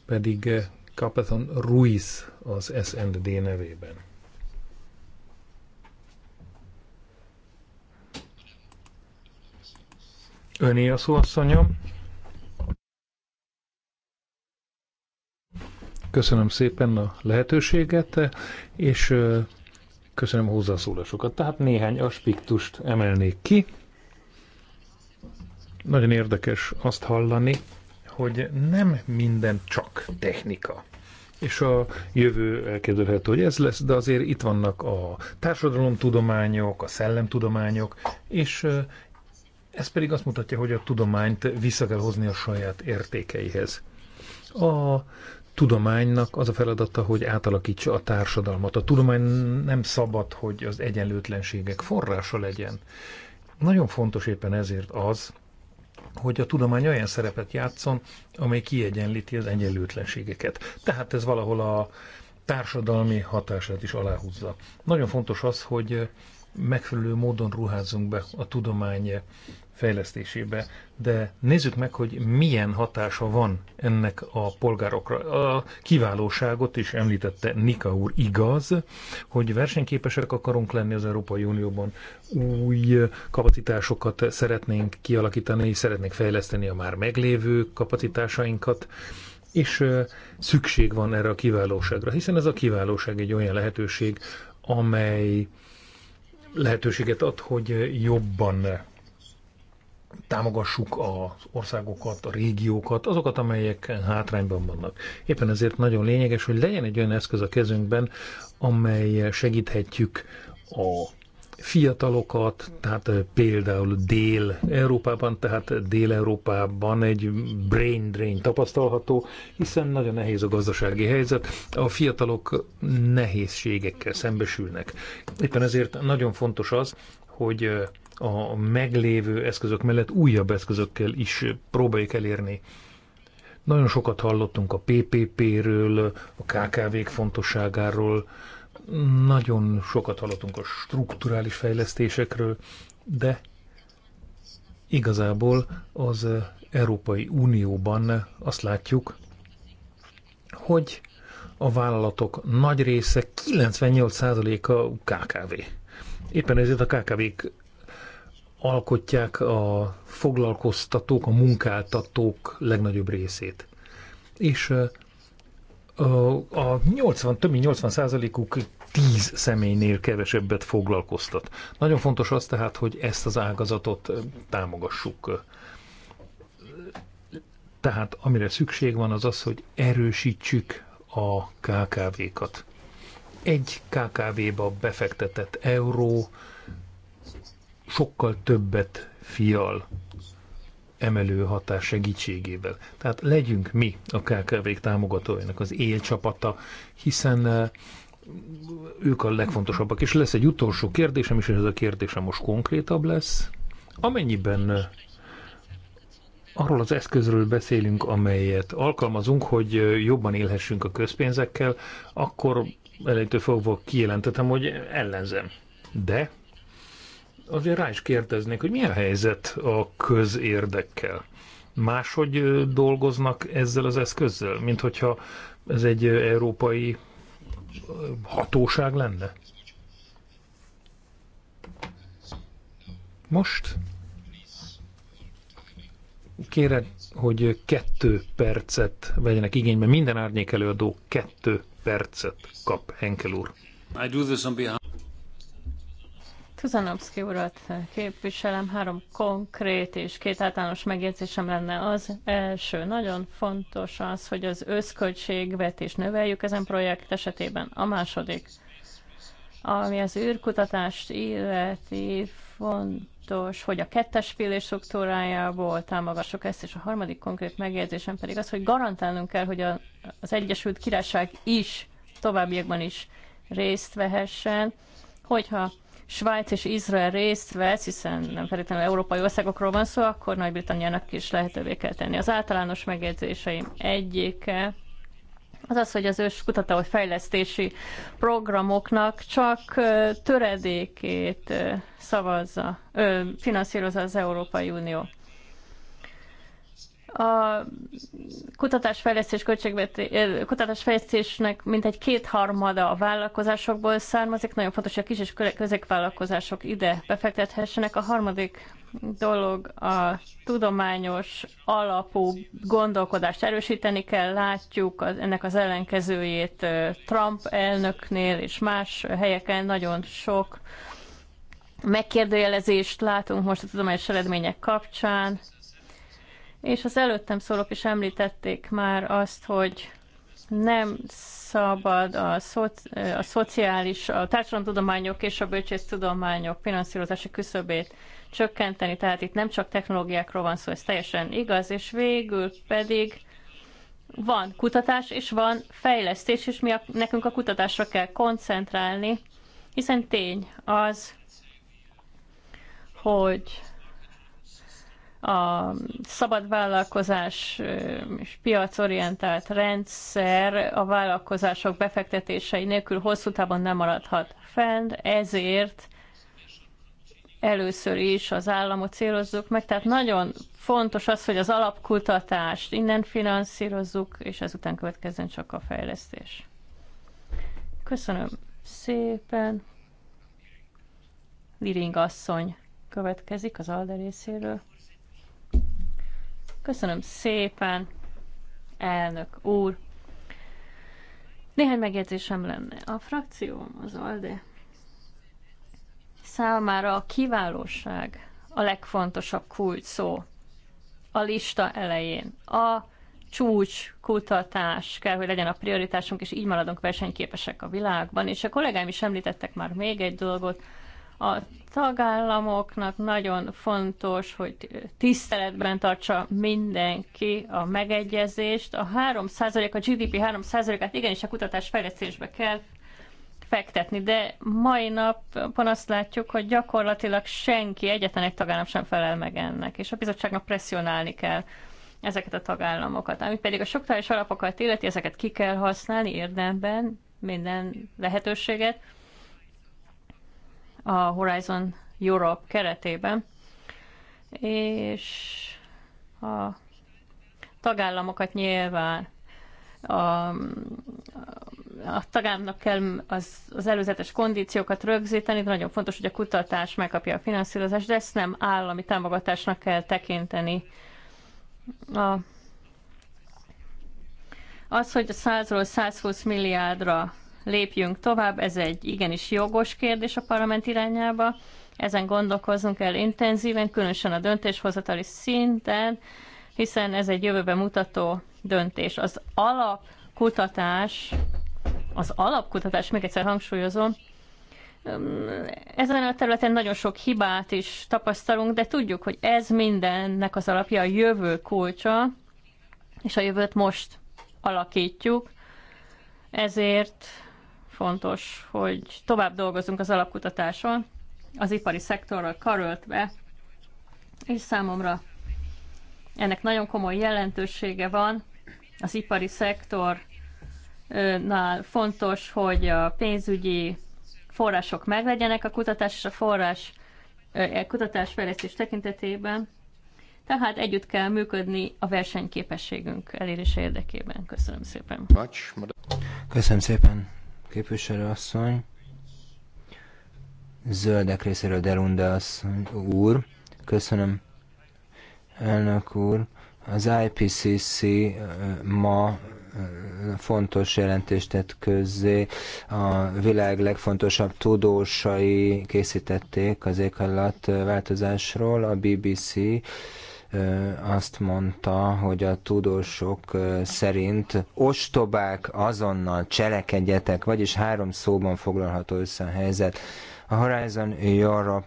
pedig eh, Capethon Ruiz az SND nevében. Öné a szó, asszonyom. Köszönöm szépen a lehetőséget, és köszönöm a hozzászólásokat. Tehát néhány aspektust emelnék ki. Nagyon érdekes azt hallani, hogy nem minden csak technika. És a jövő elképzelhető, hogy ez lesz, de azért itt vannak a társadalomtudományok, a szellemtudományok, és ez pedig azt mutatja, hogy a tudományt vissza kell hozni a saját értékeihez. A tudománynak az a feladata, hogy átalakítsa a társadalmat. A tudomány nem szabad, hogy az egyenlőtlenségek forrása legyen. Nagyon fontos éppen ezért az, hogy a tudomány olyan szerepet játszon, amely kiegyenlíti az egyenlőtlenségeket. Tehát ez valahol a társadalmi hatását is aláhúzza. Nagyon fontos az, hogy megfelelő módon ruházunk be a tudomány fejlesztésébe, de nézzük meg, hogy milyen hatása van ennek a polgárokra. A kiválóságot is említette Nika úr, igaz, hogy versenyképesek akarunk lenni az Európai Unióban, új kapacitásokat szeretnénk kialakítani, szeretnénk fejleszteni a már meglévő kapacitásainkat, és szükség van erre a kiválóságra, hiszen ez a kiválóság egy olyan lehetőség, amely lehetőséget ad, hogy jobban támogassuk az országokat, a régiókat, azokat, amelyek hátrányban vannak. Éppen ezért nagyon lényeges, hogy legyen egy olyan eszköz a kezünkben, amely segíthetjük a fiatalokat, tehát eh, például Dél-Európában, tehát Dél-Európában egy brain drain tapasztalható, hiszen nagyon nehéz a gazdasági helyzet, a fiatalok nehézségekkel szembesülnek. Éppen ezért nagyon fontos az, hogy eh, a meglévő eszközök mellett újabb eszközökkel is próbáljuk elérni. Nagyon sokat hallottunk a PPP-ről, a KKV-k fontosságáról, nagyon sokat hallottunk a strukturális fejlesztésekről, de igazából az Európai Unióban azt látjuk, hogy a vállalatok nagy része, 98%-a KKV. Éppen ezért a KKV-k alkotják a foglalkoztatók, a munkáltatók legnagyobb részét. És a 80, több mint 80 százalékuk 10 személynél kevesebbet foglalkoztat. Nagyon fontos az tehát, hogy ezt az ágazatot támogassuk. Tehát amire szükség van az az, hogy erősítsük a KKV-kat. Egy KKV-ba befektetett euró sokkal többet fial, emelő hatás segítségével. Tehát legyünk mi a KKV-k támogatójának az élcsapata, hiszen eh, ők a legfontosabbak. És lesz egy utolsó kérdésem, és ez a kérdésem most konkrétabb lesz. Amennyiben eh, arról az eszközről beszélünk, amelyet alkalmazunk, hogy eh, jobban élhessünk a közpénzekkel, akkor elejtő fogva kijelentetem, hogy ellenzem. De azért rá is kérdeznék, hogy milyen helyzet a közérdekkel. Máshogy dolgoznak ezzel az eszközzel, mint hogyha ez egy európai hatóság lenne? Most kérem, hogy kettő percet vegyenek igénybe. Minden árnyék előadó kettő percet kap, Henkel úr. Tuzanovszki urat képviselem, három konkrét és két általános megjegyzésem lenne az. Első, nagyon fontos az, hogy az összköltségvetés növeljük ezen projekt esetében. A második, ami az űrkutatást illeti, fontos, hogy a kettes fillér struktúrájából támogassuk ezt, és a harmadik konkrét megjegyzésem pedig az, hogy garantálnunk kell, hogy a, az Egyesült Királyság is továbbiakban is részt vehessen, hogyha Svájc és Izrael részt vesz, hiszen nem feltétlenül európai országokról van szó, akkor Nagy-Britanniának is lehetővé kell tenni. Az általános megjegyzéseim egyike az az, hogy az ős kutató fejlesztési programoknak csak töredékét szavazza, ö, finanszírozza az Európai Unió a kutatásfejlesztés eh, kutatásfejlesztésnek mintegy kétharmada a vállalkozásokból származik. Nagyon fontos, hogy a kis és középvállalkozások ide befektethessenek. A harmadik dolog a tudományos alapú gondolkodást erősíteni kell. Látjuk az, ennek az ellenkezőjét eh, Trump elnöknél és más helyeken nagyon sok megkérdőjelezést látunk most a tudományos eredmények kapcsán és az előttem szólók is említették már azt, hogy nem szabad a, szoci, a szociális, a társadalomtudományok és a bölcsésztudományok finanszírozási küszöbét csökkenteni, tehát itt nem csak technológiákról van szó, ez teljesen igaz, és végül pedig van kutatás és van fejlesztés, és mi a, nekünk a kutatásra kell koncentrálni, hiszen tény az, hogy a szabad vállalkozás és piacorientált rendszer a vállalkozások befektetései nélkül hosszú távon nem maradhat fenn, ezért először is az államot célozzuk meg, tehát nagyon fontos az, hogy az alapkutatást innen finanszírozzuk, és ezután következzen csak a fejlesztés. Köszönöm szépen. Liring asszony következik az Alde részéről. Köszönöm szépen, elnök úr. Néhány megjegyzésem lenne. A frakcióm, az ALDE számára a kiválóság a legfontosabb kulcs szó a lista elején. A csúcs kutatás kell, hogy legyen a prioritásunk, és így maradunk versenyképesek a világban. És a kollégáim is említettek már még egy dolgot, a tagállamoknak nagyon fontos, hogy tiszteletben tartsa mindenki a megegyezést. A 3%, a GDP 3%-át igenis a kutatás fejlesztésbe kell fektetni, de mai napon azt látjuk, hogy gyakorlatilag senki, egyetlen egy tagállam sem felel meg ennek, és a bizottságnak presszionálni kell ezeket a tagállamokat. Ami pedig a struktúrális alapokat illeti, ezeket ki kell használni érdemben, minden lehetőséget, a Horizon Europe keretében, és a tagállamokat nyilván a, a tagállamnak kell az, az előzetes kondíciókat rögzíteni, de nagyon fontos, hogy a kutatás megkapja a finanszírozást, de ezt nem állami támogatásnak kell tekinteni. A, az, hogy a 100-ról 120 milliárdra lépjünk tovább, ez egy igenis jogos kérdés a parlament irányába, ezen gondolkozunk el intenzíven, különösen a döntéshozatali szinten, hiszen ez egy jövőben mutató döntés. Az alapkutatás, az alapkutatás, még egyszer hangsúlyozom, ezen a területen nagyon sok hibát is tapasztalunk, de tudjuk, hogy ez mindennek az alapja a jövő kulcsa, és a jövőt most alakítjuk. Ezért fontos, hogy tovább dolgozunk az alapkutatáson, az ipari szektorral karöltve, és számomra ennek nagyon komoly jelentősége van. Az ipari szektornál fontos, hogy a pénzügyi források meglegyenek a kutatás és a forrás e, kutatásfejlesztés tekintetében, tehát együtt kell működni a versenyképességünk elérése érdekében. Köszönöm szépen. Köszönöm szépen képviselőasszony. Zöldek részéről Derunda asszony, úr. Köszönöm, elnök úr. Az IPCC ma fontos jelentést tett közzé. A világ legfontosabb tudósai készítették az éghajlat változásról. A BBC azt mondta, hogy a tudósok szerint ostobák, azonnal cselekedjetek, vagyis három szóban foglalható össze a helyzet. A Horizon Europe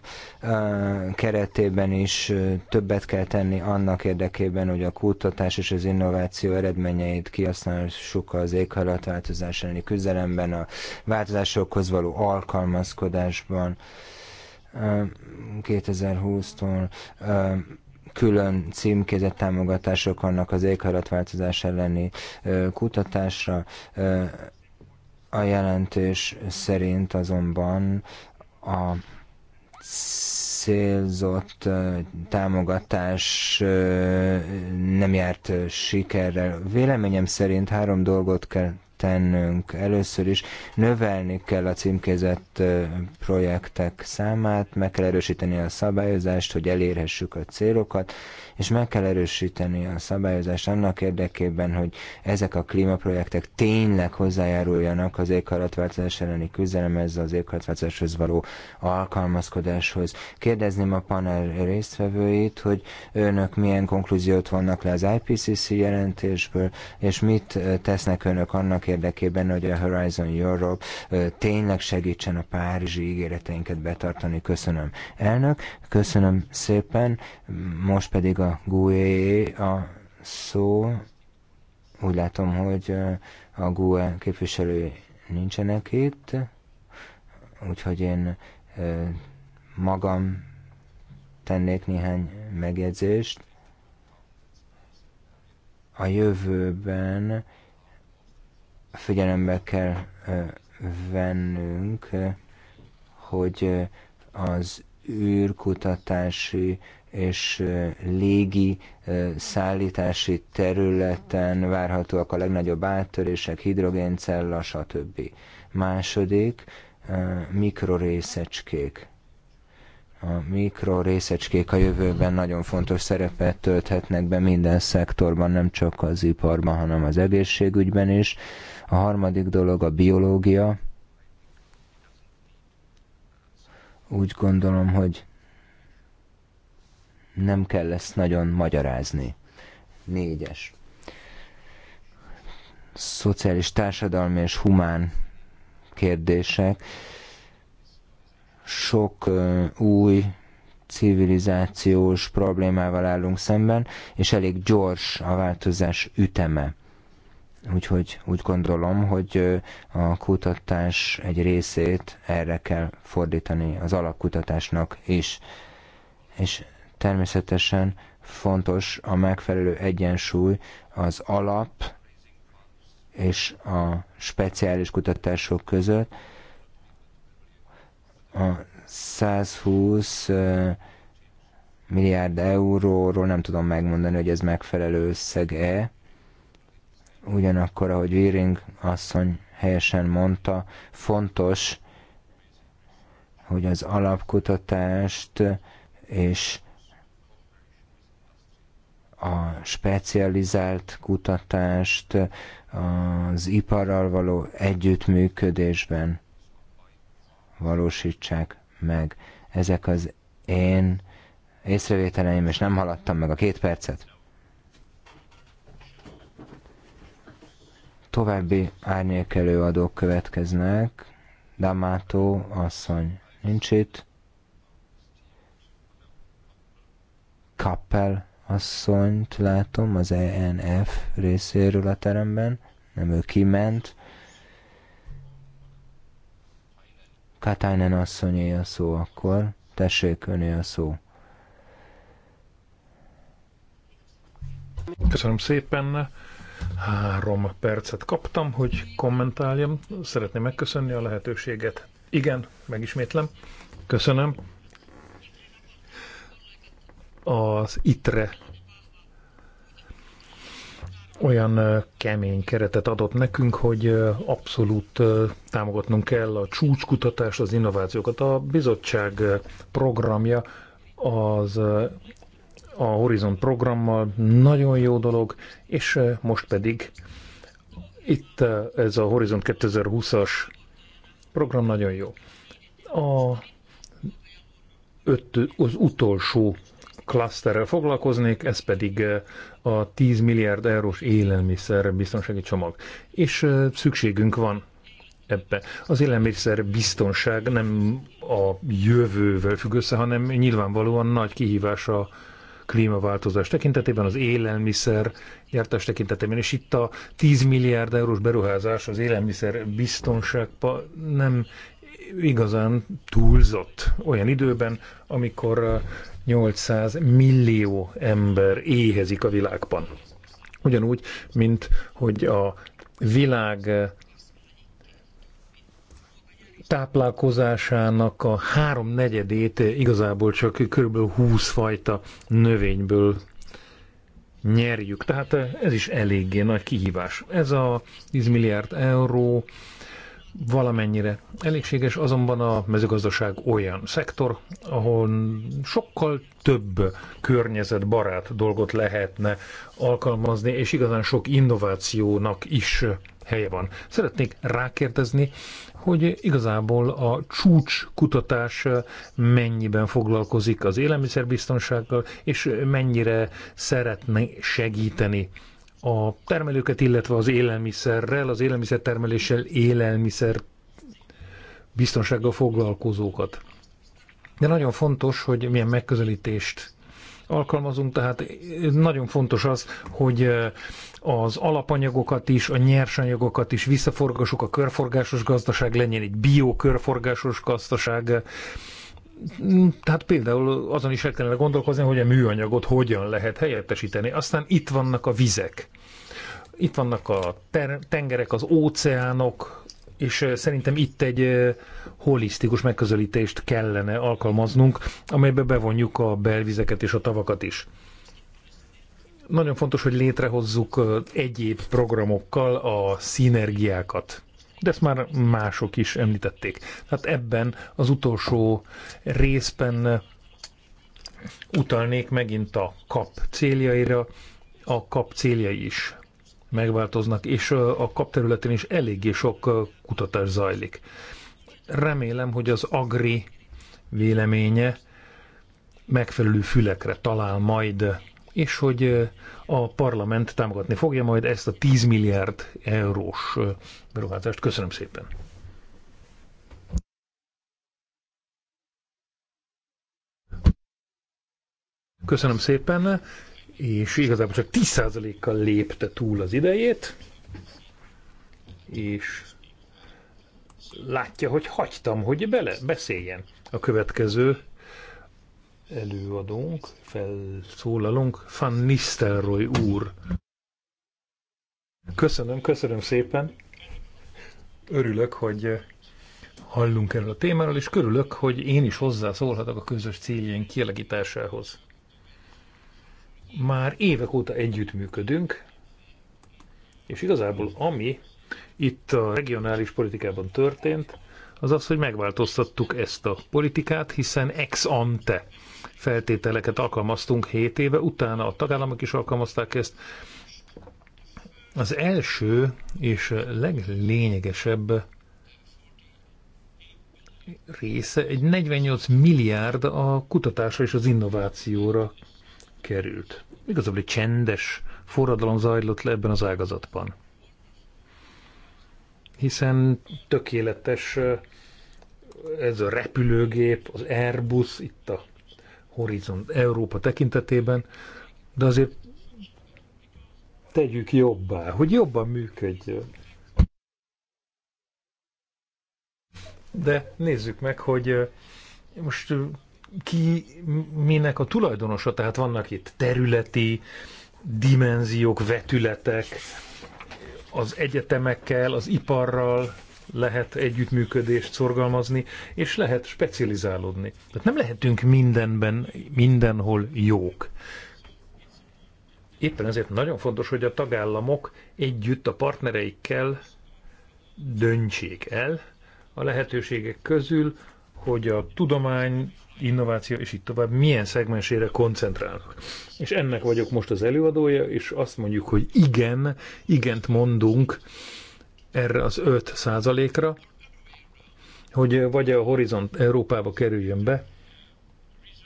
keretében is többet kell tenni annak érdekében, hogy a kutatás és az innováció eredményeit kihasználjuk az éghajlatváltozás elleni küzdelemben, a változásokhoz való alkalmazkodásban. 2020-tól külön címkézett támogatások vannak az éghajlatváltozás elleni kutatásra. A jelentés szerint azonban a célzott támogatás nem járt sikerrel. Véleményem szerint három dolgot kell tennünk. Először is növelni kell a címkézett projektek számát, meg kell erősíteni a szabályozást, hogy elérhessük a célokat, és meg kell erősíteni a szabályozást annak érdekében, hogy ezek a klímaprojektek tényleg hozzájáruljanak az éghajlatváltozás elleni küzdelemhez, az éghajlatváltozáshoz való alkalmazkodáshoz. Kérdezném a panel résztvevőit, hogy önök milyen konklúziót vannak le az IPCC jelentésből, és mit tesznek önök annak érdekében, hogy a Horizon Europe tényleg segítsen a párizsi ígéreteinket betartani. Köszönöm. Elnök, köszönöm szépen, most pedig a a gué a szó. Úgy látom, hogy a GUE képviselői nincsenek itt, úgyhogy én magam tennék néhány megjegyzést. A jövőben figyelembe kell vennünk, hogy az űrkutatási és légi szállítási területen várhatóak a legnagyobb áttörések, hidrogéncella, stb. Második, mikrorészecskék. A mikrorészecskék a jövőben nagyon fontos szerepet tölthetnek be minden szektorban, nem csak az iparban, hanem az egészségügyben is. A harmadik dolog a biológia. Úgy gondolom, hogy nem kell ezt nagyon magyarázni. Négyes. Szociális, társadalmi és humán kérdések. Sok ö, új civilizációs problémával állunk szemben, és elég gyors a változás üteme. Úgyhogy úgy gondolom, hogy a kutatás egy részét erre kell fordítani az alapkutatásnak is. És Természetesen fontos a megfelelő egyensúly az alap és a speciális kutatások között. A 120 milliárd euróról nem tudom megmondani, hogy ez megfelelő összeg-e. Ugyanakkor, ahogy Viring asszony helyesen mondta, fontos, hogy az alapkutatást és a specializált kutatást az iparral való együttműködésben valósítsák meg. Ezek az én észrevételeim, és nem haladtam meg a két percet. További árnyékelő adók következnek. Damato asszony nincs itt. Kappel asszonyt látom az ENF részéről a teremben, nem ő kiment. Katainen asszonyé a szó akkor, tessék öné a szó. Köszönöm szépen. Három percet kaptam, hogy kommentáljam. Szeretném megköszönni a lehetőséget. Igen, megismétlem. Köszönöm az ITRE olyan kemény keretet adott nekünk, hogy abszolút támogatnunk kell a csúcskutatást, az innovációkat. A bizottság programja az a Horizon programmal nagyon jó dolog, és most pedig itt ez a Horizon 2020-as program nagyon jó. A öt, az utolsó klaszterrel foglalkoznék, ez pedig eh, a 10 milliárd eurós élelmiszer biztonsági csomag. És eh, szükségünk van ebbe. Az élelmiszer biztonság nem a jövővel függ össze, hanem nyilvánvalóan nagy kihívás a klímaváltozás tekintetében, az élelmiszer gyártás tekintetében, és itt a 10 milliárd eurós beruházás az élelmiszer biztonságba nem igazán túlzott olyan időben, amikor eh, 800 millió ember éhezik a világban. Ugyanúgy, mint hogy a világ eh, táplálkozásának a háromnegyedét igazából csak kb. 20 fajta növényből nyerjük. Tehát eh, ez is eléggé nagy kihívás. Ez a 10 milliárd euró valamennyire elégséges, azonban a mezőgazdaság olyan szektor, ahol sokkal több környezetbarát dolgot lehetne alkalmazni, és igazán sok innovációnak is helye van. Szeretnék rákérdezni, hogy igazából a csúcs kutatás mennyiben foglalkozik az élelmiszerbiztonsággal, és mennyire szeretne segíteni a termelőket, illetve az élelmiszerrel, az élelmiszertermeléssel, élelmiszer biztonsággal foglalkozókat. De nagyon fontos, hogy milyen megközelítést alkalmazunk, tehát nagyon fontos az, hogy eh, az alapanyagokat is, a nyersanyagokat is visszaforgassuk, a körforgásos gazdaság legyen egy biokörforgásos gazdaság, tehát például azon is el kellene gondolkozni, hogy a műanyagot hogyan lehet helyettesíteni. Aztán itt vannak a vizek, itt vannak a tengerek, az óceánok, és szerintem itt egy holisztikus megközelítést kellene alkalmaznunk, amelybe bevonjuk a belvizeket és a tavakat is. Nagyon fontos, hogy létrehozzuk egyéb programokkal a szinergiákat de ezt már mások is említették. Tehát ebben az utolsó részben utalnék megint a kap céljaira, a kap céljai is megváltoznak, és a kap területén is eléggé sok kutatás zajlik. Remélem, hogy az Agri véleménye megfelelő fülekre talál majd, és hogy a parlament támogatni fogja majd ezt a 10 milliárd eurós beruházást. Köszönöm szépen! Köszönöm szépen, és igazából csak 10%-kal lépte túl az idejét, és látja, hogy hagytam, hogy bele beszéljen a következő előadónk, felszólalunk, Van Nistelrooy úr. Köszönöm, köszönöm szépen. Örülök, hogy hallunk erről a témáról, és körülök, hogy én is hozzászólhatok a közös céljén kielegításához. Már évek óta együttműködünk, és igazából ami itt a regionális politikában történt, az az, hogy megváltoztattuk ezt a politikát, hiszen ex ante feltételeket alkalmaztunk 7 éve, utána a tagállamok is alkalmazták ezt. Az első és leglényegesebb része, egy 48 milliárd a kutatásra és az innovációra került. Igazából egy csendes forradalom zajlott le ebben az ágazatban. Hiszen tökéletes ez a repülőgép, az Airbus, itt a Horizont Európa tekintetében, de azért tegyük jobbá, hogy jobban működjön. De nézzük meg, hogy most ki minek a tulajdonosa, tehát vannak itt területi dimenziók, vetületek, az egyetemekkel, az iparral, lehet együttműködést szorgalmazni, és lehet specializálódni. Tehát nem lehetünk mindenben, mindenhol jók. Éppen ezért nagyon fontos, hogy a tagállamok együtt a partnereikkel döntsék el a lehetőségek közül, hogy a tudomány, innováció és így tovább milyen szegmensére koncentrálnak. És ennek vagyok most az előadója, és azt mondjuk, hogy igen, igent mondunk erre az 5 százalékra, hogy vagy a Horizont Európába kerüljön be,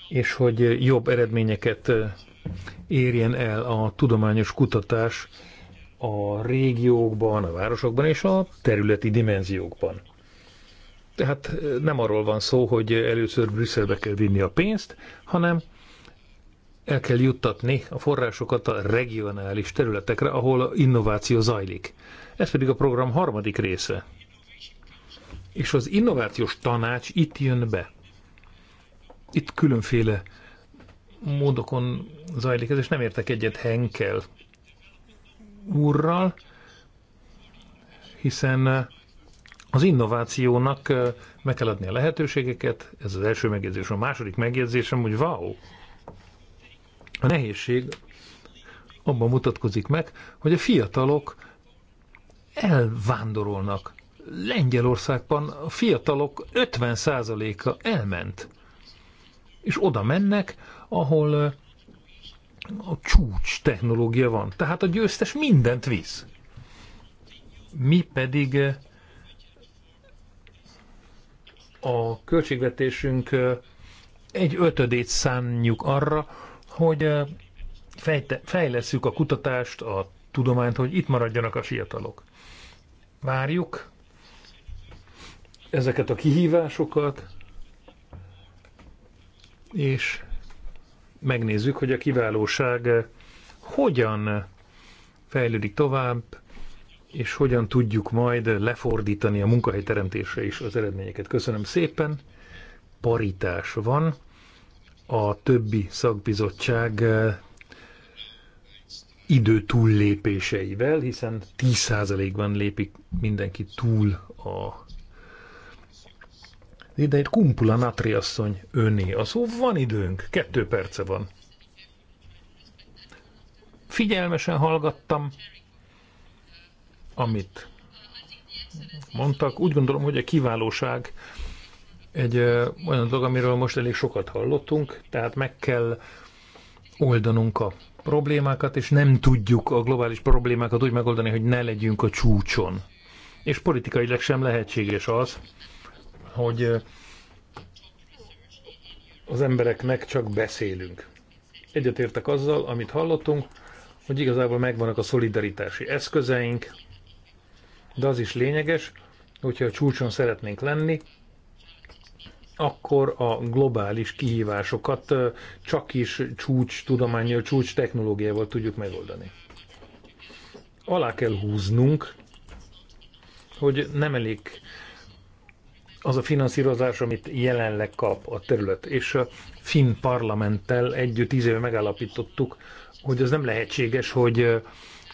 és hogy jobb eredményeket érjen el a tudományos kutatás a régiókban, a városokban és a területi dimenziókban. Tehát nem arról van szó, hogy először Brüsszelbe kell vinni a pénzt, hanem el kell juttatni a forrásokat a regionális területekre, ahol innováció zajlik. Ez pedig a program harmadik része. És az innovációs tanács itt jön be. Itt különféle módokon zajlik ez, és nem értek egyet Henkel úrral, hiszen az innovációnak meg kell adni a lehetőségeket, ez az első megjegyzés. A második megjegyzésem, hogy wow, a nehézség abban mutatkozik meg, hogy a fiatalok elvándorolnak. Lengyelországban a fiatalok 50%-a elment. És oda mennek, ahol eh, a csúcs technológia van. Tehát a győztes mindent visz. Mi pedig eh, a költségvetésünk eh, egy ötödét szánjuk arra, hogy fejlesszük a kutatást, a tudományt, hogy itt maradjanak a fiatalok várjuk ezeket a kihívásokat, és megnézzük, hogy a kiválóság hogyan fejlődik tovább, és hogyan tudjuk majd lefordítani a munkahelyteremtésre is az eredményeket. Köszönöm szépen. Paritás van a többi szakbizottság idő túllépéseivel, hiszen 10%-ban lépik mindenki túl a de egy kumpula natriasszony öné. A szó van időnk, kettő perce van. Figyelmesen hallgattam, amit mondtak. Úgy gondolom, hogy a kiválóság egy ö, olyan dolog, amiről most elég sokat hallottunk, tehát meg kell oldanunk a problémákat, és nem tudjuk a globális problémákat úgy megoldani, hogy ne legyünk a csúcson. És politikailag sem lehetséges az, hogy az embereknek csak beszélünk. Egyetértek azzal, amit hallottunk, hogy igazából megvannak a szolidaritási eszközeink, de az is lényeges, hogyha a csúcson szeretnénk lenni, akkor a globális kihívásokat csak is csúcs tudományjal, csúcs technológiával tudjuk megoldani. Alá kell húznunk, hogy nem elég az a finanszírozás, amit jelenleg kap a terület. És a finn parlamenttel együtt tíz éve megállapítottuk, hogy az nem lehetséges, hogy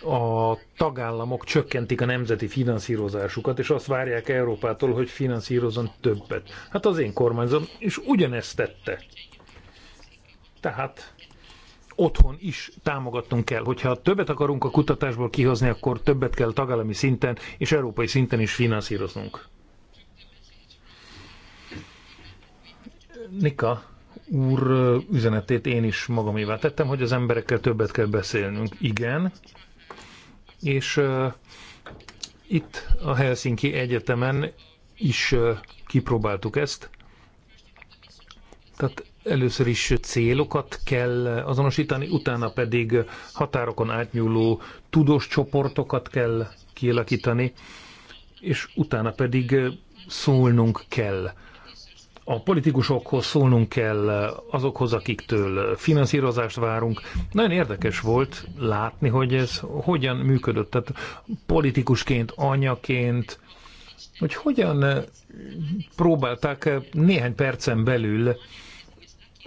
a tagállamok csökkentik a nemzeti finanszírozásukat, és azt várják Európától, hogy finanszírozon többet. Hát az én kormányzom is ugyanezt tette. Tehát otthon is támogatnunk kell. Hogyha többet akarunk a kutatásból kihozni, akkor többet kell tagállami szinten és európai szinten is finanszíroznunk. Nika úr üzenetét én is magamévá tettem, hogy az emberekkel többet kell beszélnünk. Igen, és itt a Helsinki Egyetemen is kipróbáltuk ezt. Tehát először is célokat kell azonosítani, utána pedig határokon átnyúló tudós csoportokat kell kialakítani, és utána pedig szólnunk kell a politikusokhoz szólnunk kell, azokhoz, akiktől finanszírozást várunk. Nagyon érdekes volt látni, hogy ez hogyan működött. Tehát politikusként, anyaként, hogy hogyan próbálták néhány percen belül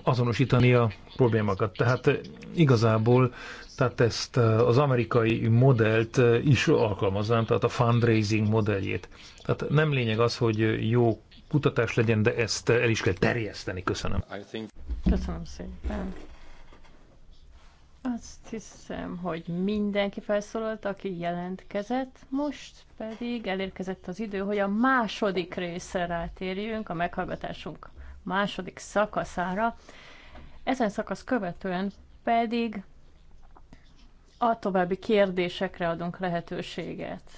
azonosítani a problémákat. Tehát igazából tehát ezt az amerikai modellt is alkalmaznám, tehát a fundraising modelljét. Tehát nem lényeg az, hogy jó kutatás legyen, de ezt el is kell terjeszteni. Köszönöm. Köszönöm szépen. Azt hiszem, hogy mindenki felszólalt, aki jelentkezett, most pedig elérkezett az idő, hogy a második részre rátérjünk, a meghallgatásunk második szakaszára. Ezen szakasz követően pedig a további kérdésekre adunk lehetőséget,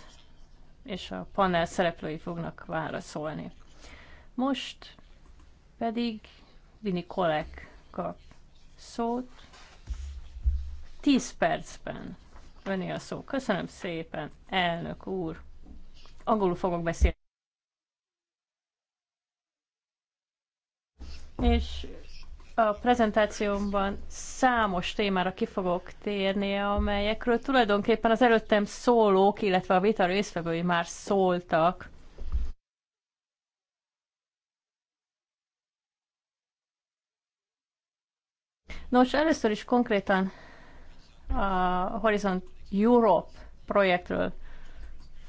és a panel szereplői fognak válaszolni. Most pedig Vini Kolek kap szót. 10 percben öné a szó. Köszönöm szépen, elnök úr. Angolul fogok beszélni. És a prezentációmban számos témára ki fogok térni, amelyekről tulajdonképpen az előttem szólók, illetve a vita részvevői már szóltak. Nos, először is konkrétan a Horizon Europe projektről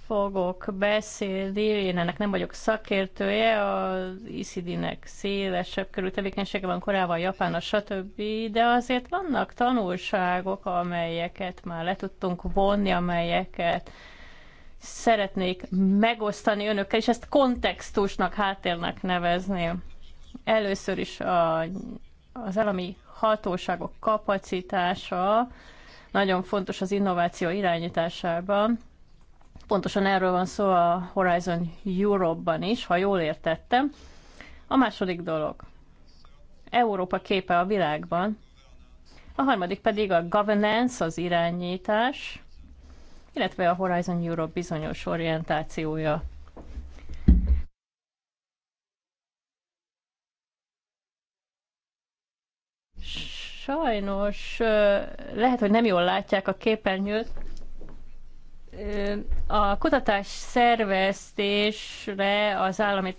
fogok beszélni, én ennek nem vagyok szakértője, az ICD-nek szélesebb körű tevékenysége van korábban Japán, a stb., de azért vannak tanulságok, amelyeket már le tudtunk vonni, amelyeket szeretnék megosztani önökkel, és ezt kontextusnak, háttérnek nevezni. Először is a, az elami hatóságok kapacitása nagyon fontos az innováció irányításában. Pontosan erről van szó a Horizon Europe-ban is, ha jól értettem. A második dolog. Európa képe a világban. A harmadik pedig a governance, az irányítás, illetve a Horizon Europe bizonyos orientációja. Sajnos lehet, hogy nem jól látják a képernyőt. A kutatás szerveztésre az állami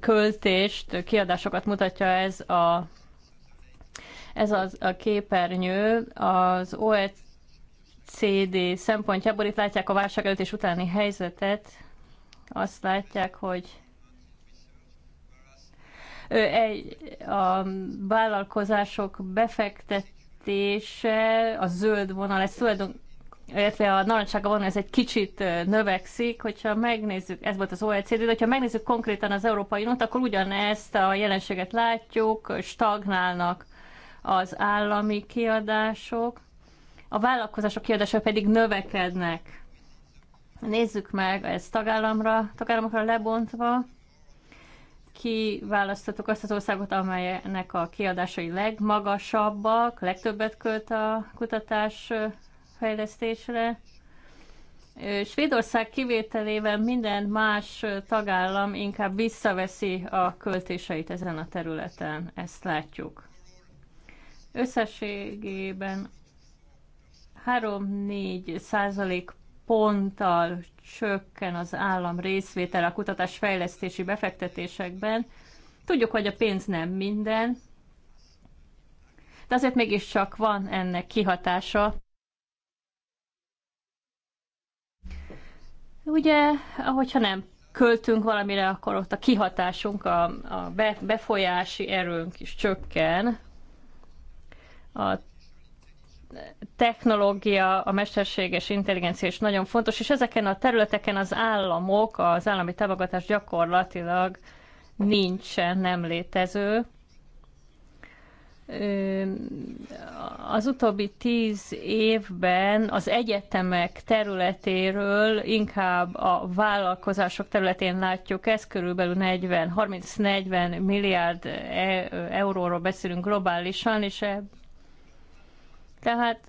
költést, kiadásokat mutatja ez a ez az a képernyő az OECD szempontjából, itt látják a válság előtt és utáni helyzetet, azt látják, hogy egy, a vállalkozások befektetése, a zöld vonal, ez tulajdonképpen illetve a narancsága vonal, ez egy kicsit növekszik, hogyha megnézzük, ez volt az OECD, de hogyha megnézzük konkrétan az Európai Uniót, akkor ugyanezt a jelenséget látjuk, stagnálnak az állami kiadások, a vállalkozások kiadása pedig növekednek. Nézzük meg ezt tagállamra, tagállamokra lebontva kiválasztottuk azt az országot, amelynek a kiadásai legmagasabbak, legtöbbet költ a kutatás fejlesztésre. Svédország kivételével minden más tagállam inkább visszaveszi a költéseit ezen a területen, ezt látjuk. Összességében 3-4 százalék ponttal csökken az állam részvétele a kutatás fejlesztési befektetésekben. Tudjuk, hogy a pénz nem minden, de azért mégiscsak van ennek kihatása. Ugye, hogyha nem költünk valamire, akkor ott a kihatásunk, a, a befolyási erőnk is csökken. A technológia, a mesterséges intelligencia is nagyon fontos, és ezeken a területeken az államok, az állami támogatás gyakorlatilag nincsen, nem létező. Az utóbbi tíz évben az egyetemek területéről inkább a vállalkozások területén látjuk ezt, körülbelül 40, 30-40 milliárd e euróról beszélünk globálisan, és tehát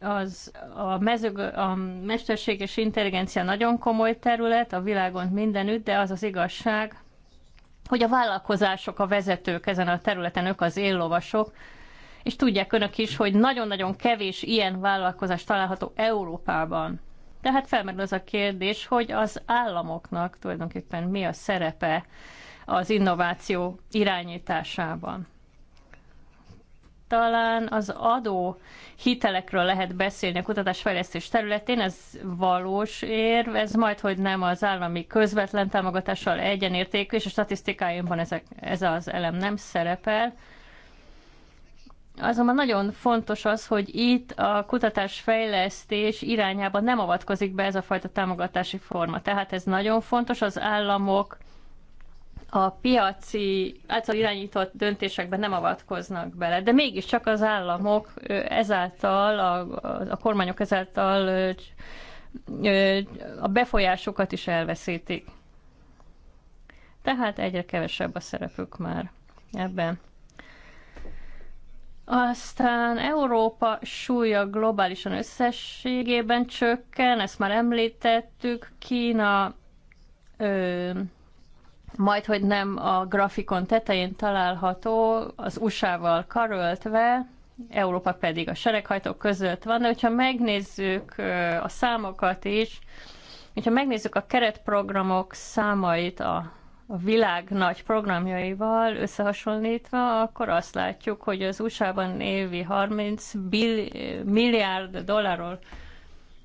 az a, mezőg, a mesterséges intelligencia nagyon komoly terület, a világon mindenütt, de az az igazság, hogy a vállalkozások, a vezetők ezen a területen, ők az éllovasok, és tudják önök is, hogy nagyon-nagyon kevés ilyen vállalkozás található Európában. Tehát felmerül az a kérdés, hogy az államoknak tulajdonképpen mi a szerepe az innováció irányításában talán az adó hitelekről lehet beszélni a kutatásfejlesztés területén, ez valós érv, ez majd, hogy nem az állami közvetlen támogatással egyenértékű, és a statisztikáimban ezek, ez az elem nem szerepel. Azonban nagyon fontos az, hogy itt a kutatásfejlesztés irányába nem avatkozik be ez a fajta támogatási forma. Tehát ez nagyon fontos, az államok a piaci által irányított döntésekben nem avatkoznak bele, de mégiscsak az államok ezáltal, a, a kormányok ezáltal a befolyásokat is elveszítik. Tehát egyre kevesebb a szerepük már ebben. Aztán Európa súlya globálisan összességében csökken, ezt már említettük, Kína ö, majd hogy nem a grafikon tetején található, az USA-val karöltve, Európa pedig a sereghajtók között van, de hogyha megnézzük a számokat is, hogyha megnézzük a keretprogramok számait a, a világ nagy programjaival összehasonlítva, akkor azt látjuk, hogy az USA-ban évi 30 milliárd dollárról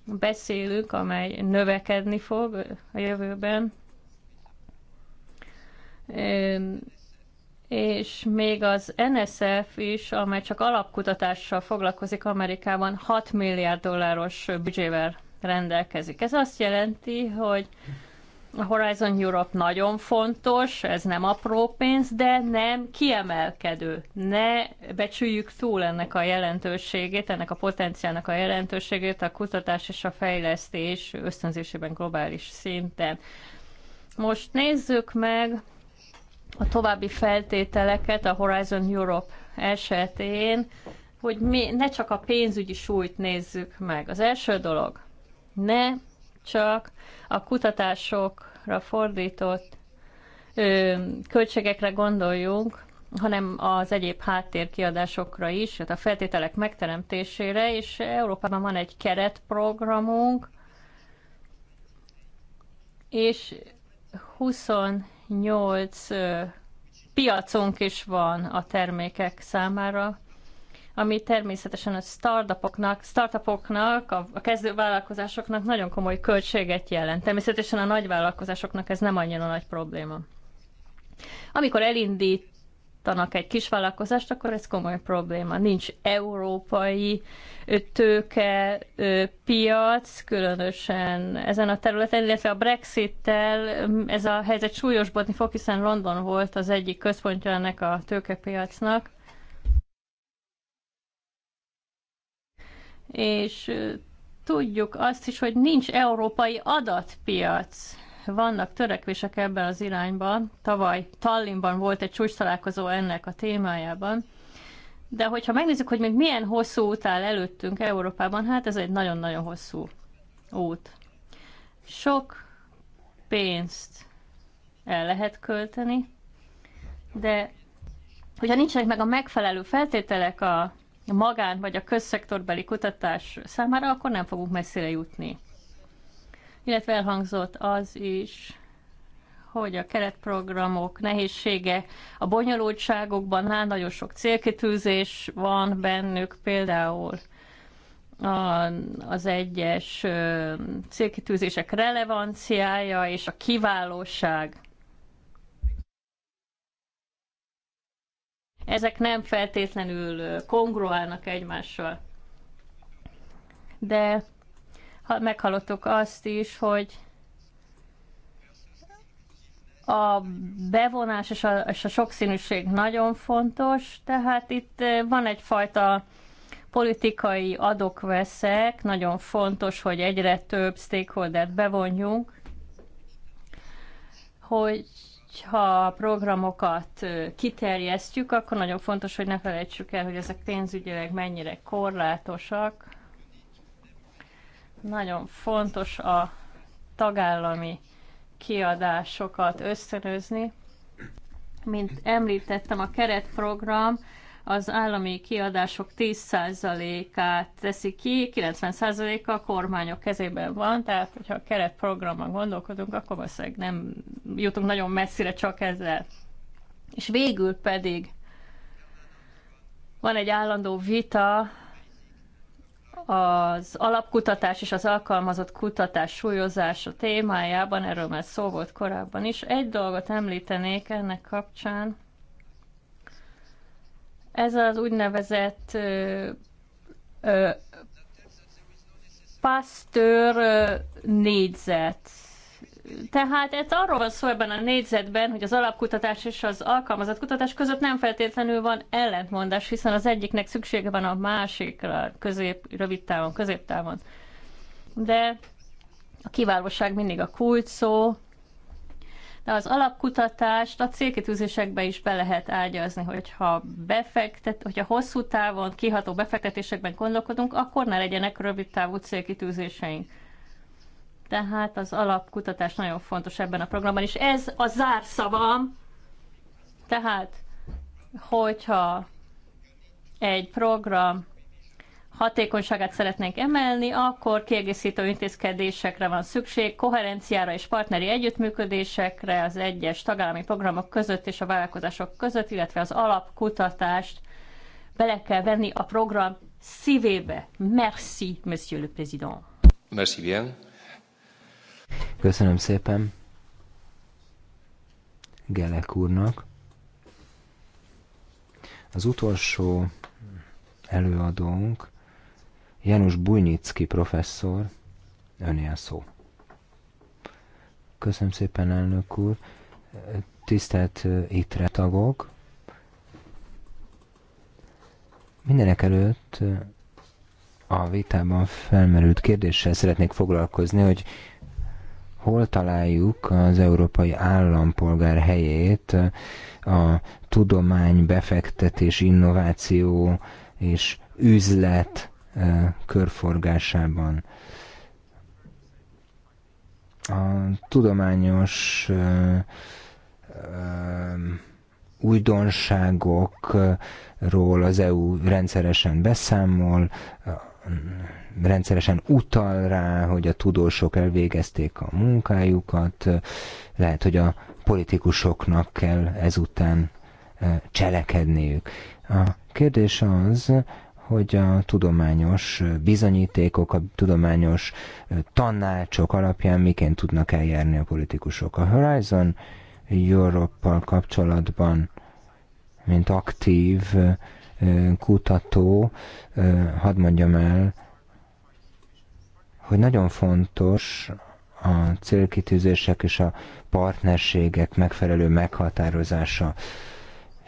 beszélünk, amely növekedni fog a jövőben, és még az NSF is, amely csak alapkutatással foglalkozik Amerikában, 6 milliárd dolláros büdzsével rendelkezik. Ez azt jelenti, hogy a Horizon Europe nagyon fontos, ez nem apró pénz, de nem kiemelkedő. Ne becsüljük túl ennek a jelentőségét, ennek a potenciálnak a jelentőségét a kutatás és a fejlesztés ösztönzésében globális szinten. Most nézzük meg a további feltételeket a Horizon Europe esetén, hogy mi ne csak a pénzügyi súlyt nézzük meg. Az első dolog, ne csak a kutatásokra fordított ö, költségekre gondoljunk, hanem az egyéb háttérkiadásokra is, tehát a feltételek megteremtésére, és Európában van egy keretprogramunk, és 27 8 piacunk is van a termékek számára, ami természetesen a startupoknak, startupoknak a, a kezdővállalkozásoknak nagyon komoly költséget jelent. Természetesen a nagyvállalkozásoknak ez nem annyira nagy probléma. Amikor elindít indítanak egy kis vállalkozást, akkor ez komoly probléma. Nincs európai tőke piac, különösen ezen a területen, illetve a Brexit-tel ez a helyzet súlyosbodni fog, hiszen London volt az egyik központja ennek a tőkepiacnak. És tudjuk azt is, hogy nincs európai adatpiac vannak törekvések ebben az irányban. Tavaly Tallinnban volt egy csúcs találkozó ennek a témájában. De hogyha megnézzük, hogy még milyen hosszú út áll előttünk Európában, hát ez egy nagyon-nagyon hosszú út. Sok pénzt el lehet költeni, de hogyha nincsenek meg a megfelelő feltételek a magán vagy a közszektorbeli kutatás számára, akkor nem fogunk messzire jutni illetve elhangzott az is, hogy a keretprogramok nehézsége a bonyolultságokban áll, hát nagyon sok célkitűzés van bennük, például a, az egyes ö, célkitűzések relevanciája és a kiválóság. Ezek nem feltétlenül kongruálnak egymással. De meghallottuk azt is, hogy a bevonás és a, és a sokszínűség nagyon fontos, tehát itt eh, van egyfajta politikai adok-veszek, nagyon fontos, hogy egyre több stakeholdert bevonjunk, hogy ha a programokat eh, kiterjesztjük, akkor nagyon fontos, hogy ne felejtsük el, hogy ezek pénzügyileg mennyire korlátosak, nagyon fontos a tagállami kiadásokat összenőzni. Mint említettem, a keretprogram az állami kiadások 10%-át teszi ki, 90%-a a kormányok kezében van, tehát hogyha a keretprogramban gondolkodunk, akkor valószínűleg nem jutunk nagyon messzire csak ezzel. És végül pedig van egy állandó vita az alapkutatás és az alkalmazott kutatás súlyozása témájában, erről már szó volt korábban is, egy dolgot említenék ennek kapcsán. Ez az úgynevezett ö, ö, Pasteur négyzet tehát ez arról van szó ebben a négyzetben, hogy az alapkutatás és az alkalmazott kutatás között nem feltétlenül van ellentmondás, hiszen az egyiknek szüksége van a másikra közép, rövid távon, középtávon. De a kiválóság mindig a kult szó, de az alapkutatást a célkitűzésekbe is be lehet ágyazni, hogyha, befektet, hogyha hosszú távon kiható befektetésekben gondolkodunk, akkor ne legyenek rövid távú célkitűzéseink tehát az alapkutatás nagyon fontos ebben a programban, és ez a zárszavam. Tehát, hogyha egy program hatékonyságát szeretnénk emelni, akkor kiegészítő intézkedésekre van szükség, koherenciára és partneri együttműködésekre az egyes tagállami programok között és a vállalkozások között, illetve az alapkutatást bele kell venni a program szívébe. Merci, Monsieur le Président. Merci bien. Köszönöm szépen Gelek úrnak. Az utolsó előadónk Janusz Bujnicki professzor, önél szó. Köszönöm szépen, elnök úr. Tisztelt ITRE tagok! Mindenek előtt a vitában felmerült kérdéssel szeretnék foglalkozni, hogy hol találjuk az európai állampolgár helyét a tudomány, befektetés, innováció és üzlet körforgásában. A tudományos újdonságokról az EU rendszeresen beszámol, rendszeresen utal rá, hogy a tudósok elvégezték a munkájukat, lehet, hogy a politikusoknak kell ezután e, cselekedniük. A kérdés az, hogy a tudományos bizonyítékok, a tudományos e, tanácsok alapján miként tudnak eljárni a politikusok. A Horizon Europe-pal kapcsolatban, mint aktív e, kutató, hadd mondjam el, hogy nagyon fontos a célkitűzések és a partnerségek megfelelő meghatározása.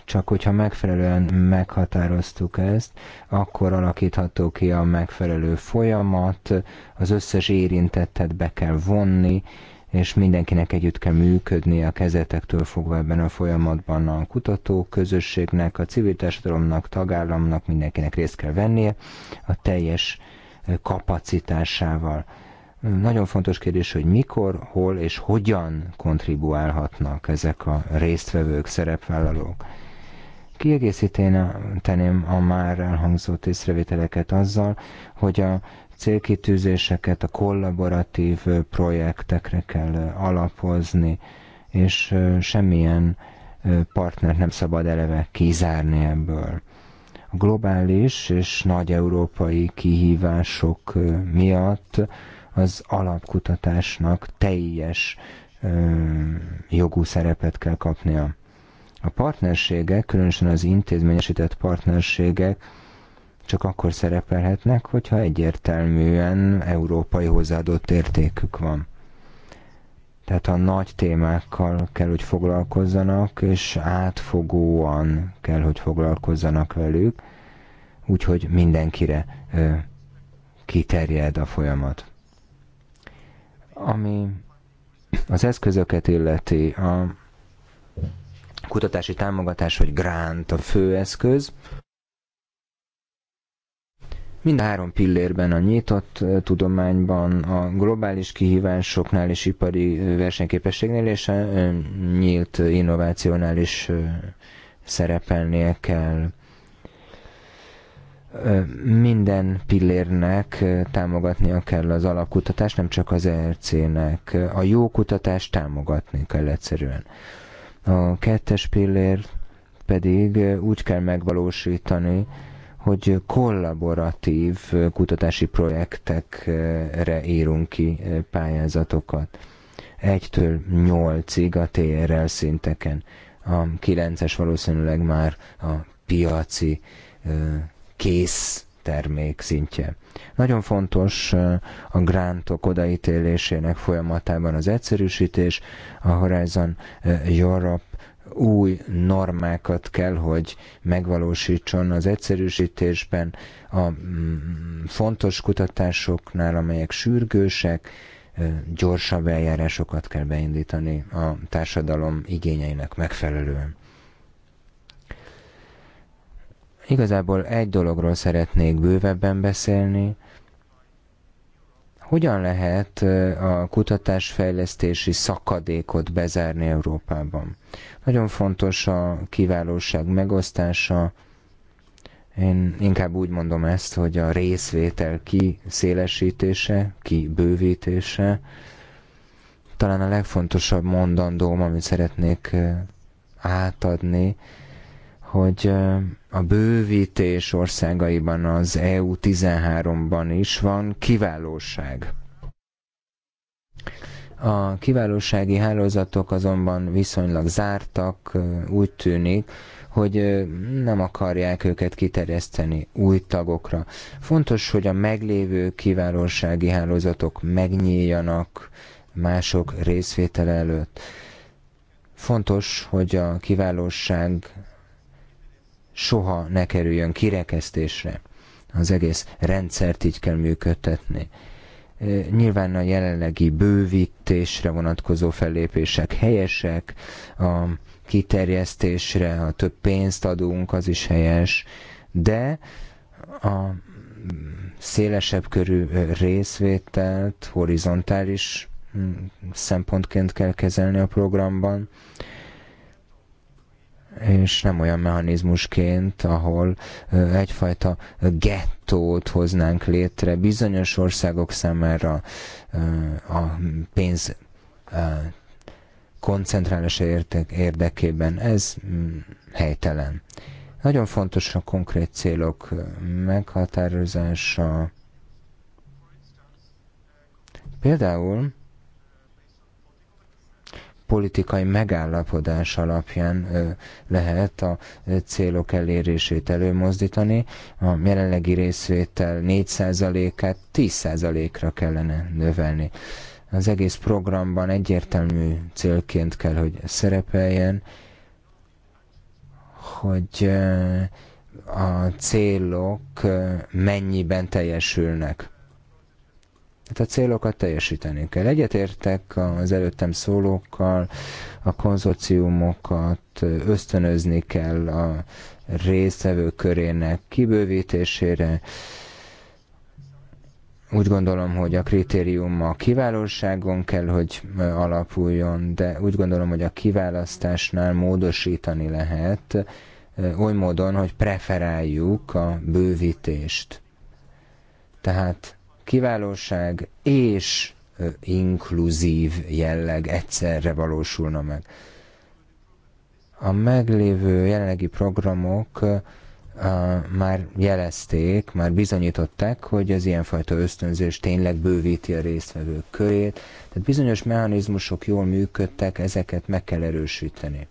Csak hogyha megfelelően meghatároztuk ezt, akkor alakítható ki a megfelelő folyamat, az összes érintettet be kell vonni, és mindenkinek együtt kell működni a kezetektől fogva ebben a folyamatban a kutató közösségnek a civil társadalomnak, tagállamnak, mindenkinek részt kell vennie a teljes kapacitásával. Nagyon fontos kérdés, hogy mikor, hol és hogyan kontribuálhatnak ezek a résztvevők, szerepvállalók. Kiegészítén tenném a már elhangzott észrevételeket azzal, hogy a célkitűzéseket a kollaboratív projektekre kell alapozni, és semmilyen partnert nem szabad eleve kizárni ebből. A globális és nagy európai kihívások miatt az alapkutatásnak teljes jogú szerepet kell kapnia. A partnerségek, különösen az intézményesített partnerségek csak akkor szerepelhetnek, hogyha egyértelműen európai hozzáadott értékük van. Tehát a nagy témákkal kell, hogy foglalkozzanak, és átfogóan kell, hogy foglalkozzanak velük, úgyhogy mindenkire ö, kiterjed a folyamat. Ami az eszközöket illeti, a kutatási támogatás vagy grant a fő eszköz, Mind a három pillérben a nyitott tudományban, a globális kihívásoknál és ipari versenyképességnél és a nyílt innovációnál is szerepelnie kell minden pillérnek támogatnia kell az alapkutatást, nem csak az ERC-nek. A jó kutatást támogatni kell egyszerűen. A kettes pillér pedig úgy kell megvalósítani, hogy kollaboratív kutatási projektekre írunk ki pályázatokat. egytől nyolcig a TRL szinteken. A kilences valószínűleg már a piaci kész termék szintje. Nagyon fontos a grantok odaítélésének folyamatában az egyszerűsítés, a Horizon Europe új normákat kell, hogy megvalósítson az egyszerűsítésben, a mm, fontos kutatásoknál, amelyek sürgősek, gyorsabb eljárásokat kell beindítani a társadalom igényeinek megfelelően. Igazából egy dologról szeretnék bővebben beszélni, hogyan lehet a kutatásfejlesztési szakadékot bezárni Európában? Nagyon fontos a kiválóság megosztása. Én inkább úgy mondom ezt, hogy a részvétel kiszélesítése, kibővítése. Talán a legfontosabb mondandóm, amit szeretnék átadni, hogy a bővítés országaiban, az EU13-ban is van kiválóság. A kiválósági hálózatok azonban viszonylag zártak, úgy tűnik, hogy nem akarják őket kiterjeszteni új tagokra. Fontos, hogy a meglévő kiválósági hálózatok megnyíljanak mások részvétele előtt. Fontos, hogy a kiválóság soha ne kerüljön kirekesztésre. Az egész rendszert így kell működtetni. Nyilván a jelenlegi bővítésre vonatkozó fellépések helyesek, a kiterjesztésre, ha több pénzt adunk, az is helyes, de a szélesebb körű részvételt horizontális mm, szempontként kell kezelni a programban, és nem olyan mechanizmusként, ahol egyfajta gettót hoznánk létre bizonyos országok számára a pénz koncentrálása érdekében. Ez mm, helytelen. Nagyon fontos a konkrét célok meghatározása. Például politikai megállapodás alapján lehet a célok elérését előmozdítani. A jelenlegi részvétel 4%-át 10%-ra kellene növelni. Az egész programban egyértelmű célként kell, hogy szerepeljen, hogy a célok mennyiben teljesülnek. Tehát a célokat teljesíteni kell. Egyetértek az előttem szólókkal, a konzorciumokat ösztönözni kell a résztvevő körének kibővítésére. Úgy gondolom, hogy a kritérium a kiválóságon kell, hogy alapuljon, de úgy gondolom, hogy a kiválasztásnál módosítani lehet oly módon, hogy preferáljuk a bővítést. Tehát kiválóság és inkluzív jelleg egyszerre valósulna meg. A meglévő jelenlegi programok már jelezték, már bizonyították, hogy az ilyenfajta ösztönzés tényleg bővíti a résztvevők körét, tehát bizonyos mechanizmusok jól működtek, ezeket meg kell erősíteni.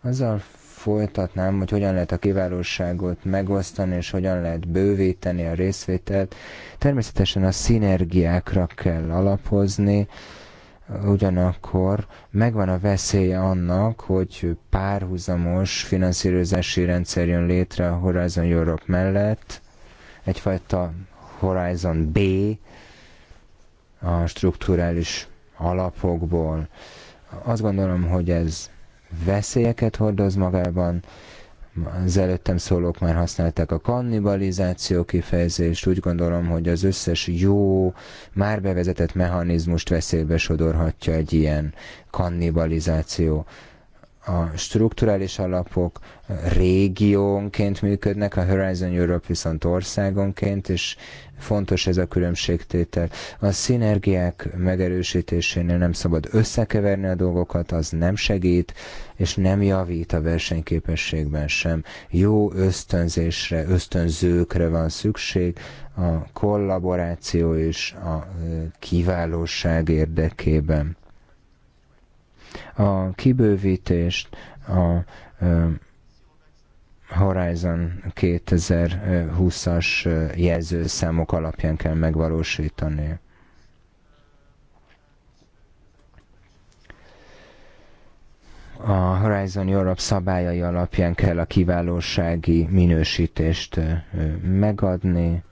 Azzal folytatnám, hogy hogyan lehet a kiválóságot megosztani, és hogyan lehet bővíteni a részvételt. Természetesen a szinergiákra kell alapozni, ugyanakkor megvan a veszélye annak, hogy párhuzamos finanszírozási rendszer jön létre a Horizon Europe mellett, egyfajta Horizon B a strukturális alapokból. Azt gondolom, hogy ez veszélyeket hordoz magában. Az előttem szólók már használták a kannibalizáció kifejezést, úgy gondolom, hogy az összes jó, már bevezetett mechanizmust veszélybe sodorhatja egy ilyen kannibalizáció a strukturális alapok régiónként működnek, a Horizon Europe viszont országonként, és fontos ez a különbségtétel. A szinergiák megerősítésénél nem szabad összekeverni a dolgokat, az nem segít, és nem javít a versenyképességben sem. Jó ösztönzésre, ösztönzőkre van szükség, a kollaboráció és a kiválóság érdekében a kibővítést, a Horizon 2020-as jelzőszámok alapján kell megvalósítani. A Horizon Europe szabályai alapján kell a kiválósági minősítést megadni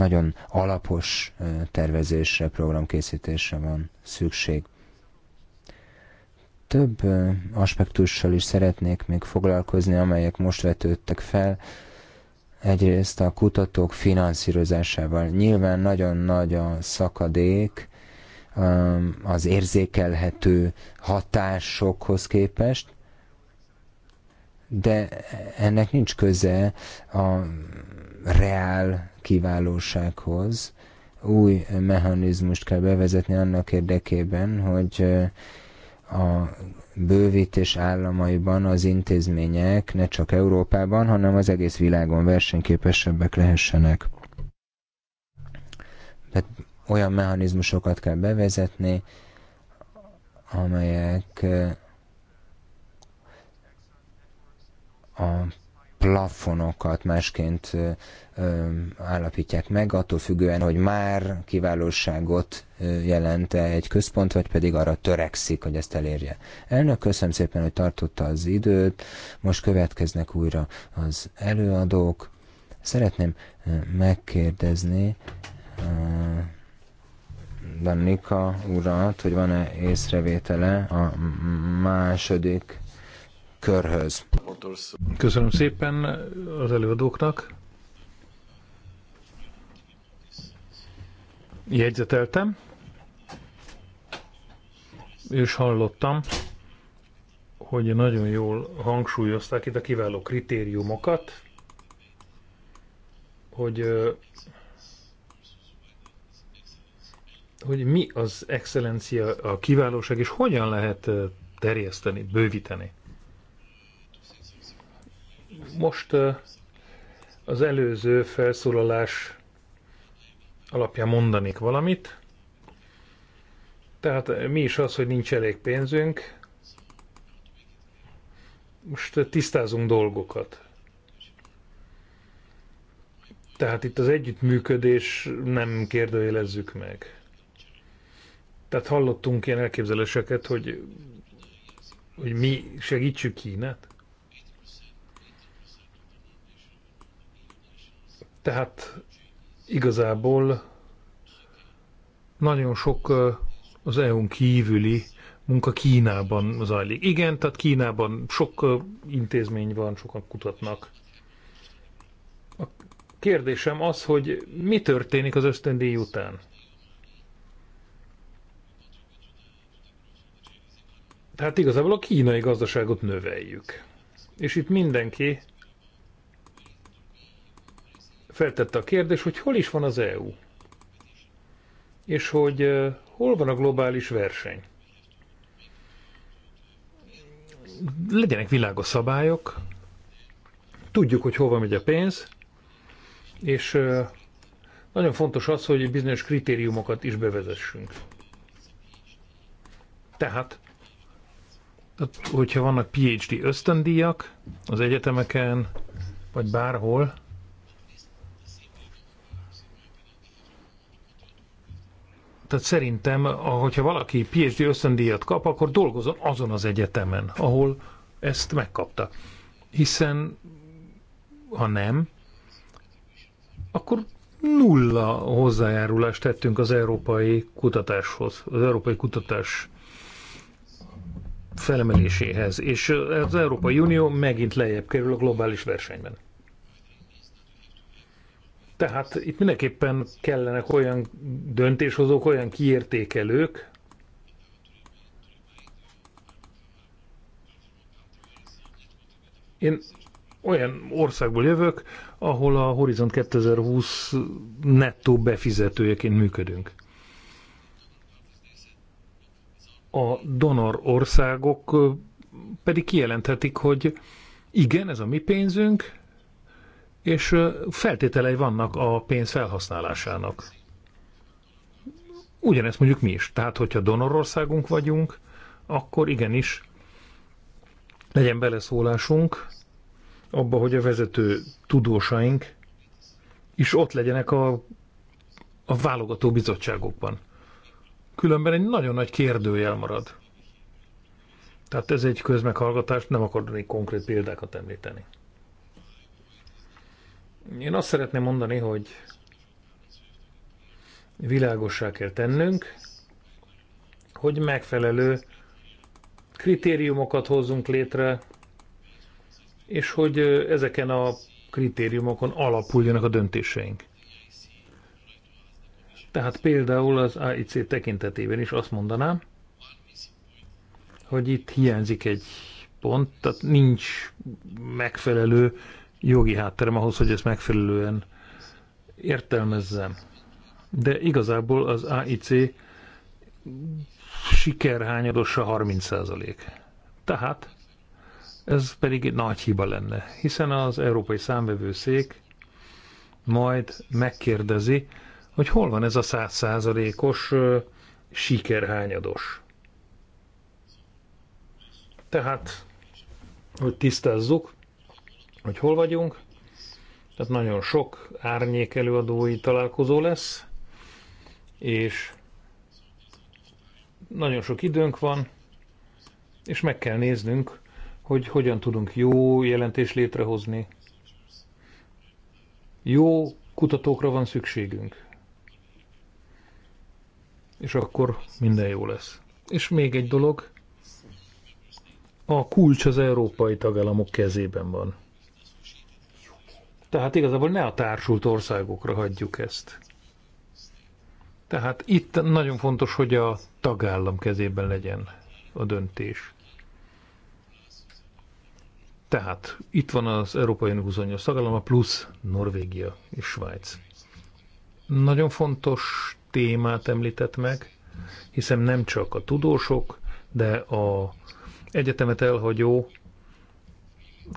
nagyon alapos tervezésre, programkészítésre van szükség. Több aspektussal is szeretnék még foglalkozni, amelyek most vetődtek fel. Egyrészt a kutatók finanszírozásával. Nyilván nagyon nagy a szakadék az érzékelhető hatásokhoz képest, de ennek nincs köze a reál kiválósághoz. Új mechanizmust kell bevezetni annak érdekében, hogy a bővítés államaiban az intézmények ne csak Európában, hanem az egész világon versenyképesebbek lehessenek. Tehát olyan mechanizmusokat kell bevezetni, amelyek a plafonokat másként állapítják meg, attól függően, hogy már kiválóságot jelente egy központ, vagy pedig arra törekszik, hogy ezt elérje. Elnök, köszönöm szépen, hogy tartotta az időt, most következnek újra az előadók. Szeretném megkérdezni Danika urat, hogy van-e észrevétele a második körhöz. Köszönöm szépen az előadóknak. jegyzeteltem, és hallottam, hogy nagyon jól hangsúlyozták itt a kiváló kritériumokat, hogy, hogy mi az excellencia, a kiválóság, és hogyan lehet terjeszteni, bővíteni. Most az előző felszólalás alapján mondanék valamit. Tehát mi is az, hogy nincs elég pénzünk. Most tisztázunk dolgokat. Tehát itt az együttműködés nem kérdőjelezzük meg. Tehát hallottunk ilyen elképzeléseket, hogy, hogy mi segítsük Kínát. Tehát Igazából nagyon sok az EU-n kívüli munka Kínában zajlik. Igen, tehát Kínában sok intézmény van, sokan kutatnak. A kérdésem az, hogy mi történik az ösztöndíj után? Tehát igazából a kínai gazdaságot növeljük. És itt mindenki feltette a kérdés, hogy hol is van az EU, és hogy hol van a globális verseny. Legyenek világos szabályok, tudjuk, hogy hova megy a pénz, és nagyon fontos az, hogy bizonyos kritériumokat is bevezessünk. Tehát, hogyha vannak PhD ösztöndíjak az egyetemeken, vagy bárhol, Tehát szerintem, hogyha valaki PhD ösztöndíjat kap, akkor dolgozon azon az egyetemen, ahol ezt megkapta. Hiszen ha nem, akkor nulla hozzájárulást tettünk az európai kutatáshoz, az európai kutatás felemeléséhez, és az Európai Unió megint lejjebb kerül a globális versenyben. Tehát itt mindenképpen kellenek olyan döntéshozók, olyan kiértékelők, Én olyan országból jövök, ahol a Horizont 2020 nettó befizetőjeként működünk. A donor országok pedig kijelenthetik, hogy igen, ez a mi pénzünk, és feltételei vannak a pénz felhasználásának. Ugyanezt mondjuk mi is. Tehát, hogyha donorországunk vagyunk, akkor igenis legyen beleszólásunk abba, hogy a vezető tudósaink is ott legyenek a, a válogató bizottságokban. Különben egy nagyon nagy kérdőjel marad. Tehát ez egy közmeghallgatás, nem akarnék konkrét példákat említeni. Én azt szeretném mondani, hogy világossá kell tennünk, hogy megfelelő kritériumokat hozzunk létre, és hogy ezeken a kritériumokon alapuljanak a döntéseink. Tehát például az AIC tekintetében is azt mondanám, hogy itt hiányzik egy pont, tehát nincs megfelelő jogi hátterem ahhoz, hogy ezt megfelelően értelmezzem. De igazából az AIC siker a 30 százalék. Tehát ez pedig egy nagy hiba lenne, hiszen az Európai Számvevőszék majd megkérdezi, hogy hol van ez a százalékos sikerhányados. Tehát, hogy tisztázzuk, hogy hol vagyunk. Tehát nagyon sok árnyék előadói találkozó lesz, és nagyon sok időnk van, és meg kell néznünk, hogy hogyan tudunk jó jelentést létrehozni. Jó kutatókra van szükségünk. És akkor minden jó lesz. És még egy dolog, a kulcs az európai tagállamok kezében van. Tehát igazából ne a társult országokra hagyjuk ezt. Tehát itt nagyon fontos, hogy a tagállam kezében legyen a döntés. Tehát itt van az Európai Unió 28 tagállama plusz Norvégia és Svájc. Nagyon fontos témát említett meg, hiszen nem csak a tudósok, de a egyetemet elhagyó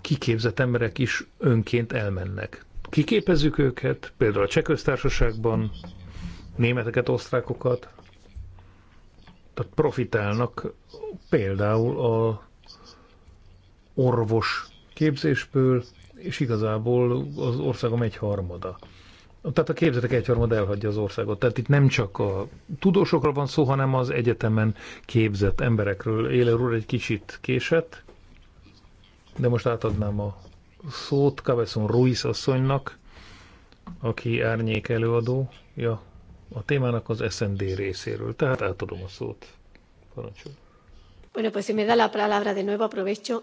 kiképzett emberek is önként elmennek. Kiképezzük őket, például a Cseh Köztársaságban, németeket, osztrákokat, tehát profitálnak például a orvos képzésből, és igazából az országom egy harmada. Tehát a képzetek egy harmada elhagyja az országot. Tehát itt nem csak a tudósokról van szó, hanem az egyetemen képzett emberekről. Éler úr egy kicsit késett, de most átadnám a szót Cabezon Ruiz asszonynak, aki árnyék előadója a témának az SND részéről. Tehát átadom a szót. Parancsol. Bueno, pues si me da la palabra de nuevo, aprovecho.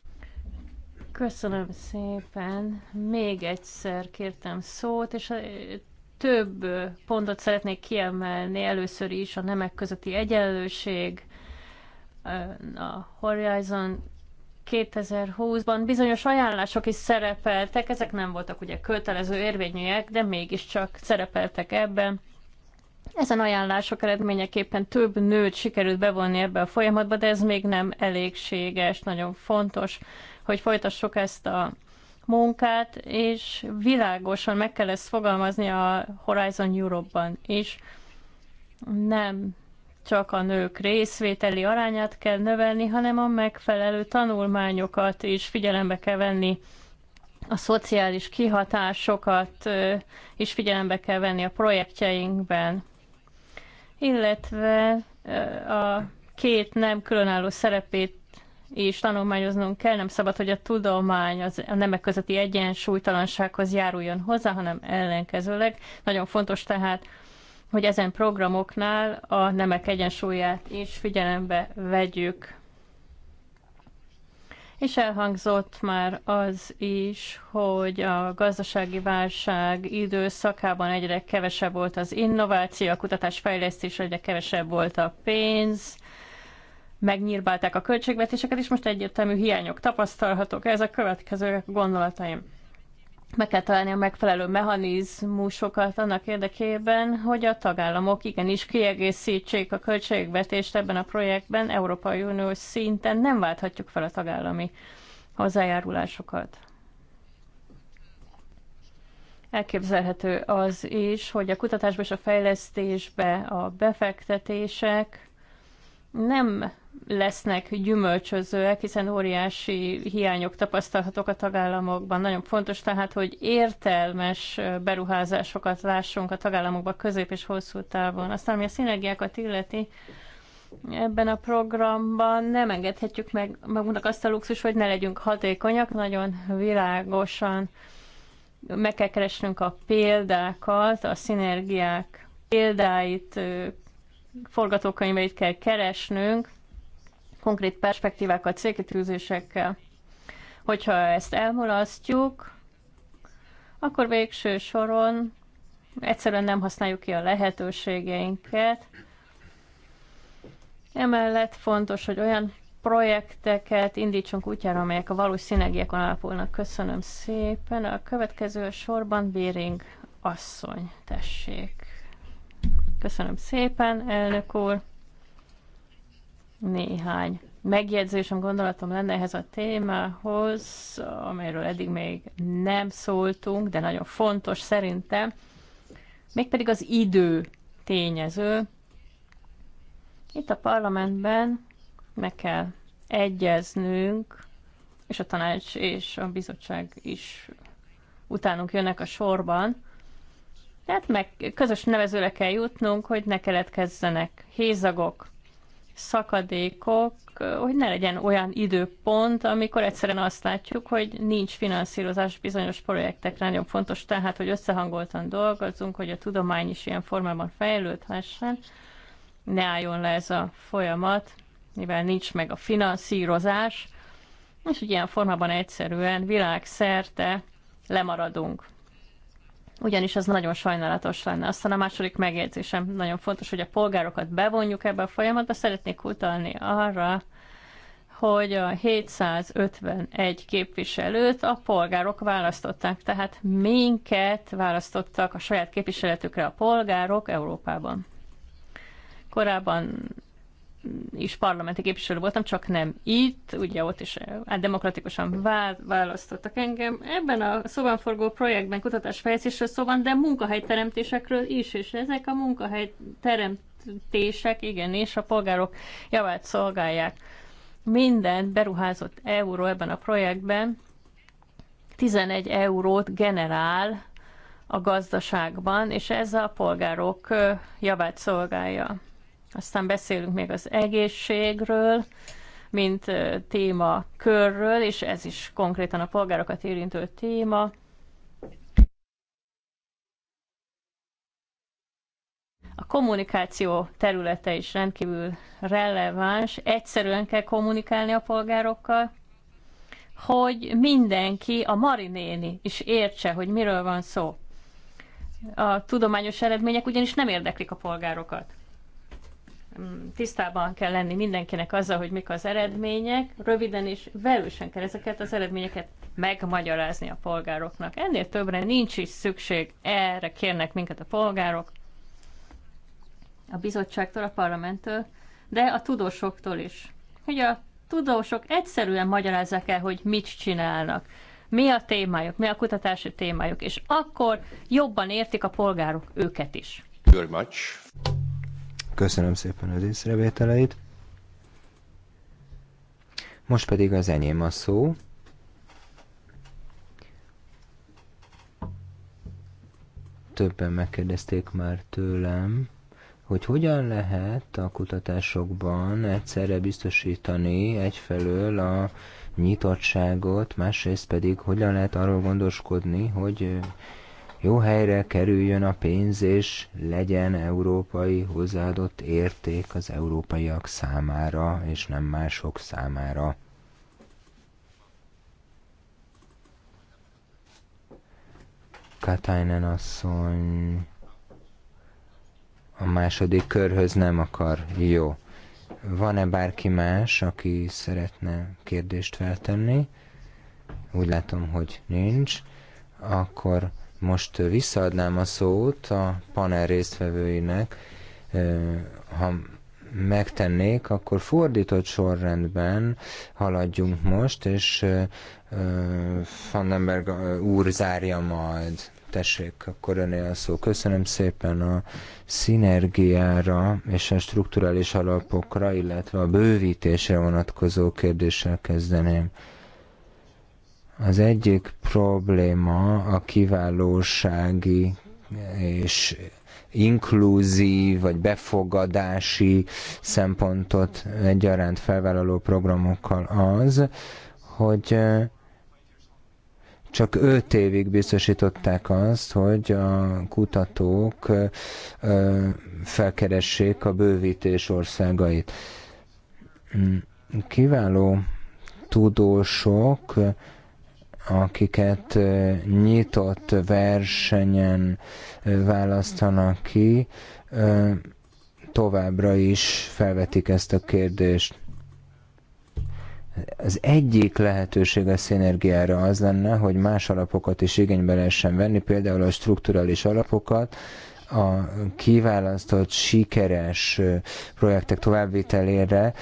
Köszönöm szépen. Még egyszer kértem szót, és eh, több eh, pontot szeretnék kiemelni. Először is a nemek közötti egyenlőség, eh, a Horizon 2020-ban bizonyos ajánlások is szerepeltek, ezek nem voltak ugye kötelező érvényűek, de mégiscsak szerepeltek ebben. Ezen ajánlások eredményeképpen több nőt sikerült bevonni ebbe a folyamatba, de ez még nem elégséges, nagyon fontos, hogy folytassuk ezt a munkát, és világosan meg kell ezt fogalmazni a Horizon Europe-ban is. Nem csak a nők részvételi arányát kell növelni, hanem a megfelelő tanulmányokat is figyelembe kell venni, a szociális kihatásokat is figyelembe kell venni a projektjeinkben, illetve a két nem különálló szerepét és tanulmányoznunk kell, nem szabad, hogy a tudomány az, a nemek közötti egyensúlytalansághoz járuljon hozzá, hanem ellenkezőleg. Nagyon fontos tehát hogy ezen programoknál a nemek egyensúlyát is figyelembe vegyük. És elhangzott már az is, hogy a gazdasági válság időszakában egyre kevesebb volt az innováció, a fejlesztés egyre kevesebb volt a pénz, megnyírbálták a költségvetéseket, és most egyértelmű hiányok tapasztalhatók. Ez a következő gondolataim meg kell találni a megfelelő mechanizmusokat annak érdekében, hogy a tagállamok igenis kiegészítsék a költségvetést ebben a projektben, Európai Uniós szinten nem válthatjuk fel a tagállami hozzájárulásokat. Elképzelhető az is, hogy a kutatásba és a fejlesztésbe a befektetések nem lesznek gyümölcsözőek, hiszen óriási hiányok tapasztalhatók a tagállamokban. Nagyon fontos tehát, hogy értelmes beruházásokat lássunk a tagállamokban közép és hosszú távon. Aztán, ami a szinergiákat illeti, ebben a programban nem engedhetjük meg magunknak azt a luxus, hogy ne legyünk hatékonyak, nagyon világosan meg kell keresnünk a példákat, a szinergiák példáit, forgatókönyveit kell keresnünk, konkrét perspektívákkal, célkitűzésekkel. Hogyha ezt elmulasztjuk, akkor végső soron egyszerűen nem használjuk ki a lehetőségeinket. Emellett fontos, hogy olyan projekteket indítsunk útjára, amelyek a valós szinergiákon alapulnak. Köszönöm szépen. A következő sorban Béring asszony, tessék. Köszönöm szépen, elnök úr néhány megjegyzésem, gondolatom lenne ehhez a témához, amelyről eddig még nem szóltunk, de nagyon fontos szerintem, mégpedig az idő tényező. Itt a parlamentben meg kell egyeznünk, és a tanács és a bizottság is utánunk jönnek a sorban, tehát meg közös nevezőre kell jutnunk, hogy ne keletkezzenek hézagok, szakadékok, hogy ne legyen olyan időpont, amikor egyszerűen azt látjuk, hogy nincs finanszírozás bizonyos projektekre. Nagyon fontos tehát, hogy összehangoltan dolgozunk, hogy a tudomány is ilyen formában fejlődhessen, ne álljon le ez a folyamat, mivel nincs meg a finanszírozás, és hogy ilyen formában egyszerűen világszerte lemaradunk ugyanis az nagyon sajnálatos lenne. Aztán a második megjegyzésem nagyon fontos, hogy a polgárokat bevonjuk ebbe a folyamatba. Szeretnék utalni arra, hogy a 751 képviselőt a polgárok választották, tehát minket választottak a saját képviseletükre a polgárok Európában. Korábban is parlamenti képviselő voltam, csak nem itt, ugye ott is eh, hát demokratikusan választottak engem. Ebben a szóban forgó projektben kutatásfejlesztésről szó van, de munkahelyteremtésekről is, és ezek a munkahelyteremtések igen, és a polgárok javát szolgálják. Minden beruházott euró ebben a projektben 11 eurót generál a gazdaságban, és ez a polgárok eh, javát szolgálja aztán beszélünk még az egészségről, mint téma körről, és ez is konkrétan a polgárokat érintő téma. A kommunikáció területe is rendkívül releváns. Egyszerűen kell kommunikálni a polgárokkal, hogy mindenki, a marinéni is értse, hogy miről van szó. A tudományos eredmények ugyanis nem érdeklik a polgárokat. Mm, tisztában kell lenni mindenkinek azzal, hogy mik az eredmények, röviden és velősen kell ezeket az eredményeket megmagyarázni a polgároknak. Ennél többre nincs is szükség, erre kérnek minket a polgárok, a bizottságtól, a parlamenttől, de a tudósoktól is. Hogy a tudósok egyszerűen magyarázzák el, hogy mit csinálnak, mi a témájuk, mi a kutatási témájuk, és akkor jobban értik a polgárok őket is. Very much. Köszönöm szépen az észrevételeit. Most pedig az enyém a szó. Többen megkérdezték már tőlem, hogy hogyan lehet a kutatásokban egyszerre biztosítani egyfelől a nyitottságot, másrészt pedig hogyan lehet arról gondoskodni, hogy jó helyre kerüljön a pénz, és legyen európai hozzáadott érték az európaiak számára, és nem mások számára. Katainen asszony a második körhöz nem akar. Jó. Van-e bárki más, aki szeretne kérdést feltenni? Úgy látom, hogy nincs. Akkor most visszaadnám a szót a panel résztvevőinek. Ha megtennék, akkor fordított sorrendben haladjunk most, és Vandenberg úr zárja majd. Tessék, akkor öné a szó. Köszönöm szépen a szinergiára és a strukturális alapokra, illetve a bővítésre vonatkozó kérdéssel kezdeném. Az egyik probléma a kiválósági és inkluzív vagy befogadási szempontot egyaránt felvállaló programokkal az, hogy csak öt évig biztosították azt, hogy a kutatók felkeressék a bővítés országait. Hm, kiváló tudósok akiket nyitott versenyen választanak ki, továbbra is felvetik ezt a kérdést. Az egyik lehetőség a szinergiára az lenne, hogy más alapokat is igénybe lehessen venni, például a strukturális alapokat, a kiválasztott sikeres projektek továbbvitelére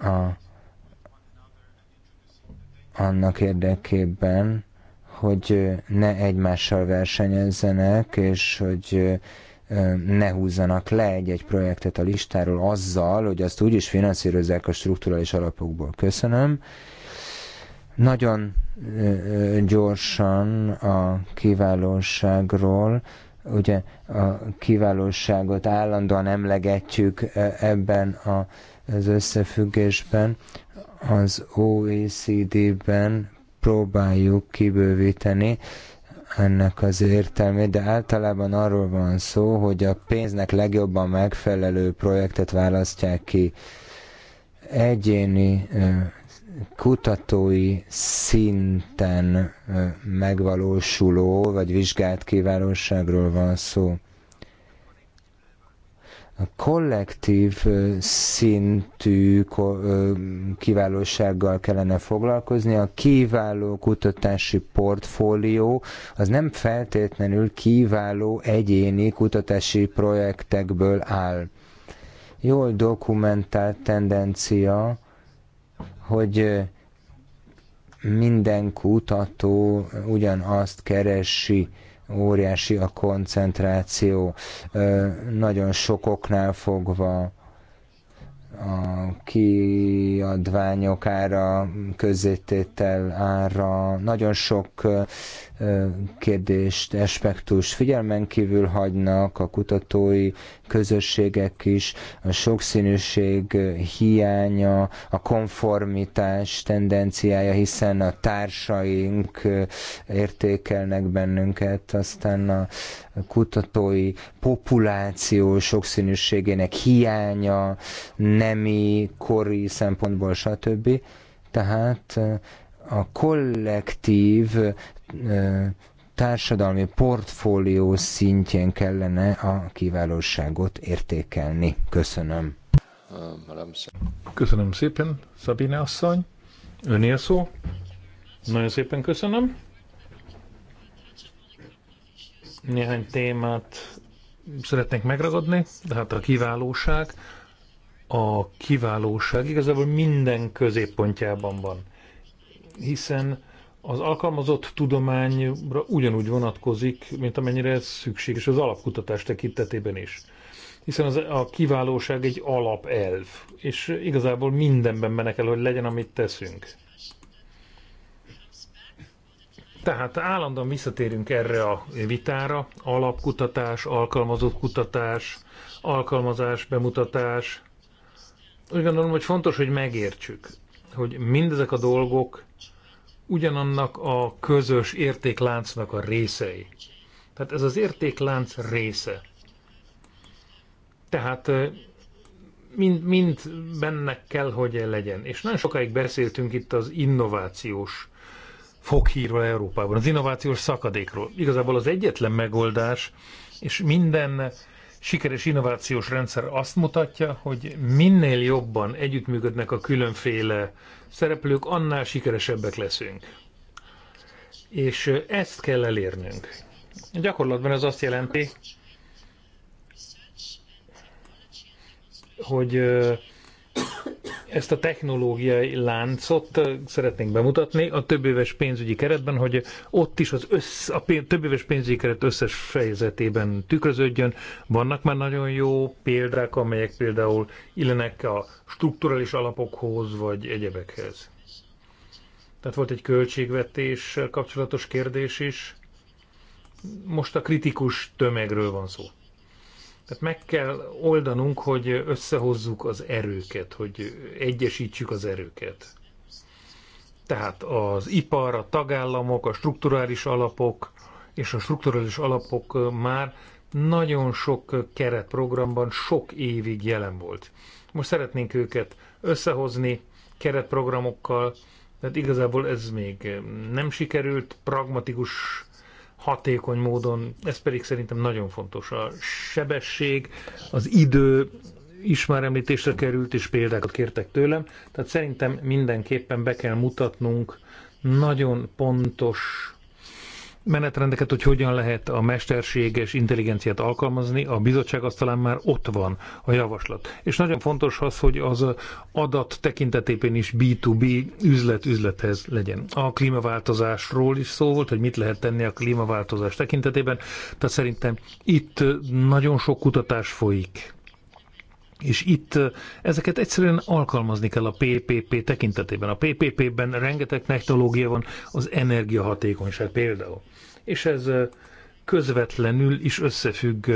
a annak érdekében, hogy ne egymással versenyezzenek, és hogy ne húzzanak le egy-egy projektet a listáról azzal, hogy azt úgyis finanszírozzák a strukturális alapokból. Köszönöm. Nagyon gyorsan a kiválóságról, ugye a kiválóságot állandóan emlegetjük ebben a, az összefüggésben az OECD-ben próbáljuk kibővíteni ennek az értelmét, de általában arról van szó, hogy a pénznek legjobban megfelelő projektet választják ki. Egyéni kutatói szinten megvalósuló vagy vizsgált kiválóságról van szó kollektív szintű kiválósággal kellene foglalkozni. A kiváló kutatási portfólió az nem feltétlenül kiváló egyéni kutatási projektekből áll. Jól dokumentált tendencia, hogy minden kutató ugyanazt keresi, óriási a koncentráció, nagyon sok oknál fogva a kiadványok ára, közzététel ára, nagyon sok kérdést, aspektus figyelmen kívül hagynak a kutatói közösségek is, a sokszínűség hiánya, a konformitás tendenciája, hiszen a társaink értékelnek bennünket, aztán a kutatói populáció sokszínűségének hiánya, nemi, kori szempontból, stb. Tehát a kollektív társadalmi portfólió szintjén kellene a kiválóságot értékelni. Köszönöm. Köszönöm szépen, Szabine asszony. Önél szó. Nagyon szépen köszönöm. Néhány témát szeretnék megragadni, de hát a kiválóság, a kiválóság igazából minden középpontjában van. Hiszen az alkalmazott tudományra ugyanúgy vonatkozik, mint amennyire ez szükséges az alapkutatás tekintetében is. Hiszen az, a kiválóság egy alapelv, és igazából mindenben benne kell, hogy legyen, amit teszünk. Tehát állandóan visszatérünk erre a vitára, alapkutatás, alkalmazott kutatás, alkalmazás, bemutatás. Úgy gondolom, hogy fontos, hogy megértsük, hogy mindezek a dolgok ugyanannak a közös értékláncnak a részei. Tehát ez az értéklánc része. Tehát mind, mind benne kell, hogy legyen. És nagyon sokáig beszéltünk itt az innovációs foghírról Európában, az innovációs szakadékról. Igazából az egyetlen megoldás, és minden sikeres innovációs rendszer azt mutatja, hogy minél jobban együttműködnek a különféle szereplők, annál sikeresebbek leszünk. És ezt kell elérnünk. Gyakorlatban ez azt jelenti, hogy ezt a technológiai láncot szeretnénk bemutatni a többéves pénzügyi keretben, hogy ott is az össz, a pénz, többéves pénzügyi keret összes fejezetében tükröződjön. Vannak már nagyon jó példák, amelyek például illenek a strukturális alapokhoz, vagy egyebekhez. Tehát volt egy költségvetés kapcsolatos kérdés is. Most a kritikus tömegről van szó. Tehát meg kell oldanunk, hogy összehozzuk az erőket, hogy egyesítsük az erőket. Tehát az ipar, a tagállamok, a strukturális alapok és a strukturális alapok már nagyon sok keretprogramban sok évig jelen volt. Most szeretnénk őket összehozni keretprogramokkal, tehát igazából ez még nem sikerült, pragmatikus hatékony módon, ez pedig szerintem nagyon fontos. A sebesség, az idő is már említésre került, és példákat kértek tőlem, tehát szerintem mindenképpen be kell mutatnunk nagyon pontos menetrendeket, hogy hogyan lehet a mesterséges intelligenciát alkalmazni, a bizottság asztalán már ott van a javaslat. És nagyon fontos az, hogy az adat tekintetében is B2B üzlet üzlethez legyen. A klímaváltozásról is szó volt, hogy mit lehet tenni a klímaváltozás tekintetében, tehát szerintem itt nagyon sok kutatás folyik és itt ezeket egyszerűen alkalmazni kell a PPP tekintetében. A PPP-ben rengeteg technológia van, az energiahatékonyság például. És ez közvetlenül is összefügg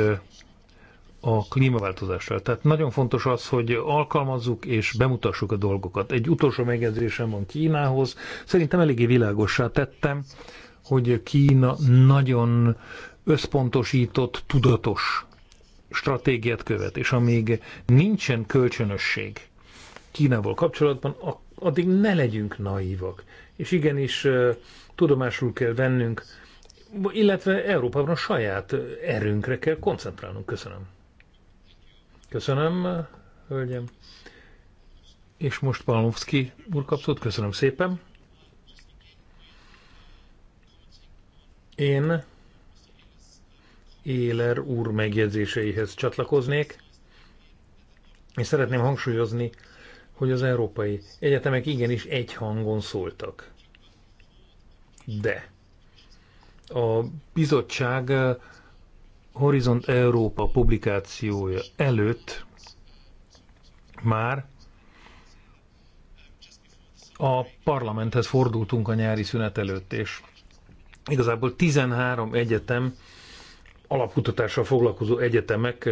a klímaváltozással. Tehát nagyon fontos az, hogy alkalmazzuk és bemutassuk a dolgokat. Egy utolsó megjegyzésem van Kínához. Szerintem eléggé világossá tettem, hogy Kína nagyon összpontosított, tudatos stratégiát követ, és amíg nincsen kölcsönösség Kínával kapcsolatban, addig ne legyünk naívak. És igenis tudomásul kell vennünk, illetve Európában a saját erőnkre kell koncentrálnunk. Köszönöm. Köszönöm, hölgyem. És most Palmovszki úr kapszott, köszönöm szépen. Én Éler úr megjegyzéseihez csatlakoznék, és szeretném hangsúlyozni, hogy az európai egyetemek igenis egy hangon szóltak. De a bizottság eh, Horizont Európa publikációja előtt már a parlamenthez fordultunk a nyári szünet előtt, és igazából 13 egyetem alapkutatással foglalkozó egyetemek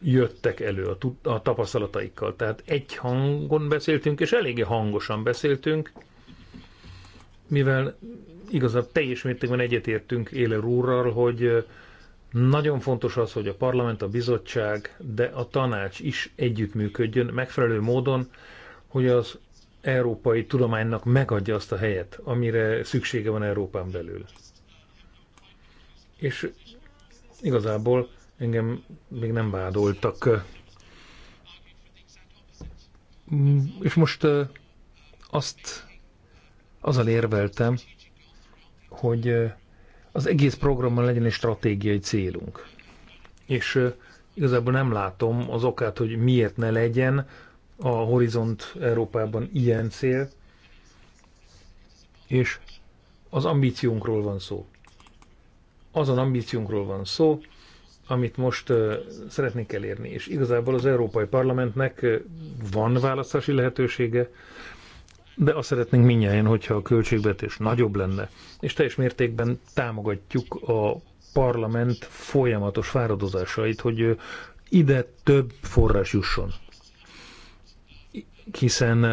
jöttek elő a, a tapasztalataikkal. Tehát egy hangon beszéltünk, és eléggé hangosan beszéltünk, mivel igazából teljes mértékben egyetértünk éle Rúrral, hogy nagyon fontos az, hogy a parlament, a bizottság, de a tanács is együttműködjön megfelelő módon, hogy az európai tudománynak megadja azt a helyet, amire szüksége van Európán belül és igazából engem még nem vádoltak. És most azt azzal érveltem, hogy az egész programban legyen egy stratégiai célunk. És igazából nem látom az okát, hogy miért ne legyen a Horizont Európában ilyen cél, és az ambíciónkról van szó azon ambíciónkról van szó, amit most szeretnék elérni. És igazából az Európai Parlamentnek van választási lehetősége, de azt szeretnénk minnyáján, hogyha a költségvetés nagyobb lenne, és teljes mértékben támogatjuk a parlament folyamatos fáradozásait, hogy ide több forrás jusson. Hiszen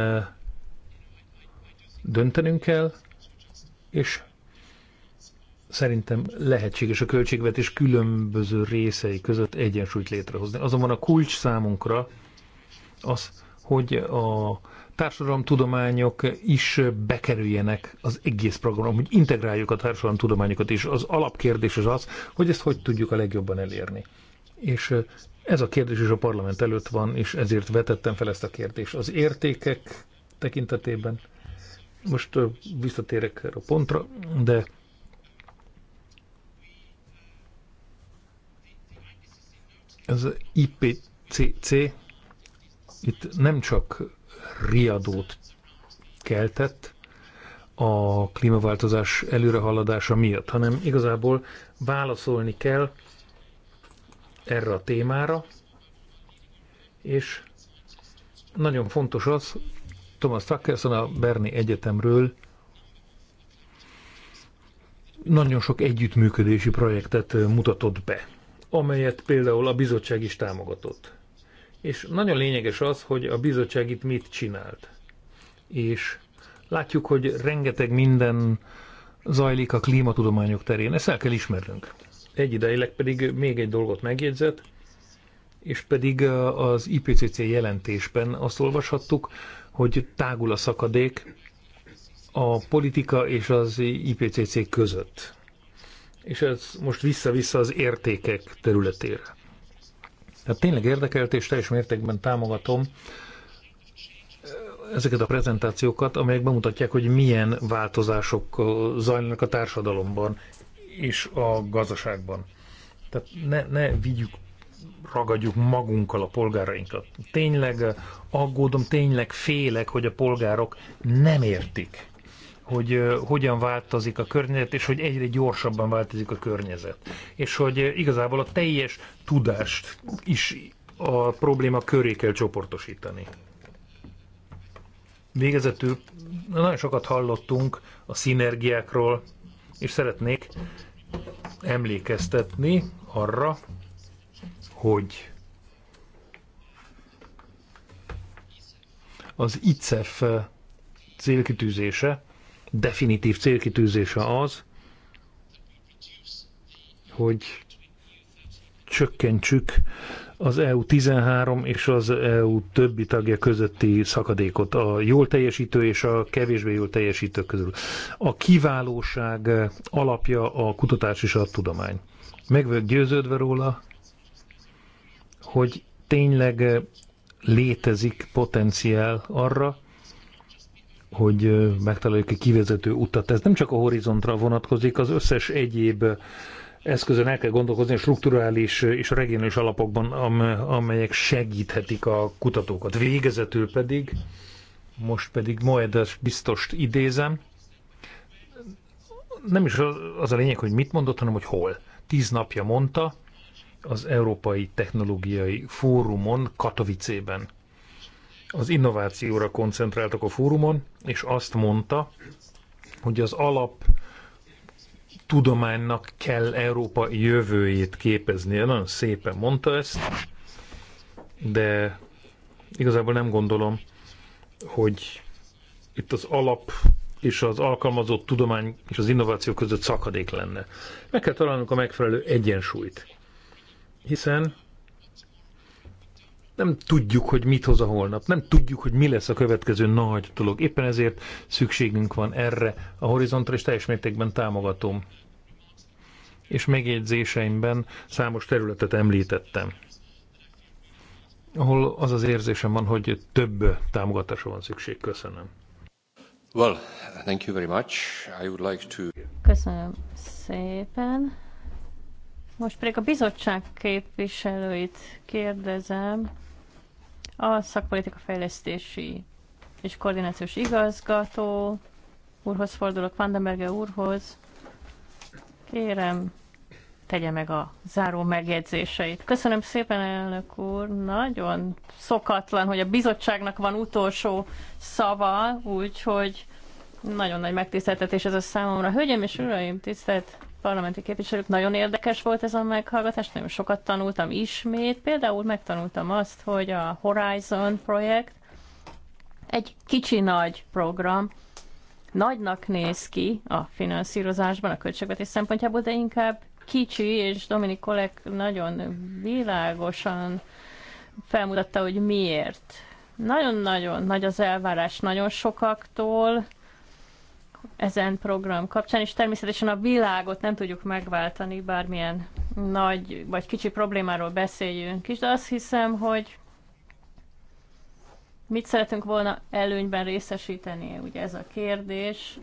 döntenünk kell, és szerintem lehetséges a költségvetés különböző részei között egyensúlyt létrehozni. Azonban a kulcs számunkra az, hogy a társadalomtudományok is bekerüljenek az egész programon, hogy integráljuk a társadalomtudományokat is. Az alapkérdés az az, hogy ezt hogy tudjuk a legjobban elérni. És ez a kérdés is a parlament előtt van, és ezért vetettem fel ezt a kérdést. Az értékek tekintetében, most visszatérek erre a pontra, de az IPCC itt nem csak riadót keltett a klímaváltozás előrehaladása miatt, hanem igazából válaszolni kell erre a témára, és nagyon fontos az, Thomas Tuckerson a Berni Egyetemről nagyon sok együttműködési projektet mutatott be amelyet például a bizottság is támogatott. És nagyon lényeges az, hogy a bizottság itt mit csinált. És látjuk, hogy rengeteg minden zajlik a klímatudományok terén. Ezt el kell ismernünk. Egy Egyidejileg pedig még egy dolgot megjegyzett, és pedig az IPCC jelentésben azt olvashattuk, hogy tágul a szakadék a politika és az IPCC között. És ez most vissza-vissza az értékek területére. Tehát tényleg érdekelt és teljes mértékben támogatom eh, ezeket a prezentációkat, amelyek bemutatják, hogy milyen változások eh, zajlanak a társadalomban és a gazdaságban. Tehát ne, ne vigyük, ragadjuk magunkkal a polgárainkat. Tényleg eh, aggódom, tényleg félek, hogy a polgárok nem értik hogy hogyan változik a környezet, és hogy egyre gyorsabban változik a környezet. És hogy igazából a teljes tudást is a probléma köré kell csoportosítani. Végezetül nagyon sokat hallottunk a szinergiákról, és szeretnék emlékeztetni arra, hogy az ICEF célkitűzése definitív célkitűzése az, hogy csökkentsük az EU 13 és az EU többi tagja közötti szakadékot, a jól teljesítő és a kevésbé jól teljesítő közül. A kiválóság alapja a kutatás és a tudomány. Meg vagyok győződve róla, hogy tényleg létezik potenciál arra, hogy megtaláljuk a kivezető utat. Ez nem csak a horizontra vonatkozik, az összes egyéb eszközön el kell gondolkozni a strukturális és a regionális alapokban, amelyek segíthetik a kutatókat. Végezetül pedig, most pedig Moedas biztost idézem, nem is az a lényeg, hogy mit mondott, hanem hogy hol. Tíz napja mondta az Európai Technológiai Fórumon Katowicében az innovációra koncentráltak a fórumon, és azt mondta, hogy az alap tudománynak kell Európa jövőjét képeznie. Nagyon szépen mondta ezt, de igazából nem gondolom, hogy itt az alap és az alkalmazott tudomány és az innováció között szakadék lenne. Meg kell találnunk a megfelelő egyensúlyt, hiszen nem tudjuk, hogy mit hoz a holnap, nem tudjuk, hogy mi lesz a következő nagy dolog. Éppen ezért szükségünk van erre a horizontra, és teljes mértékben támogatom. És megjegyzéseimben számos területet említettem, ahol az az érzésem van, hogy több támogatásra van szükség. Köszönöm. Well, thank you very much. I would like to... Köszönöm szépen. Most pedig a bizottság képviselőit kérdezem. A szakpolitika fejlesztési és koordinációs igazgató úrhoz fordulok, Vandenberge úrhoz. Kérem, tegye meg a záró megjegyzéseit. Köszönöm szépen, elnök úr. Nagyon szokatlan, hogy a bizottságnak van utolsó szava, úgyhogy nagyon nagy megtiszteltetés ez a számomra. Hölgyeim és uraim, tisztelt parlamenti képviselők. Nagyon érdekes volt ez a meghallgatás, nagyon sokat tanultam ismét. Például megtanultam azt, hogy a Horizon projekt egy kicsi nagy program, nagynak néz ki a finanszírozásban, a költségvetés szempontjából, de inkább kicsi, és Dominik Kolek nagyon világosan felmutatta, hogy miért. Nagyon-nagyon nagy az elvárás nagyon sokaktól, ezen program kapcsán, és természetesen a világot nem tudjuk megváltani, bármilyen nagy vagy kicsi problémáról beszéljünk is, de azt hiszem, hogy mit szeretünk volna előnyben részesíteni, ugye ez a kérdés.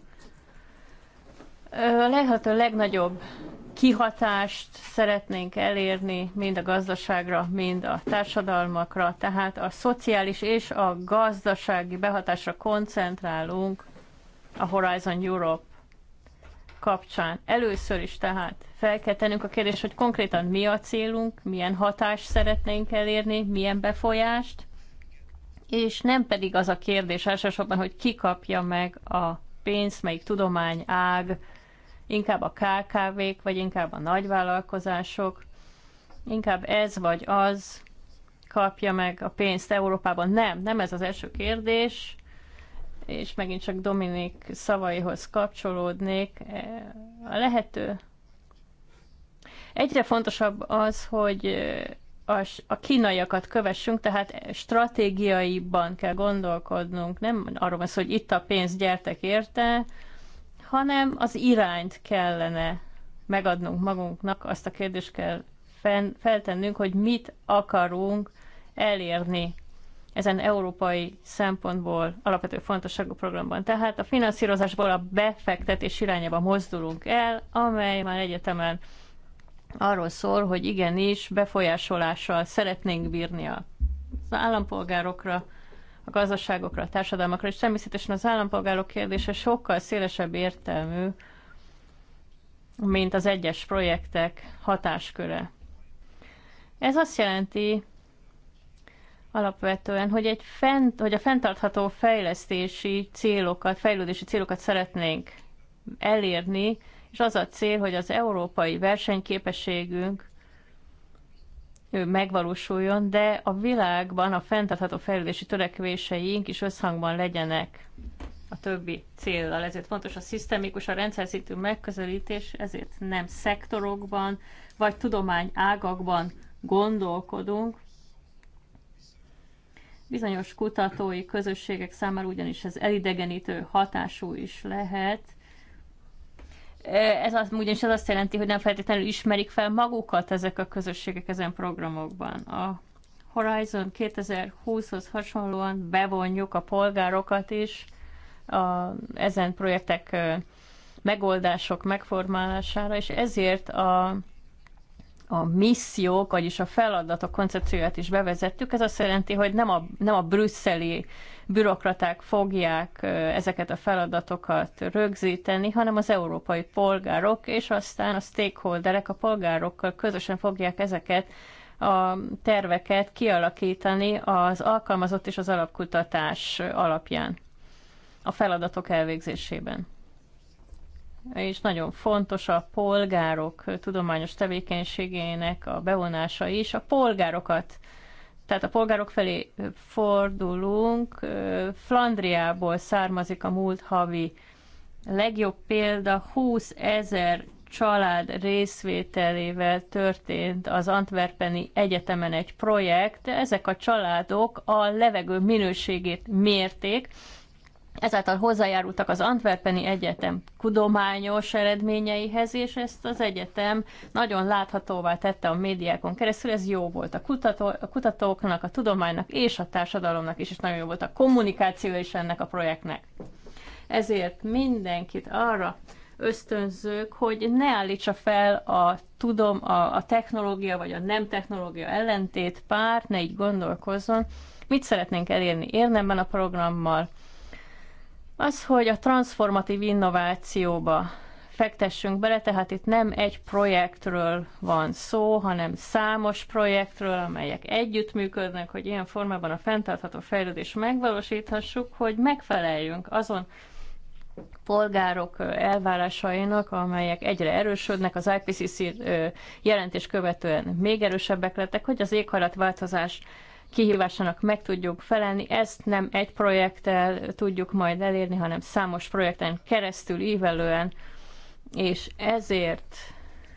A lehető legnagyobb kihatást szeretnénk elérni mind a gazdaságra, mind a társadalmakra, tehát a szociális és a gazdasági behatásra koncentrálunk a Horizon Europe kapcsán. Először is tehát fel kell tennünk a kérdést, hogy konkrétan mi a célunk, milyen hatást szeretnénk elérni, milyen befolyást, és nem pedig az a kérdés elsősorban, hogy ki kapja meg a pénzt, melyik tudomány ág, inkább a KKV-k, vagy inkább a nagyvállalkozások, inkább ez vagy az kapja meg a pénzt Európában. Nem, nem ez az első kérdés, és megint csak Dominik szavaihoz kapcsolódnék, e, a lehető egyre fontosabb az, hogy e, a kínaiakat kövessünk, tehát stratégiaiban kell gondolkodnunk, nem arról van szó, hogy itt a pénz, gyertek érte, hanem az irányt kellene megadnunk magunknak, azt a kérdést kell feltennünk, hogy mit akarunk elérni ezen európai szempontból alapvető fontosságú programban. Tehát a finanszírozásból a befektetés irányába mozdulunk el, amely már egyetemen arról szól, hogy igenis befolyásolással szeretnénk bírni az állampolgárokra, a gazdaságokra, a társadalmakra, és természetesen az állampolgárok kérdése sokkal szélesebb értelmű, mint az egyes projektek hatásköre. Ez azt jelenti, alapvetően, hogy, egy fent, hogy a fenntartható fejlesztési célokat, fejlődési célokat szeretnénk elérni, és az a cél, hogy az európai versenyképességünk megvalósuljon, de a világban a fenntartható fejlődési törekvéseink is összhangban legyenek a többi célral. Ezért fontos a szisztemikus, a rendszer szintű megközelítés, ezért nem szektorokban vagy tudomány ágakban gondolkodunk, Bizonyos kutatói közösségek számára ugyanis ez elidegenítő hatású is lehet, e, ez az, ugyanis ez azt jelenti, hogy nem feltétlenül ismerik fel magukat ezek a közösségek ezen programokban. A Horizon 2020-hoz hasonlóan bevonjuk a polgárokat is a, ezen projektek megoldások megformálására, és ezért a a missziók, vagyis a feladatok koncepcióját is bevezettük. Ez azt jelenti, hogy nem a, nem a brüsszeli bürokraták fogják ezeket a feladatokat rögzíteni, hanem az európai polgárok, és aztán a stakeholderek, a polgárokkal közösen fogják ezeket a terveket kialakítani az alkalmazott és az alapkutatás alapján a feladatok elvégzésében és nagyon fontos a polgárok tudományos tevékenységének a bevonása is. A polgárokat, tehát a polgárok felé fordulunk. Flandriából származik a múlt havi legjobb példa, 20 ezer család részvételével történt az Antwerpeni Egyetemen egy projekt. Ezek a családok a levegő minőségét mérték, Ezáltal hozzájárultak az Antwerpeni Egyetem tudományos eredményeihez, és ezt az egyetem nagyon láthatóvá tette a médiákon keresztül. Ez jó volt a, kutató, a kutatóknak, a tudománynak és a társadalomnak is, és nagyon jó volt a kommunikáció is ennek a projektnek. Ezért mindenkit arra ösztönzők, hogy ne állítsa fel a tudom, a, a technológia vagy a nem technológia ellentét párt, ne így gondolkozzon, mit szeretnénk elérni érdemben a programmal, az, hogy a transformatív innovációba fektessünk bele, tehát itt nem egy projektről van szó, hanem számos projektről, amelyek együttműködnek, hogy ilyen formában a fenntartható fejlődést megvalósíthassuk, hogy megfeleljünk azon polgárok elvárásainak, amelyek egyre erősödnek, az IPCC jelentés követően még erősebbek lettek, hogy az éghajlatváltozás kihívásának meg tudjuk felelni. Ezt nem egy projekttel tudjuk majd elérni, hanem számos projekten keresztül ívelően, és ezért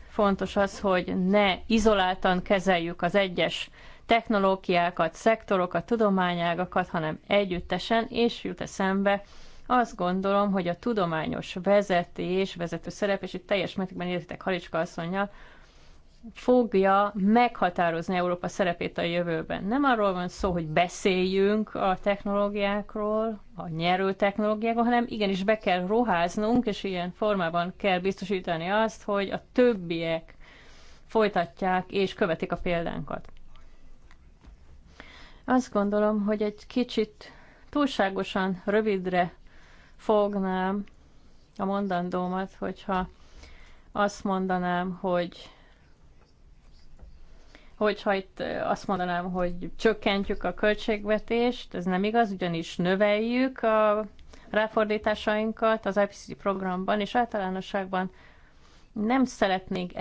fontos az, hogy ne izoláltan kezeljük az egyes technológiákat, szektorokat, tudományágakat, hanem együttesen, és jut eszembe, azt gondolom, hogy a tudományos vezetés, vezető szerep, és itt teljes mértékben értek Halicska asszonynal, fogja meghatározni Európa szerepét a jövőben. Nem arról van szó, hogy beszéljünk a technológiákról, a nyerő technológiákról, hanem igenis be kell ruháznunk, és ilyen formában kell biztosítani azt, hogy a többiek folytatják és követik a példánkat. Azt gondolom, hogy egy kicsit túlságosan rövidre fognám a mondandómat, hogyha azt mondanám, hogy hogyha itt azt mondanám, hogy csökkentjük a költségvetést, ez nem igaz, ugyanis növeljük a ráfordításainkat az IPCC programban, és általánosságban nem szeretnénk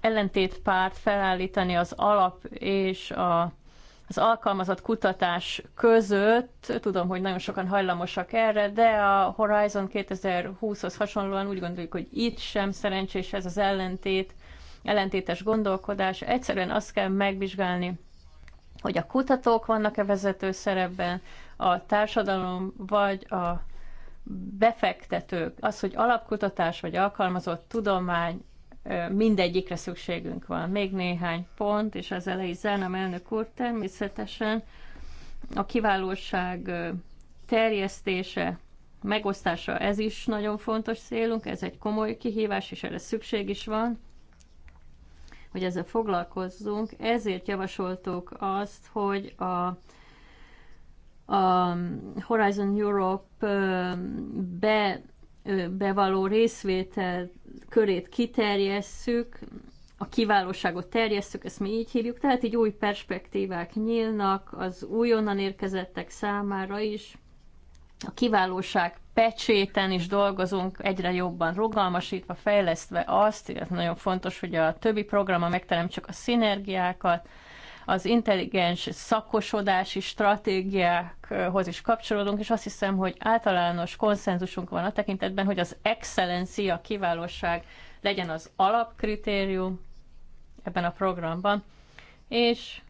ellentétpárt felállítani az alap és a, az alkalmazott kutatás között. Tudom, hogy nagyon sokan hajlamosak erre, de a Horizon 2020-hoz hasonlóan úgy gondoljuk, hogy itt sem szerencsés ez az ellentét ellentétes gondolkodás. Egyszerűen azt kell megvizsgálni, hogy a kutatók vannak-e vezető szerepben, a társadalom vagy a befektetők, az, hogy alapkutatás vagy alkalmazott tudomány, mindegyikre szükségünk van. Még néhány pont, és az elejé zárnám, elnök úr, természetesen a kiválóság terjesztése, megosztása, ez is nagyon fontos célunk, ez egy komoly kihívás, és erre szükség is van hogy ezzel foglalkozzunk, ezért javasoltuk azt, hogy a a Horizon Europe be, bevaló részvétel körét kiterjesszük, a kiválóságot terjesszük, ezt mi így hívjuk, tehát így új perspektívák nyílnak az újonnan érkezettek számára is, a kiválóság pecséten is dolgozunk, egyre jobban rugalmasítva, fejlesztve azt, illetve nagyon fontos, hogy a többi programa megteremtsük a szinergiákat, az intelligens szakosodási stratégiákhoz is kapcsolódunk, és azt hiszem, hogy általános konszenzusunk van a tekintetben, hogy az excellencia, a kiválóság legyen az alapkritérium ebben a programban, és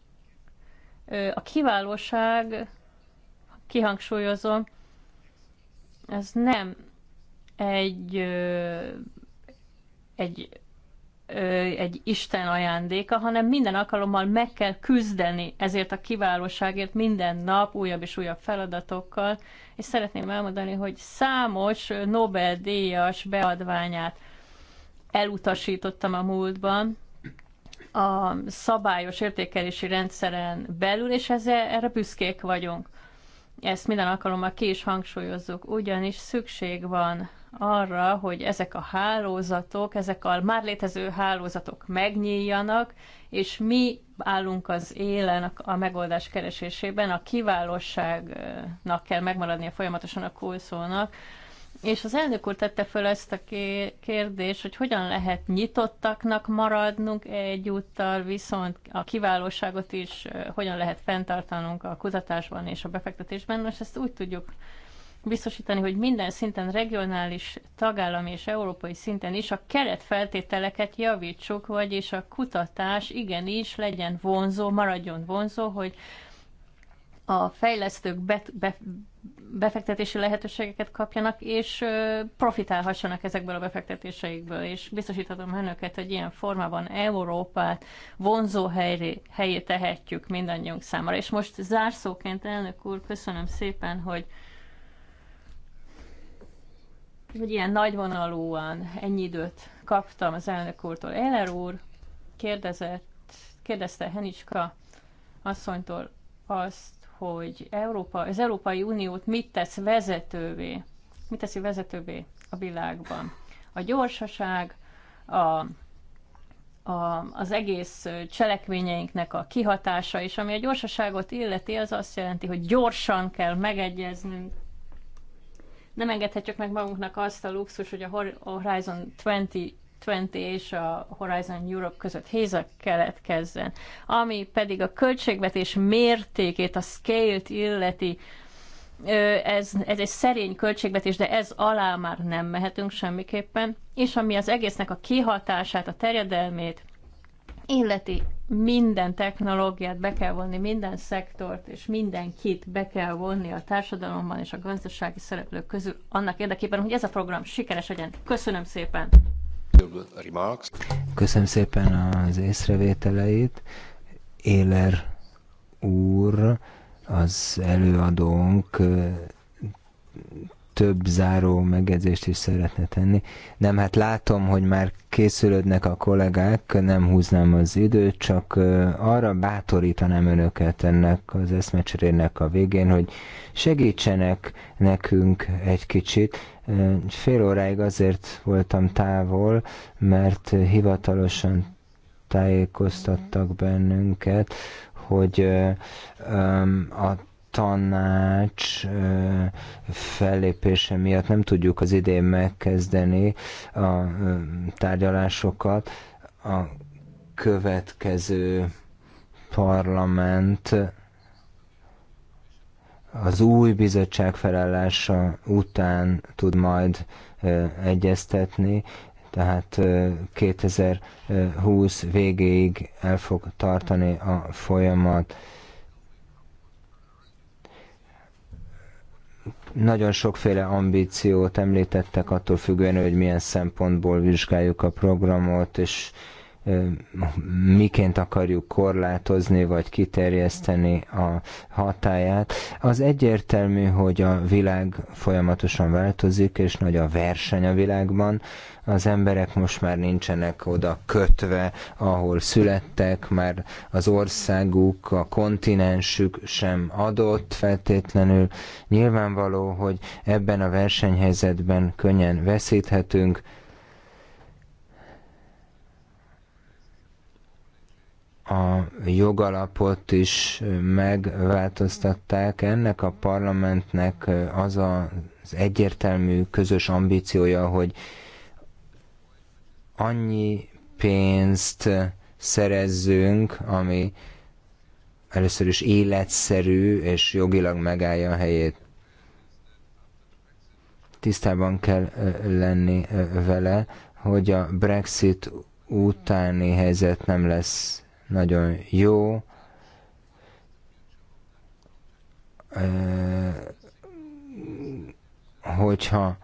a kiválóság, kihangsúlyozom, ez nem egy, egy, egy Isten ajándéka, hanem minden alkalommal meg kell küzdeni ezért a kiválóságért minden nap újabb és újabb feladatokkal, és szeretném elmondani, hogy számos Nobel-díjas beadványát elutasítottam a múltban, a szabályos értékelési rendszeren belül, és ezzel, erre büszkék vagyunk. Ezt minden alkalommal ki is hangsúlyozzuk, ugyanis szükség van arra, hogy ezek a hálózatok, ezek a már létező hálózatok megnyíljanak, és mi állunk az élen a megoldás keresésében, a kiválóságnak kell megmaradnia folyamatosan a kulszónak, és az elnök úr tette föl ezt a kérdést, hogy hogyan lehet nyitottaknak maradnunk egyúttal, viszont a kiválóságot is hogyan lehet fenntartanunk a kutatásban és a befektetésben. Most ezt úgy tudjuk biztosítani, hogy minden szinten, regionális, tagállami és európai szinten is a keretfeltételeket javítsuk, vagyis a kutatás igenis legyen vonzó, maradjon vonzó, hogy a fejlesztők befektetési lehetőségeket kapjanak, és profitálhassanak ezekből a befektetéseikből. És biztosítatom önöket, hogy ilyen formában Európát vonzó helyé, helyé tehetjük mindannyiunk számára. És most zárszóként, elnök úr, köszönöm szépen, hogy hogy ilyen nagyvonalúan ennyi időt kaptam az elnök úrtól. Eller úr kérdezett, kérdezte Henicska asszonytól azt, hogy Európa, az Európai Uniót mit tesz vezetővé, mit teszi vezetővé a világban. A gyorsaság, a, a, az egész cselekvényeinknek a kihatása, és ami a gyorsaságot illeti, az azt jelenti, hogy gyorsan kell megegyeznünk. Nem engedhetjük meg magunknak azt a luxus, hogy a Horizon 20 és a Horizon Europe között hézak keletkezzen. Ami pedig a költségvetés mértékét, a scale-t illeti, ez, ez egy szerény költségvetés, de ez alá már nem mehetünk semmiképpen, és ami az egésznek a kihatását, a terjedelmét illeti, minden technológiát be kell vonni, minden szektort és mindenkit be kell vonni a társadalomban és a gazdasági szereplők közül annak érdekében, hogy ez a program sikeres legyen. Köszönöm szépen! Köszönöm szépen az észrevételeit. Éler úr, az előadónk több záró megjegyzést is szeretne tenni. Nem, hát látom, hogy már készülődnek a kollégák, nem húznám az időt, csak arra bátorítanám önöket ennek az eszmecserének a végén, hogy segítsenek nekünk egy kicsit. Fél óráig azért voltam távol, mert hivatalosan tájékoztattak bennünket, hogy a tanács fellépése miatt nem tudjuk az idén megkezdeni a tárgyalásokat. A következő parlament az új bizottság felállása után tud majd egyeztetni, tehát 2020 végéig el fog tartani a folyamat Nagyon sokféle ambíciót említettek attól függően, hogy milyen szempontból vizsgáljuk a programot, és miként akarjuk korlátozni vagy kiterjeszteni a hatáját. Az egyértelmű, hogy a világ folyamatosan változik, és nagy a verseny a világban. Az emberek most már nincsenek oda kötve, ahol születtek, már az országuk, a kontinensük sem adott feltétlenül. Nyilvánvaló, hogy ebben a versenyhelyzetben könnyen veszíthetünk, a jogalapot is megváltoztatták. Ennek a parlamentnek az az egyértelmű közös ambíciója, hogy annyi pénzt szerezzünk, ami először is életszerű és jogilag megállja a helyét. Tisztában kell lenni vele, hogy a Brexit utáni helyzet nem lesz nagyon jó. Hogyha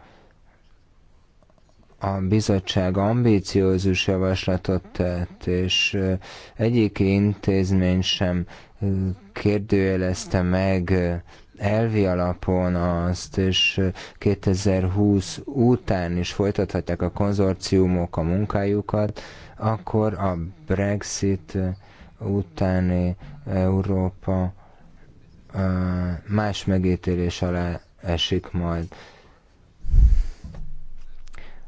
a bizottság ambíciózus javaslatot tett, és egyik intézmény sem kérdőjelezte meg elvi alapon azt, és 2020 után is folytathatják a konzorciumok a munkájukat, akkor a Brexit utáni Európa más megítélés alá esik majd.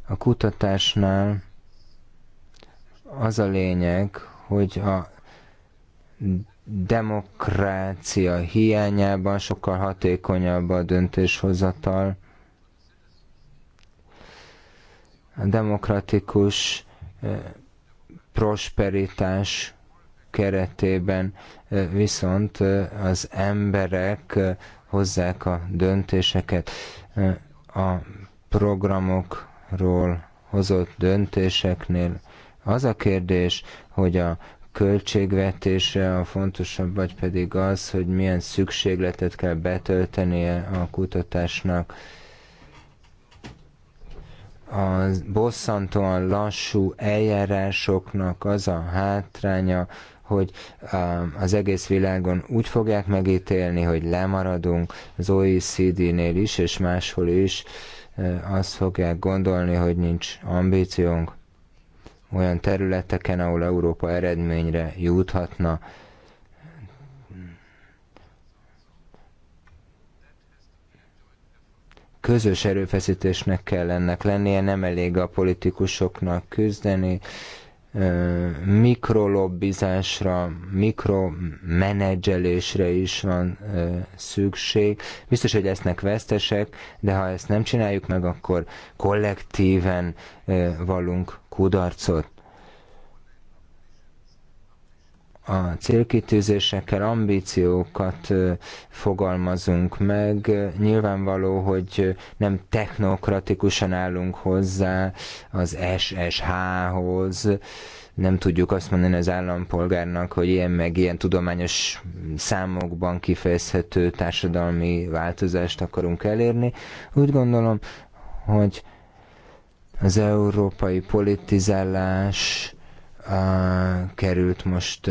A kutatásnál az a lényeg, hogy a demokrácia hiányában sokkal hatékonyabb a döntéshozatal. A demokratikus prosperitás keretében viszont az emberek hozzák a döntéseket. A programokról hozott döntéseknél az a kérdés, hogy a költségvetése a fontosabb, vagy pedig az, hogy milyen szükségletet kell betöltenie a kutatásnak a bosszantóan lassú eljárásoknak az a hátránya, hogy um, az egész világon úgy fogják megítélni, hogy lemaradunk az OECD-nél is, és máshol is azt fogják gondolni, hogy nincs ambíciónk olyan területeken, ahol Európa eredményre juthatna. közös erőfeszítésnek kell ennek lennie, nem elég a politikusoknak küzdeni, mikrolobbizásra, mikromenedzselésre is van szükség. Biztos, hogy lesznek vesztesek, de ha ezt nem csináljuk meg, akkor kollektíven valunk kudarcot. a célkitűzésekkel, ambíciókat fogalmazunk meg. Nyilvánvaló, hogy nem technokratikusan állunk hozzá az SSH-hoz, nem tudjuk azt mondani az állampolgárnak, hogy ilyen meg ilyen tudományos számokban kifejezhető társadalmi változást akarunk elérni. Úgy gondolom, hogy az európai politizálás került most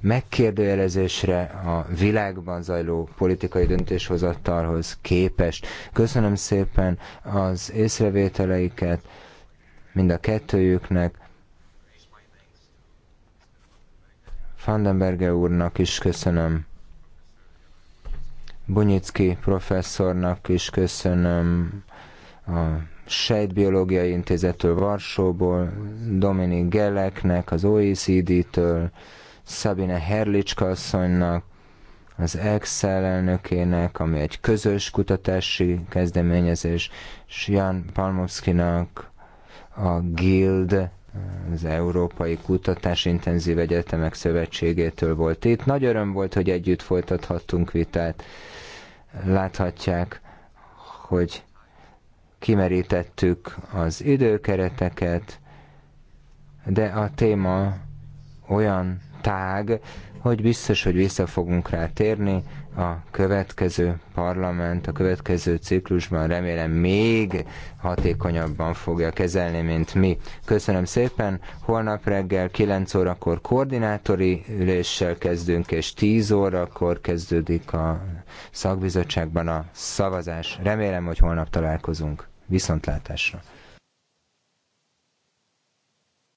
megkérdőjelezésre a világban zajló politikai döntéshozattalhoz képest. Köszönöm szépen az észrevételeiket mind a kettőjüknek. Vandenberge úrnak is köszönöm. Bunyicki professzornak is köszönöm a Sejtbiológiai Intézettől Varsóból, Dominik Geleknek, az OECD-től, Szabine Herlicska asszonynak, az Excel elnökének, ami egy közös kutatási kezdeményezés, és Jan Palmovszkinak, a Guild, az Európai Kutatás Intenzív Egyetemek Szövetségétől volt itt. Nagy öröm volt, hogy együtt folytathattunk vitát. Láthatják, hogy kimerítettük az időkereteket, de a téma olyan tág, hogy biztos, hogy vissza fogunk rá térni a következő parlament, a következő ciklusban remélem még hatékonyabban fogja kezelni, mint mi. Köszönöm szépen, holnap reggel 9 órakor koordinátori üléssel kezdünk, és 10 órakor kezdődik a szakbizottságban a szavazás. Remélem, hogy holnap találkozunk. Viszontlátásra!